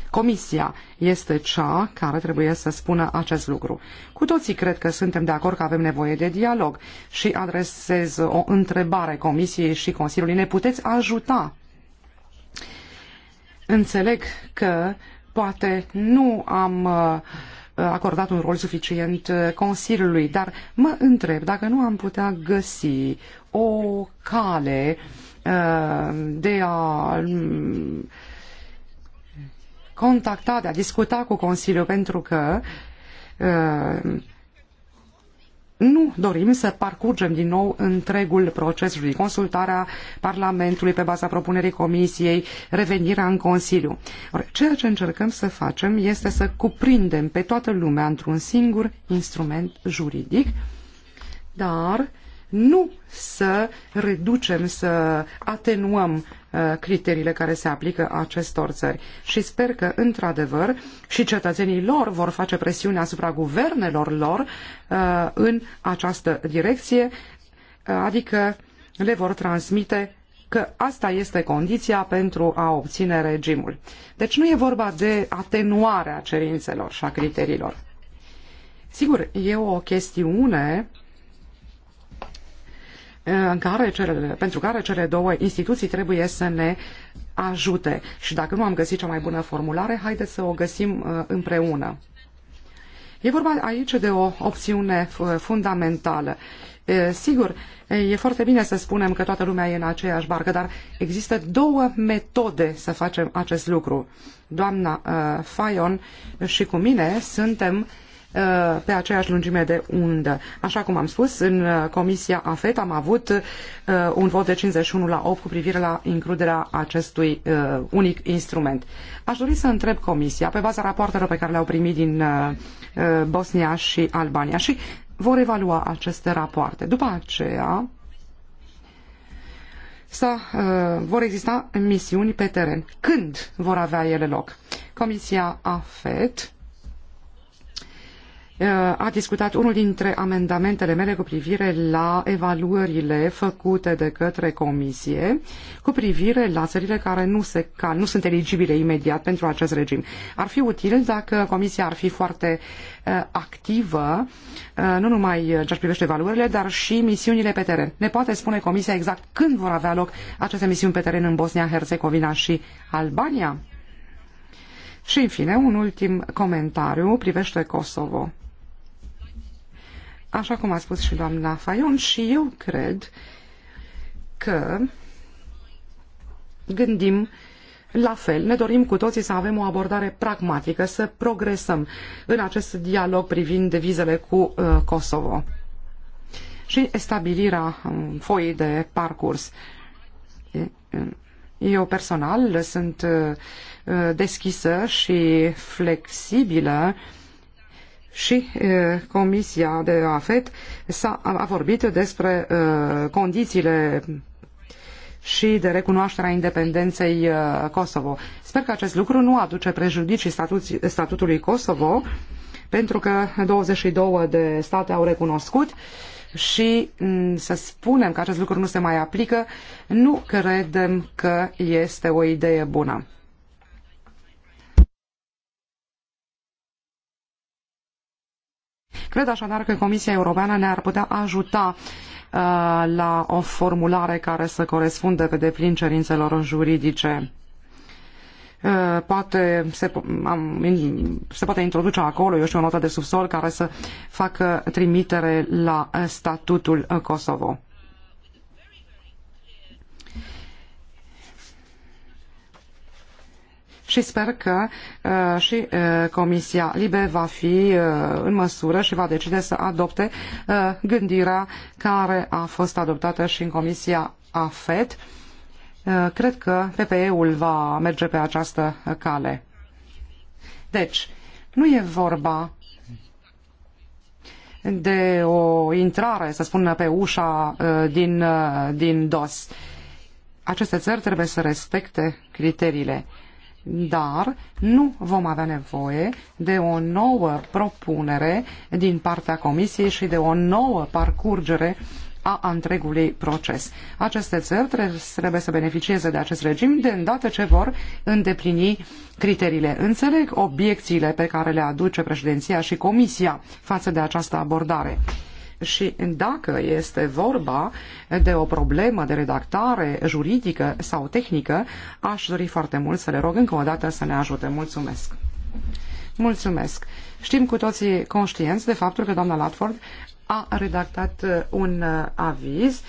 Comisia este cea care trebuie să spună acest lucru. Cu toții cred că suntem de acord că avem nevoie de dialog și adresez o întrebare Comisiei și Consiliului. Ne puteți ajuta? Înțeleg că uh, poate nu am uh, acordat un rol suficient uh, Consiliului, dar mă întreb dacă nu am putea găsi o cale uh, de a mm, contacta, de a discuta cu Consiliul, pentru că nu dorim să parcurgem din nou întregul proces de consultarea Parlamentului pe baza propunerii Comisiei, revenirea în Consiliu. Ceea ce încercăm să facem este să cuprindem pe toată lumea într-un singur instrument juridic, dar nu să reducem, să atenuăm uh, criteriile care se aplică acestor țări. Și sper că, într-adevăr, și cetățenii lor vor face presiune asupra guvernelor lor uh, în această direcție, uh, adică le vor transmite că asta este condiția pentru a obține regimul. Deci nu e vorba de atenuarea cerințelor și a criteriilor. Sigur, e o chestiune uh, în care cele, pentru care cele două instituții trebuie să ne ajute. Și dacă nu am găsit cea mai bună formulare, haideți să o găsim uh, împreună. E vorba aici de o opțiune uh, fundamentală. Uh, sigur, e foarte bine să spunem că toată lumea e în aceeași barcă, dar există două metode să facem acest lucru. Doamna Fayon și cu mine suntem Uh, pe aceeași lungime de undă. Așa cum am spus, în uh, Comisia AFET am avut uh, un vot de 51 la 8 cu privire la includerea acestui unic instrument. Aș dori să întreb Comisia, pe baza rapoartelor pe care le-au primit din Bosnia și Albania și vor evalua aceste rapoarte. După aceea, să uh, vor exista misiuni pe teren. Când vor avea ele loc? Comisia AFET Eh, a discutat unul dintre amendamentele mele cu privire la evaluările făcute de către comisie cu privire la țările care nu, se, nu sunt eligibile imediat pentru acest regim. Ar fi util dacă comisia ar fi foarte uh, activă, uh, nu numai în ceea ce privește evaluările, dar și misiunile pe teren. Ne poate spune comisia exact când vor avea loc aceste misiuni pe teren în Bosnia, Herzegovina și Albania? Și, în fine, un ultim comentariu privește Kosovo. Așa cum a spus și doamna Faion, și eu cred că gândim la fel, ne dorim cu toții să avem o abordare pragmatică, să progresăm în acest dialog privind vizele cu uh, Kosovo și stabilirea uh, foii de parcurs. Eu personal sunt uh, deschisă și flexibilă uh, și Comisia de AFET s-a, a vorbit despre condițiile și de recunoașterea independenței Kosovo. Sper că acest lucru nu aduce prejudicii statutului Kosovo, pentru că 22 de state au recunoscut și să spunem că acest lucru nu se mai aplică, nu credem că este o idee bună. Cred așadar că Comisia Europeană ne-ar putea ajuta uh, la o formulare care să corespundă pe deplin cerințelor juridice uh, poate se, am, se poate introduce acolo, eu știu, o notă de subsol care să facă trimitere la uh, statutul Kosovo. și sper că uh, și uh, Comisia Libe va fi uh, în măsură și va decide să adopte gândirea care a fost adoptată și în Comisia AFET. Cred că PPE-ul va merge pe această cale. Deci, nu e vorba de o intrare, să spun, pe ușa din, din DOS. Aceste țări trebuie să respecte criteriile dar nu vom avea nevoie de o nouă propunere din partea Comisiei și de o nouă parcurgere a întregului proces. Aceste țări trebuie să beneficieze de acest regim de îndată ce vor îndeplini criteriile. Înțeleg obiecțiile pe care le aduce președinția și Comisia față de această abordare și dacă este vorba de o problemă de redactare juridică sau tehnică, aș dori foarte mult să le rog încă o dată să ne ajute. Mulțumesc! Mulțumesc! Știm cu toții conștienți de faptul că doamna Latford a redactat uh, un uh, aviz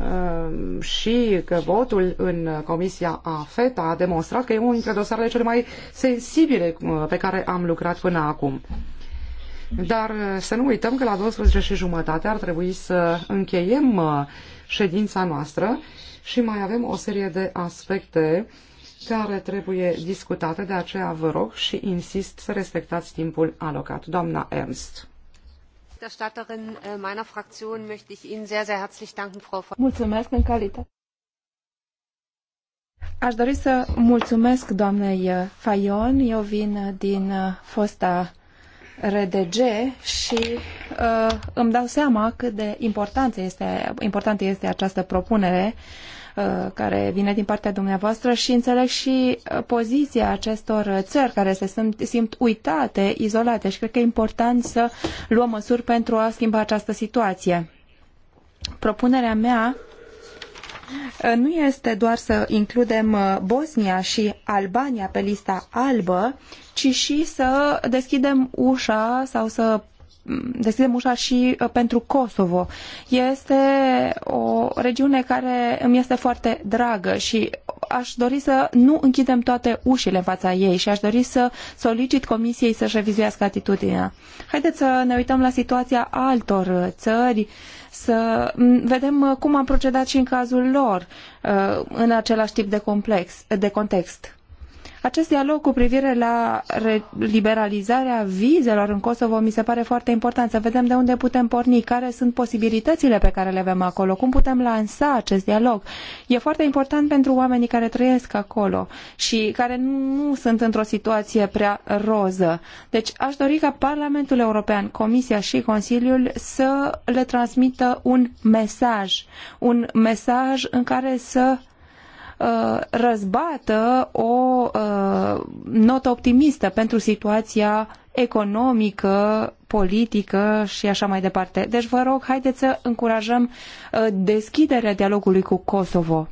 uh, și că votul în Comisia AFET a demonstrat că e unul dintre dosarele cele mai sensibile pe care am lucrat până acum. Dar uh, să nu uităm că la 12 și jumătate ar trebui să încheiem uh, ședința noastră și mai avem o serie de aspecte care trebuie discutate, de aceea vă rog și insist să respectați timpul alocat. Doamna Ernst. Äh, mulțumesc în calitate. Aș dori să mulțumesc doamnei Fayon. Eu vin din fosta RDG și uh, îmi dau seama cât de importantă este, importantă este această propunere uh, care vine din partea dumneavoastră și înțeleg și uh, poziția acestor țări care se simt, simt uitate, izolate și cred că e important să luăm măsuri pentru a schimba această situație. Propunerea mea Uh, nu este doar să includem uh, Bosnia și Albania pe lista albă, ci și să deschidem ușa sau să mm, deschidem ușa și uh, pentru Kosovo. Este o regiune care îmi este foarte dragă și aș dori să nu închidem toate ușile în fața ei și aș dori să solicit Comisiei să-și revizuiască atitudinea. Haideți să ne uităm la situația altor țări, să vedem uh, cum am procedat și în cazul lor uh, în același tip de, complex, de context. Acest dialog cu privire la liberalizarea vizelor în Kosovo mi se pare foarte important să vedem de unde putem porni, care sunt posibilitățile pe care le avem acolo, cum putem lansa acest dialog. E foarte important pentru oamenii care trăiesc acolo și care nu sunt într-o situație prea roză. Deci aș dori ca Parlamentul European, Comisia și Consiliul să le transmită un mesaj, un mesaj în care să Uh, răzbată o uh, notă optimistă pentru situația economică, politică și așa mai departe. Deci vă rog, haideți să încurajăm uh, deschiderea dialogului cu Kosovo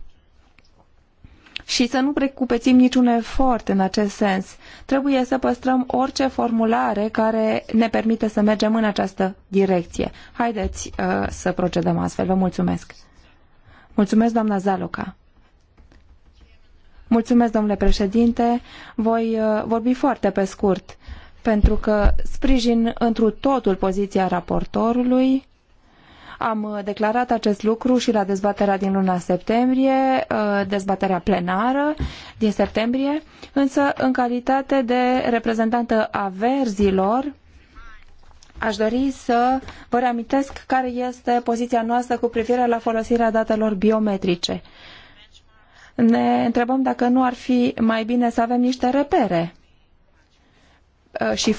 și să nu precupețim niciun efort în acest sens. Trebuie să păstrăm orice formulare care ne permite să mergem în această direcție. Haideți uh, să procedăm astfel. Vă mulțumesc. Mulțumesc, doamna Zaloca. Mulțumesc, domnule președinte. Voi uh, vorbi foarte pe scurt, pentru că sprijin întru totul poziția raportorului. Am uh, declarat acest lucru și la dezbaterea din luna septembrie, uh, dezbaterea plenară din septembrie, însă în calitate de reprezentantă a verzilor, aș dori să vă reamintesc care este poziția noastră cu privire la folosirea datelor biometrice ne întrebăm dacă nu ar fi mai bine să avem niște repere. Uh, și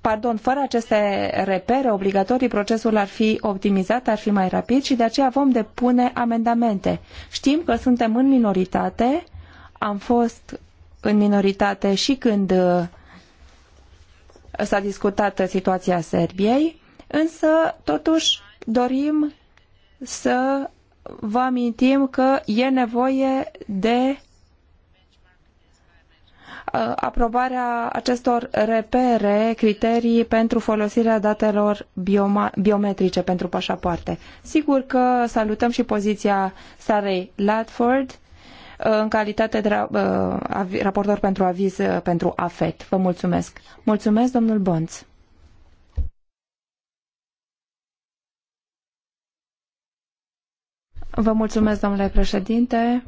pardon, fără aceste repere obligatorii, procesul ar fi optimizat, ar fi mai rapid și de aceea vom depune amendamente. Știm că suntem în minoritate, am fost în minoritate și când uh, s-a discutat situația Serbiei, însă totuși dorim să vă amintim că e nevoie de uh, aprobarea acestor repere, criterii pentru folosirea datelor biometrice pentru pașapoarte. Sigur că salutăm și poziția Sarei Latford uh, în calitate de uh, raportor pentru aviz pentru AFET. Vă mulțumesc. Mulțumesc, domnul Bonț. Vă mulțumesc, domnule președinte.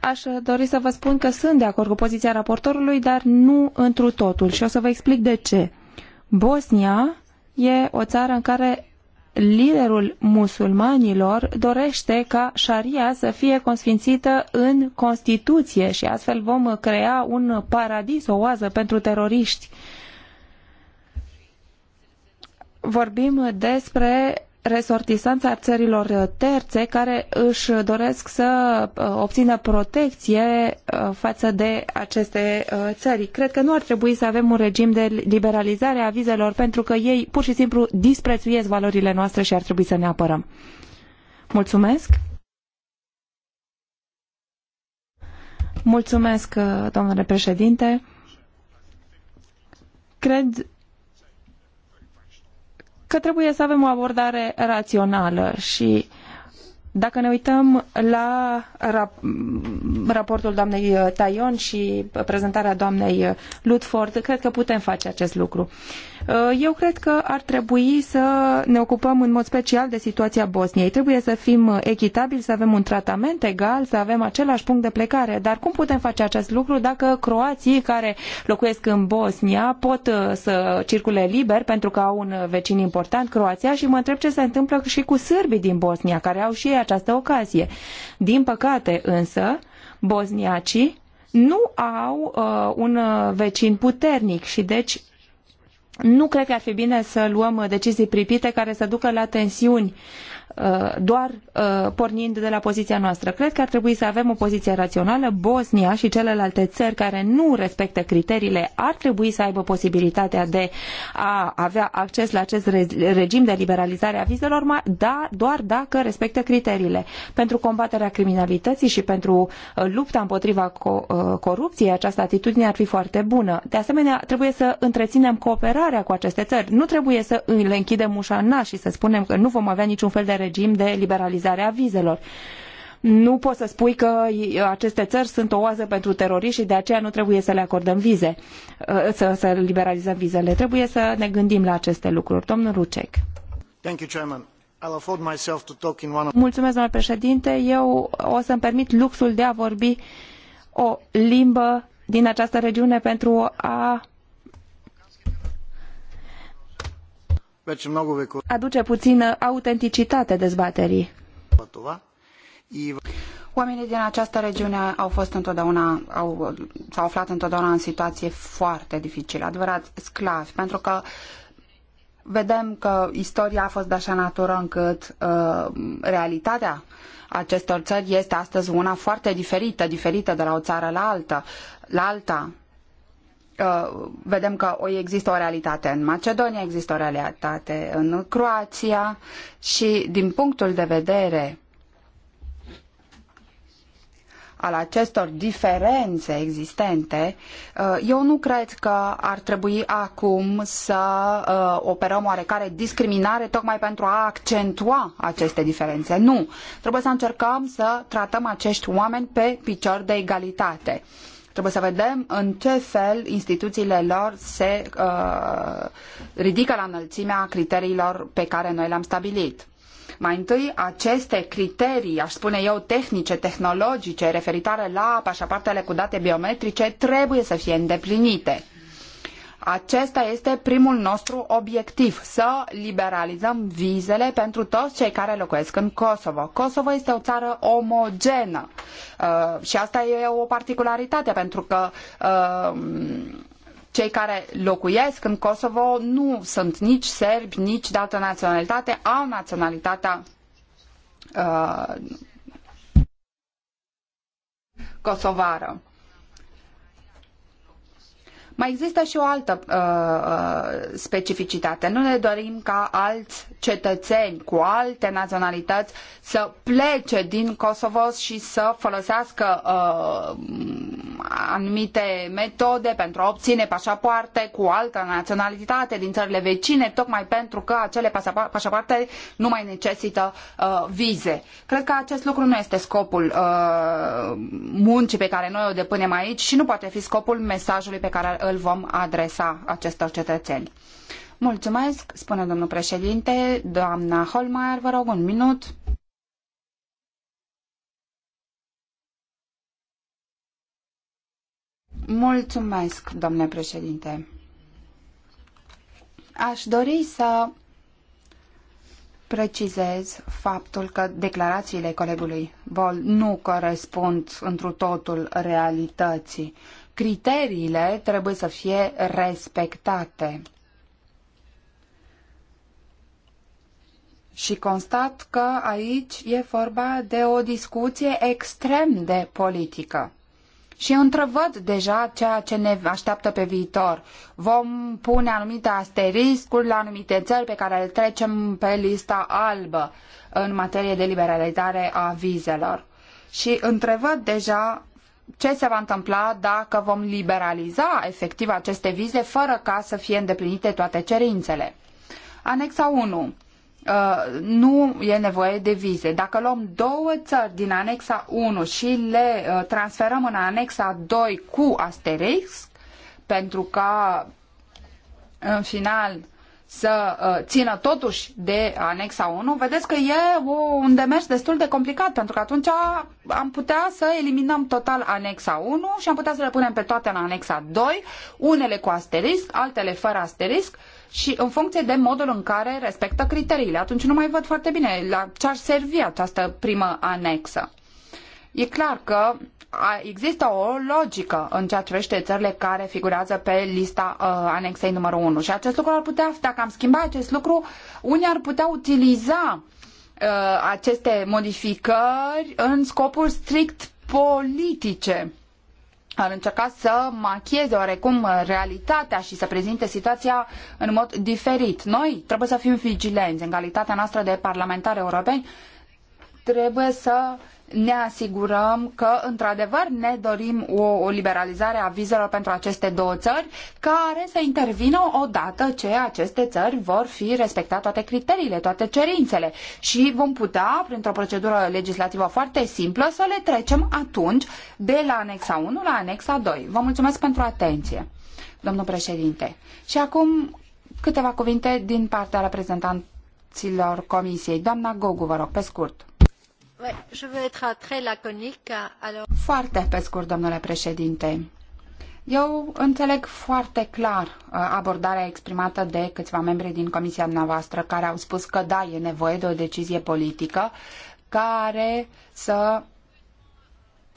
Aș dori să vă spun că sunt de acord cu poziția raportorului, dar nu întru totul și o să vă explic de ce. Bosnia e o țară în care liderul musulmanilor dorește ca șaria să fie consfințită în Constituție și astfel vom crea un paradis, o oază pentru teroriști vorbim despre resortisanți țărilor terțe care își doresc să uh, obțină protecție uh, față de aceste uh, țări. Cred că nu ar trebui să avem un regim de liberalizare a vizelor pentru că ei pur și simplu disprețuiesc valorile noastre și ar trebui să ne apărăm. Mulțumesc! Mulțumesc, domnule președinte! Cred că trebuie să avem o abordare rațională și dacă ne uităm la raportul doamnei Taion și prezentarea doamnei Ludford, cred că putem face acest lucru. Uh, Uh, eu cred că ar trebui să ne ocupăm în mod special de situația Bosniei. Trebuie să fim echitabili, să avem un tratament egal, să avem același punct de plecare. Dar cum putem face acest lucru dacă croații care locuiesc în Bosnia pot uh, să circule liber pentru că au un vecin important, Croația, și mă întreb ce se întâmplă și cu sârbii din Bosnia, care au și ei această ocazie. Din păcate însă, bosniacii nu au uh, un uh, vecin puternic și deci nu cred că ar fi bine să luăm decizii pripite care să ducă la tensiuni uh, doar uh, pornind de la poziția noastră. Cred că ar trebui să avem o poziție rațională. Bosnia și celelalte țări care nu respectă criteriile ar trebui să aibă posibilitatea de a avea acces la acest regim de liberalizare a vizelor, da, doar dacă respectă criteriile. Pentru combaterea criminalității și pentru uh, lupta împotriva corupției, această atitudine ar fi foarte bună. De asemenea, trebuie să întreținem cooperarea cooperarea cu aceste țări. Nu trebuie să le închidem ușa în nas și să spunem că nu vom avea niciun fel de regim de liberalizare a vizelor nu poți să spui că aceste țări sunt o oază pentru teroriști și de aceea nu trebuie să le acordăm vize, uh, să, să liberalizăm vizele. Trebuie să ne gândim la aceste lucruri. Domnul Rucek. Thank you, Chairman. Mulțumesc, domnule președinte. Eu o să-mi permit luxul de a vorbi o limbă din această regiune pentru a Deci, aduce puțină autenticitate dezbaterii. Oamenii din această regiune au fost întotdeauna, au, s-au aflat întotdeauna în situație foarte dificile, adevărat sclavi, pentru că vedem că istoria a fost de așa natură încât uh, realitatea acestor țări este astăzi una foarte diferită, diferită de la o țară la alta. La alta Uh, vedem că există o realitate în Macedonia, există o realitate în Croația și din punctul de vedere al acestor diferențe existente, uh, eu nu cred că ar trebui acum să uh, operăm oarecare discriminare tocmai pentru a accentua aceste diferențe. Nu. Trebuie să încercăm să tratăm acești oameni pe picior de egalitate. Trebuie să vedem în ce fel instituțiile lor se uh, ridică la înălțimea criteriilor pe care noi le-am stabilit. Mai întâi, aceste criterii, aș spune eu, tehnice, tehnologice, referitoare la pașapartele cu date biometrice, trebuie să fie îndeplinite. Acesta este primul nostru obiectiv, să liberalizăm vizele pentru toți cei care locuiesc în Kosovo. Kosovo este o țară omogenă uh, și asta e o particularitate pentru că uh, cei care locuiesc în Kosovo nu sunt nici serbi, nici de altă naționalitate, au naționalitatea uh, kosovară. Mai există și o altă uh, uh, specificitate. Nu ne dorim ca alți cetățeni cu alte naționalități să plece din Kosovo și să folosească uh, anumite metode pentru a obține pașapoarte cu altă naționalitate din țările vecine, tocmai pentru că acele pașapoarte nu mai necesită uh, vize. Cred că acest lucru nu este scopul uh, muncii pe care noi o depunem aici și nu poate fi scopul mesajului pe care îl vom adresa acestor cetățeni. Mulțumesc, spune domnul președinte. Doamna Holmeier, vă rog un minut. Mulțumesc, domnule președinte. Aș dori să precizez faptul că declarațiile colegului Bol nu corespund întru totul realității. Criteriile trebuie să fie respectate. și constat că aici e vorba de o discuție extrem de politică. Și întrevăd deja ceea ce ne așteaptă pe viitor. Vom pune anumite asteriscuri la anumite țări pe care le trecem pe lista albă în materie de liberalizare a vizelor. Și întrevăd deja ce se va întâmpla dacă vom liberaliza efectiv aceste vize fără ca să fie îndeplinite toate cerințele. Anexa 1 Uh, nu e nevoie de vize. Dacă luăm două țări din anexa 1 și le uh, transferăm în anexa 2 cu asterisk, pentru ca în final să uh, țină totuși de anexa 1, vedeți că e un demers destul de complicat, pentru că atunci am putea să eliminăm total anexa 1 și am putea să le punem pe toate în anexa 2, unele cu asterisc, altele fără asterisc, și în funcție de modul în care respectă criteriile. Atunci nu mai văd foarte bine la ce ar servi această primă anexă. E clar că există o logică în ceea ce privește țările care figurează pe lista uh, anexei numărul 1 și acest lucru ar putea, dacă am schimbat acest lucru, unii ar putea utiliza uh, aceste modificări în scopuri strict politice ar încerca să machieze oarecum realitatea și să prezinte situația în mod diferit. Noi trebuie să fim vigilenți în calitatea noastră de parlamentari europeni, trebuie să ne asigurăm că, într-adevăr, ne dorim o, o liberalizare a vizelor pentru aceste două țări, care să intervină odată ce aceste țări vor fi respectate toate criteriile, toate cerințele și vom putea, printr-o procedură legislativă foarte simplă, să le trecem atunci de la anexa 1 la anexa 2. Vă mulțumesc pentru atenție, domnul președinte. Și acum câteva cuvinte din partea reprezentanților Comisiei. Doamna Gogu, vă rog, pe scurt. Foarte pe scurt, domnule președinte. Eu înțeleg foarte clar uh, abordarea exprimată de câțiva membri din comisia noastră care au spus că da, e nevoie de o decizie politică care să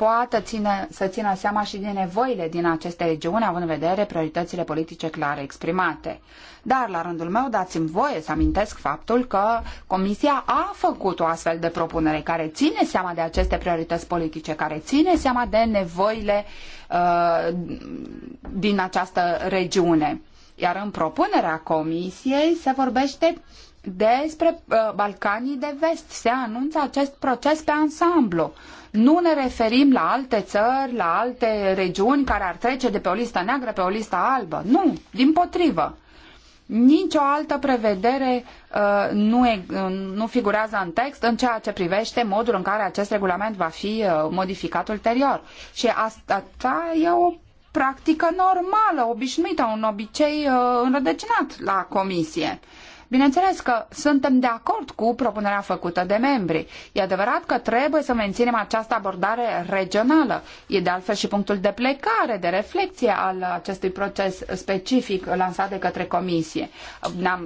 poată ține, să țină seama și de nevoile din aceste regiuni, având în vedere prioritățile politice clare exprimate. Dar, la rândul meu, dați-mi voie să amintesc faptul că Comisia a făcut o astfel de propunere care ține seama de aceste priorități politice, care ține seama de nevoile uh, din această regiune. Iar în propunerea Comisiei se vorbește despre uh, Balcanii de Vest. Se anunță acest proces pe ansamblu. Uh, nu ne referim la alte țări, la alte regiuni care ar trece de pe o listă neagră pe o listă albă. Nu, din potrivă. Nicio altă prevedere uh, nu, e, uh, nu figurează în text în ceea ce privește modul în care acest regulament va fi uh, modificat ulterior. Și asta e o practică normală, obișnuită, un obicei uh, înrădăcinat la comisie. Uh, Bineînțeles că suntem de acord cu propunerea făcută de membri. E adevărat că trebuie să menținem această abordare regională. E de altfel și punctul de plecare, de reflexie al acestui proces specific lansat de către Comisie.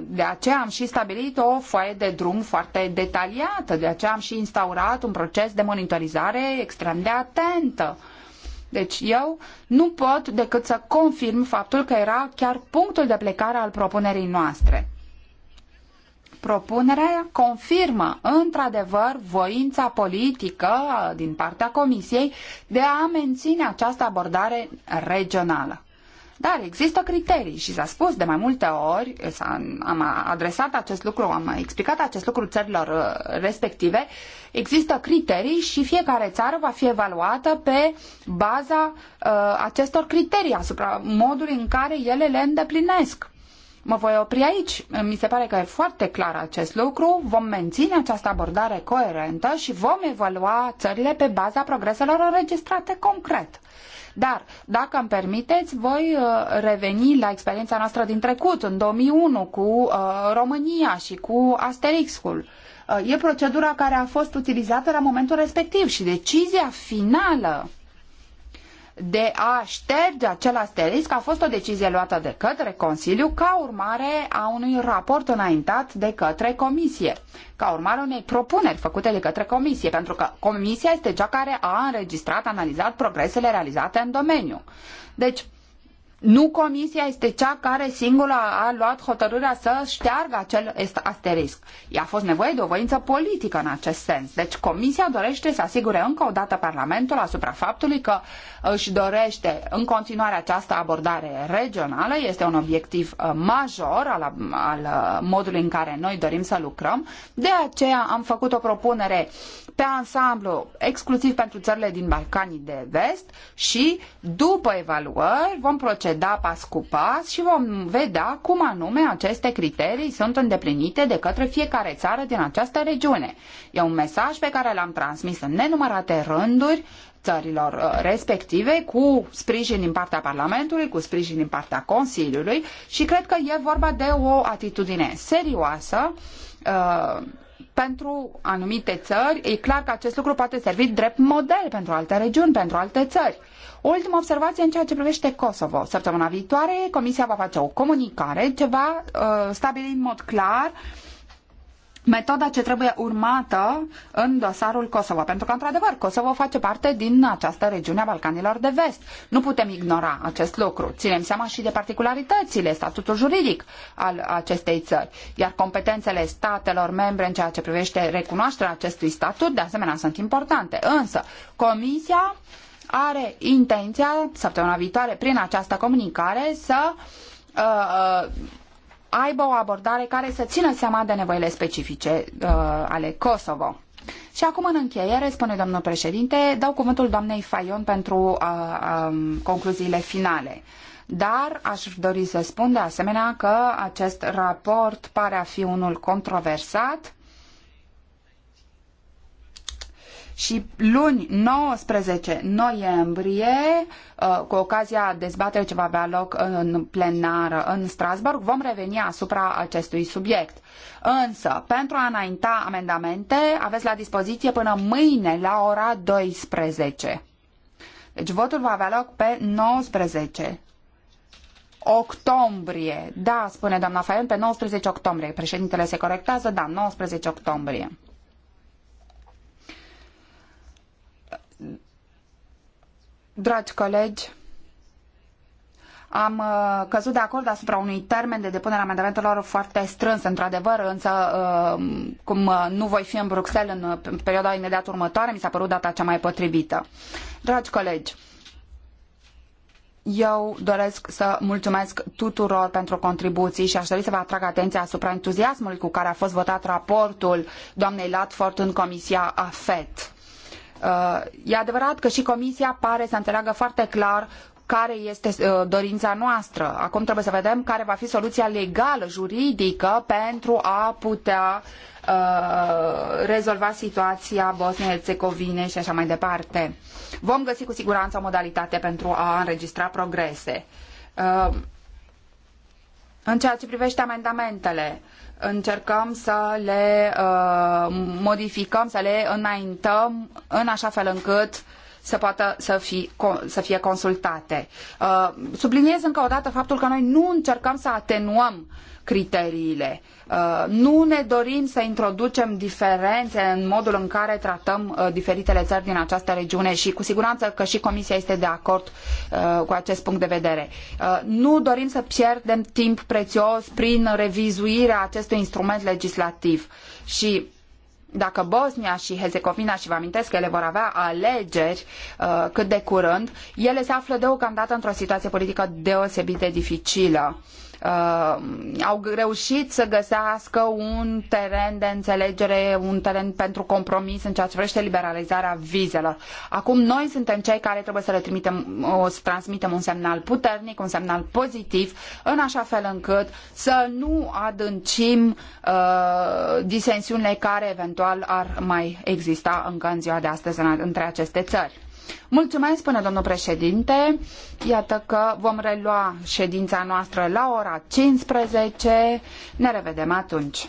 De aceea am și stabilit o foaie de drum foarte detaliată, de aceea am și instaurat un proces de monitorizare extrem de atentă. Deci eu nu pot decât să confirm faptul că era chiar punctul de plecare al propunerii noastre. Propunerea confirmă, într-adevăr, voința politică din partea Comisiei de a menține această abordare regională. Dar există criterii și s-a spus de mai multe ori, am adresat acest lucru, am explicat acest lucru țărilor uh, respective, există criterii și fiecare țară va fi evaluată pe baza uh, acestor criterii, asupra modului în care ele le îndeplinesc. Mă voi opri aici. Mi se pare că e foarte clar acest lucru. Vom menține această abordare coerentă și vom evalua țările pe baza progreselor înregistrate concret. Dar, dacă îmi permiteți, voi uh, reveni la experiența noastră din trecut, în 2001, cu uh, România și cu Asterixul. Uh, e procedura care a fost utilizată la momentul respectiv și decizia finală de a șterge acel asterisc a fost o decizie luată de către Consiliu ca urmare a unui raport înaintat de către Comisie, ca urmare a unei propuneri făcute de către Comisie, pentru că Comisia este cea care a înregistrat, analizat progresele realizate în domeniu. Deci, nu comisia este cea care singură a luat hotărârea să șteargă acel asterisc. I-a fost nevoie de o voință politică în acest sens. Deci comisia dorește să asigure încă o dată Parlamentul asupra faptului că își dorește în continuare această abordare regională. Este un obiectiv uh, major al, uh, al uh, modului în care noi dorim să lucrăm. De aceea am făcut o propunere pe ansamblu, exclusiv pentru țările din Balcanii de Vest și după evaluări vom proceda pas cu pas și vom vedea cum anume aceste criterii sunt îndeplinite de către fiecare țară din această regiune. E un mesaj pe care l-am transmis în nenumărate rânduri țărilor uh, respective cu sprijin din partea Parlamentului, cu sprijin din partea Consiliului și cred că e vorba de o atitudine serioasă uh, pentru anumite țări, e clar că acest lucru poate servi drept model pentru alte regiuni, pentru alte țări. O ultimă observație în ceea ce privește Kosovo. Săptămâna viitoare Comisia va face o comunicare ce va uh, stabili în mod clar uh, metoda ce trebuie urmată în dosarul Kosovo. Pentru că, într-adevăr, Kosovo face parte din această regiune a Balcanilor de Vest. Nu putem ignora acest lucru. Ținem seama și de particularitățile, statutul juridic al acestei țări. Iar competențele statelor membre în ceea ce privește recunoașterea acestui statut, de asemenea, sunt importante. Însă, Comisia are intenția, săptămâna viitoare, prin această comunicare, să uh, uh aibă o abordare care să țină seama de nevoile specifice uh, ale Kosovo. Și acum, în încheiere, spune domnul președinte, dau cuvântul doamnei Fayon pentru uh, um, concluziile finale. Dar aș dori să spun de asemenea că acest raport pare a fi unul controversat Și luni 19 noiembrie, uh, cu ocazia dezbaterii ce va avea loc în plenară în Strasbourg, vom reveni asupra acestui subiect. Însă, pentru a înainta amendamente, aveți la dispoziție până mâine la ora 12. Deci votul va avea loc pe 19 octombrie. Da, spune doamna Faion, pe 19 octombrie. Președintele se corectează, da, 19 octombrie. Dragi colegi, am uh, căzut de acord asupra unui termen de depunere a amendamentelor foarte strâns, într-adevăr, însă uh, cum uh, nu voi fi în Bruxelles în perioada imediat următoare, mi s-a părut data cea mai potrivită. Dragi colegi, eu doresc să mulțumesc tuturor pentru contribuții și aș dori să vă atrag atenția asupra entuziasmului cu care a fost votat raportul doamnei Latford în Comisia AFET Uh, e adevărat că și Comisia pare să înțeleagă foarte clar care este uh, dorința noastră. Acum trebuie să vedem care va fi soluția legală, juridică, pentru a putea uh, rezolva situația Bosniei-Herzegovine și așa mai departe. Vom găsi cu siguranță o modalitate pentru a înregistra progrese. în ceea ce privește amendamentele, uh, încercăm să le uh, modificăm, să le înaintăm în așa fel încât să poată să, fi, să fie consultate. Uh, subliniez încă o dată faptul că noi nu încercăm să atenuăm criteriile. Uh, Uh, nu ne dorim să introducem diferențe în modul în care tratăm uh, diferitele țări din această regiune și cu siguranță că și Comisia este de acord uh, cu acest punct de vedere. Nu dorim să pierdem timp prețios prin revizuirea acestui instrument legislativ și dacă Bosnia și Herzegovina, și vă amintesc că ele vor avea alegeri uh, cât de curând, ele se află deocamdată într-o situație politică deosebit de dificilă. Uh, uh, au reușit să găsească un teren de înțelegere, un teren pentru compromis în ceea ce privește liberalizarea vizelor. Acum noi suntem cei care trebuie să le trimitem, o, să transmitem un semnal puternic, un semnal pozitiv, în așa fel încât să nu adâncim uh, disensiunile care eventual ar mai exista încă în ziua de astăzi între aceste țări. Mulțumesc, până domnul președinte. Iată că vom relua ședința noastră la ora 15. Ne revedem atunci.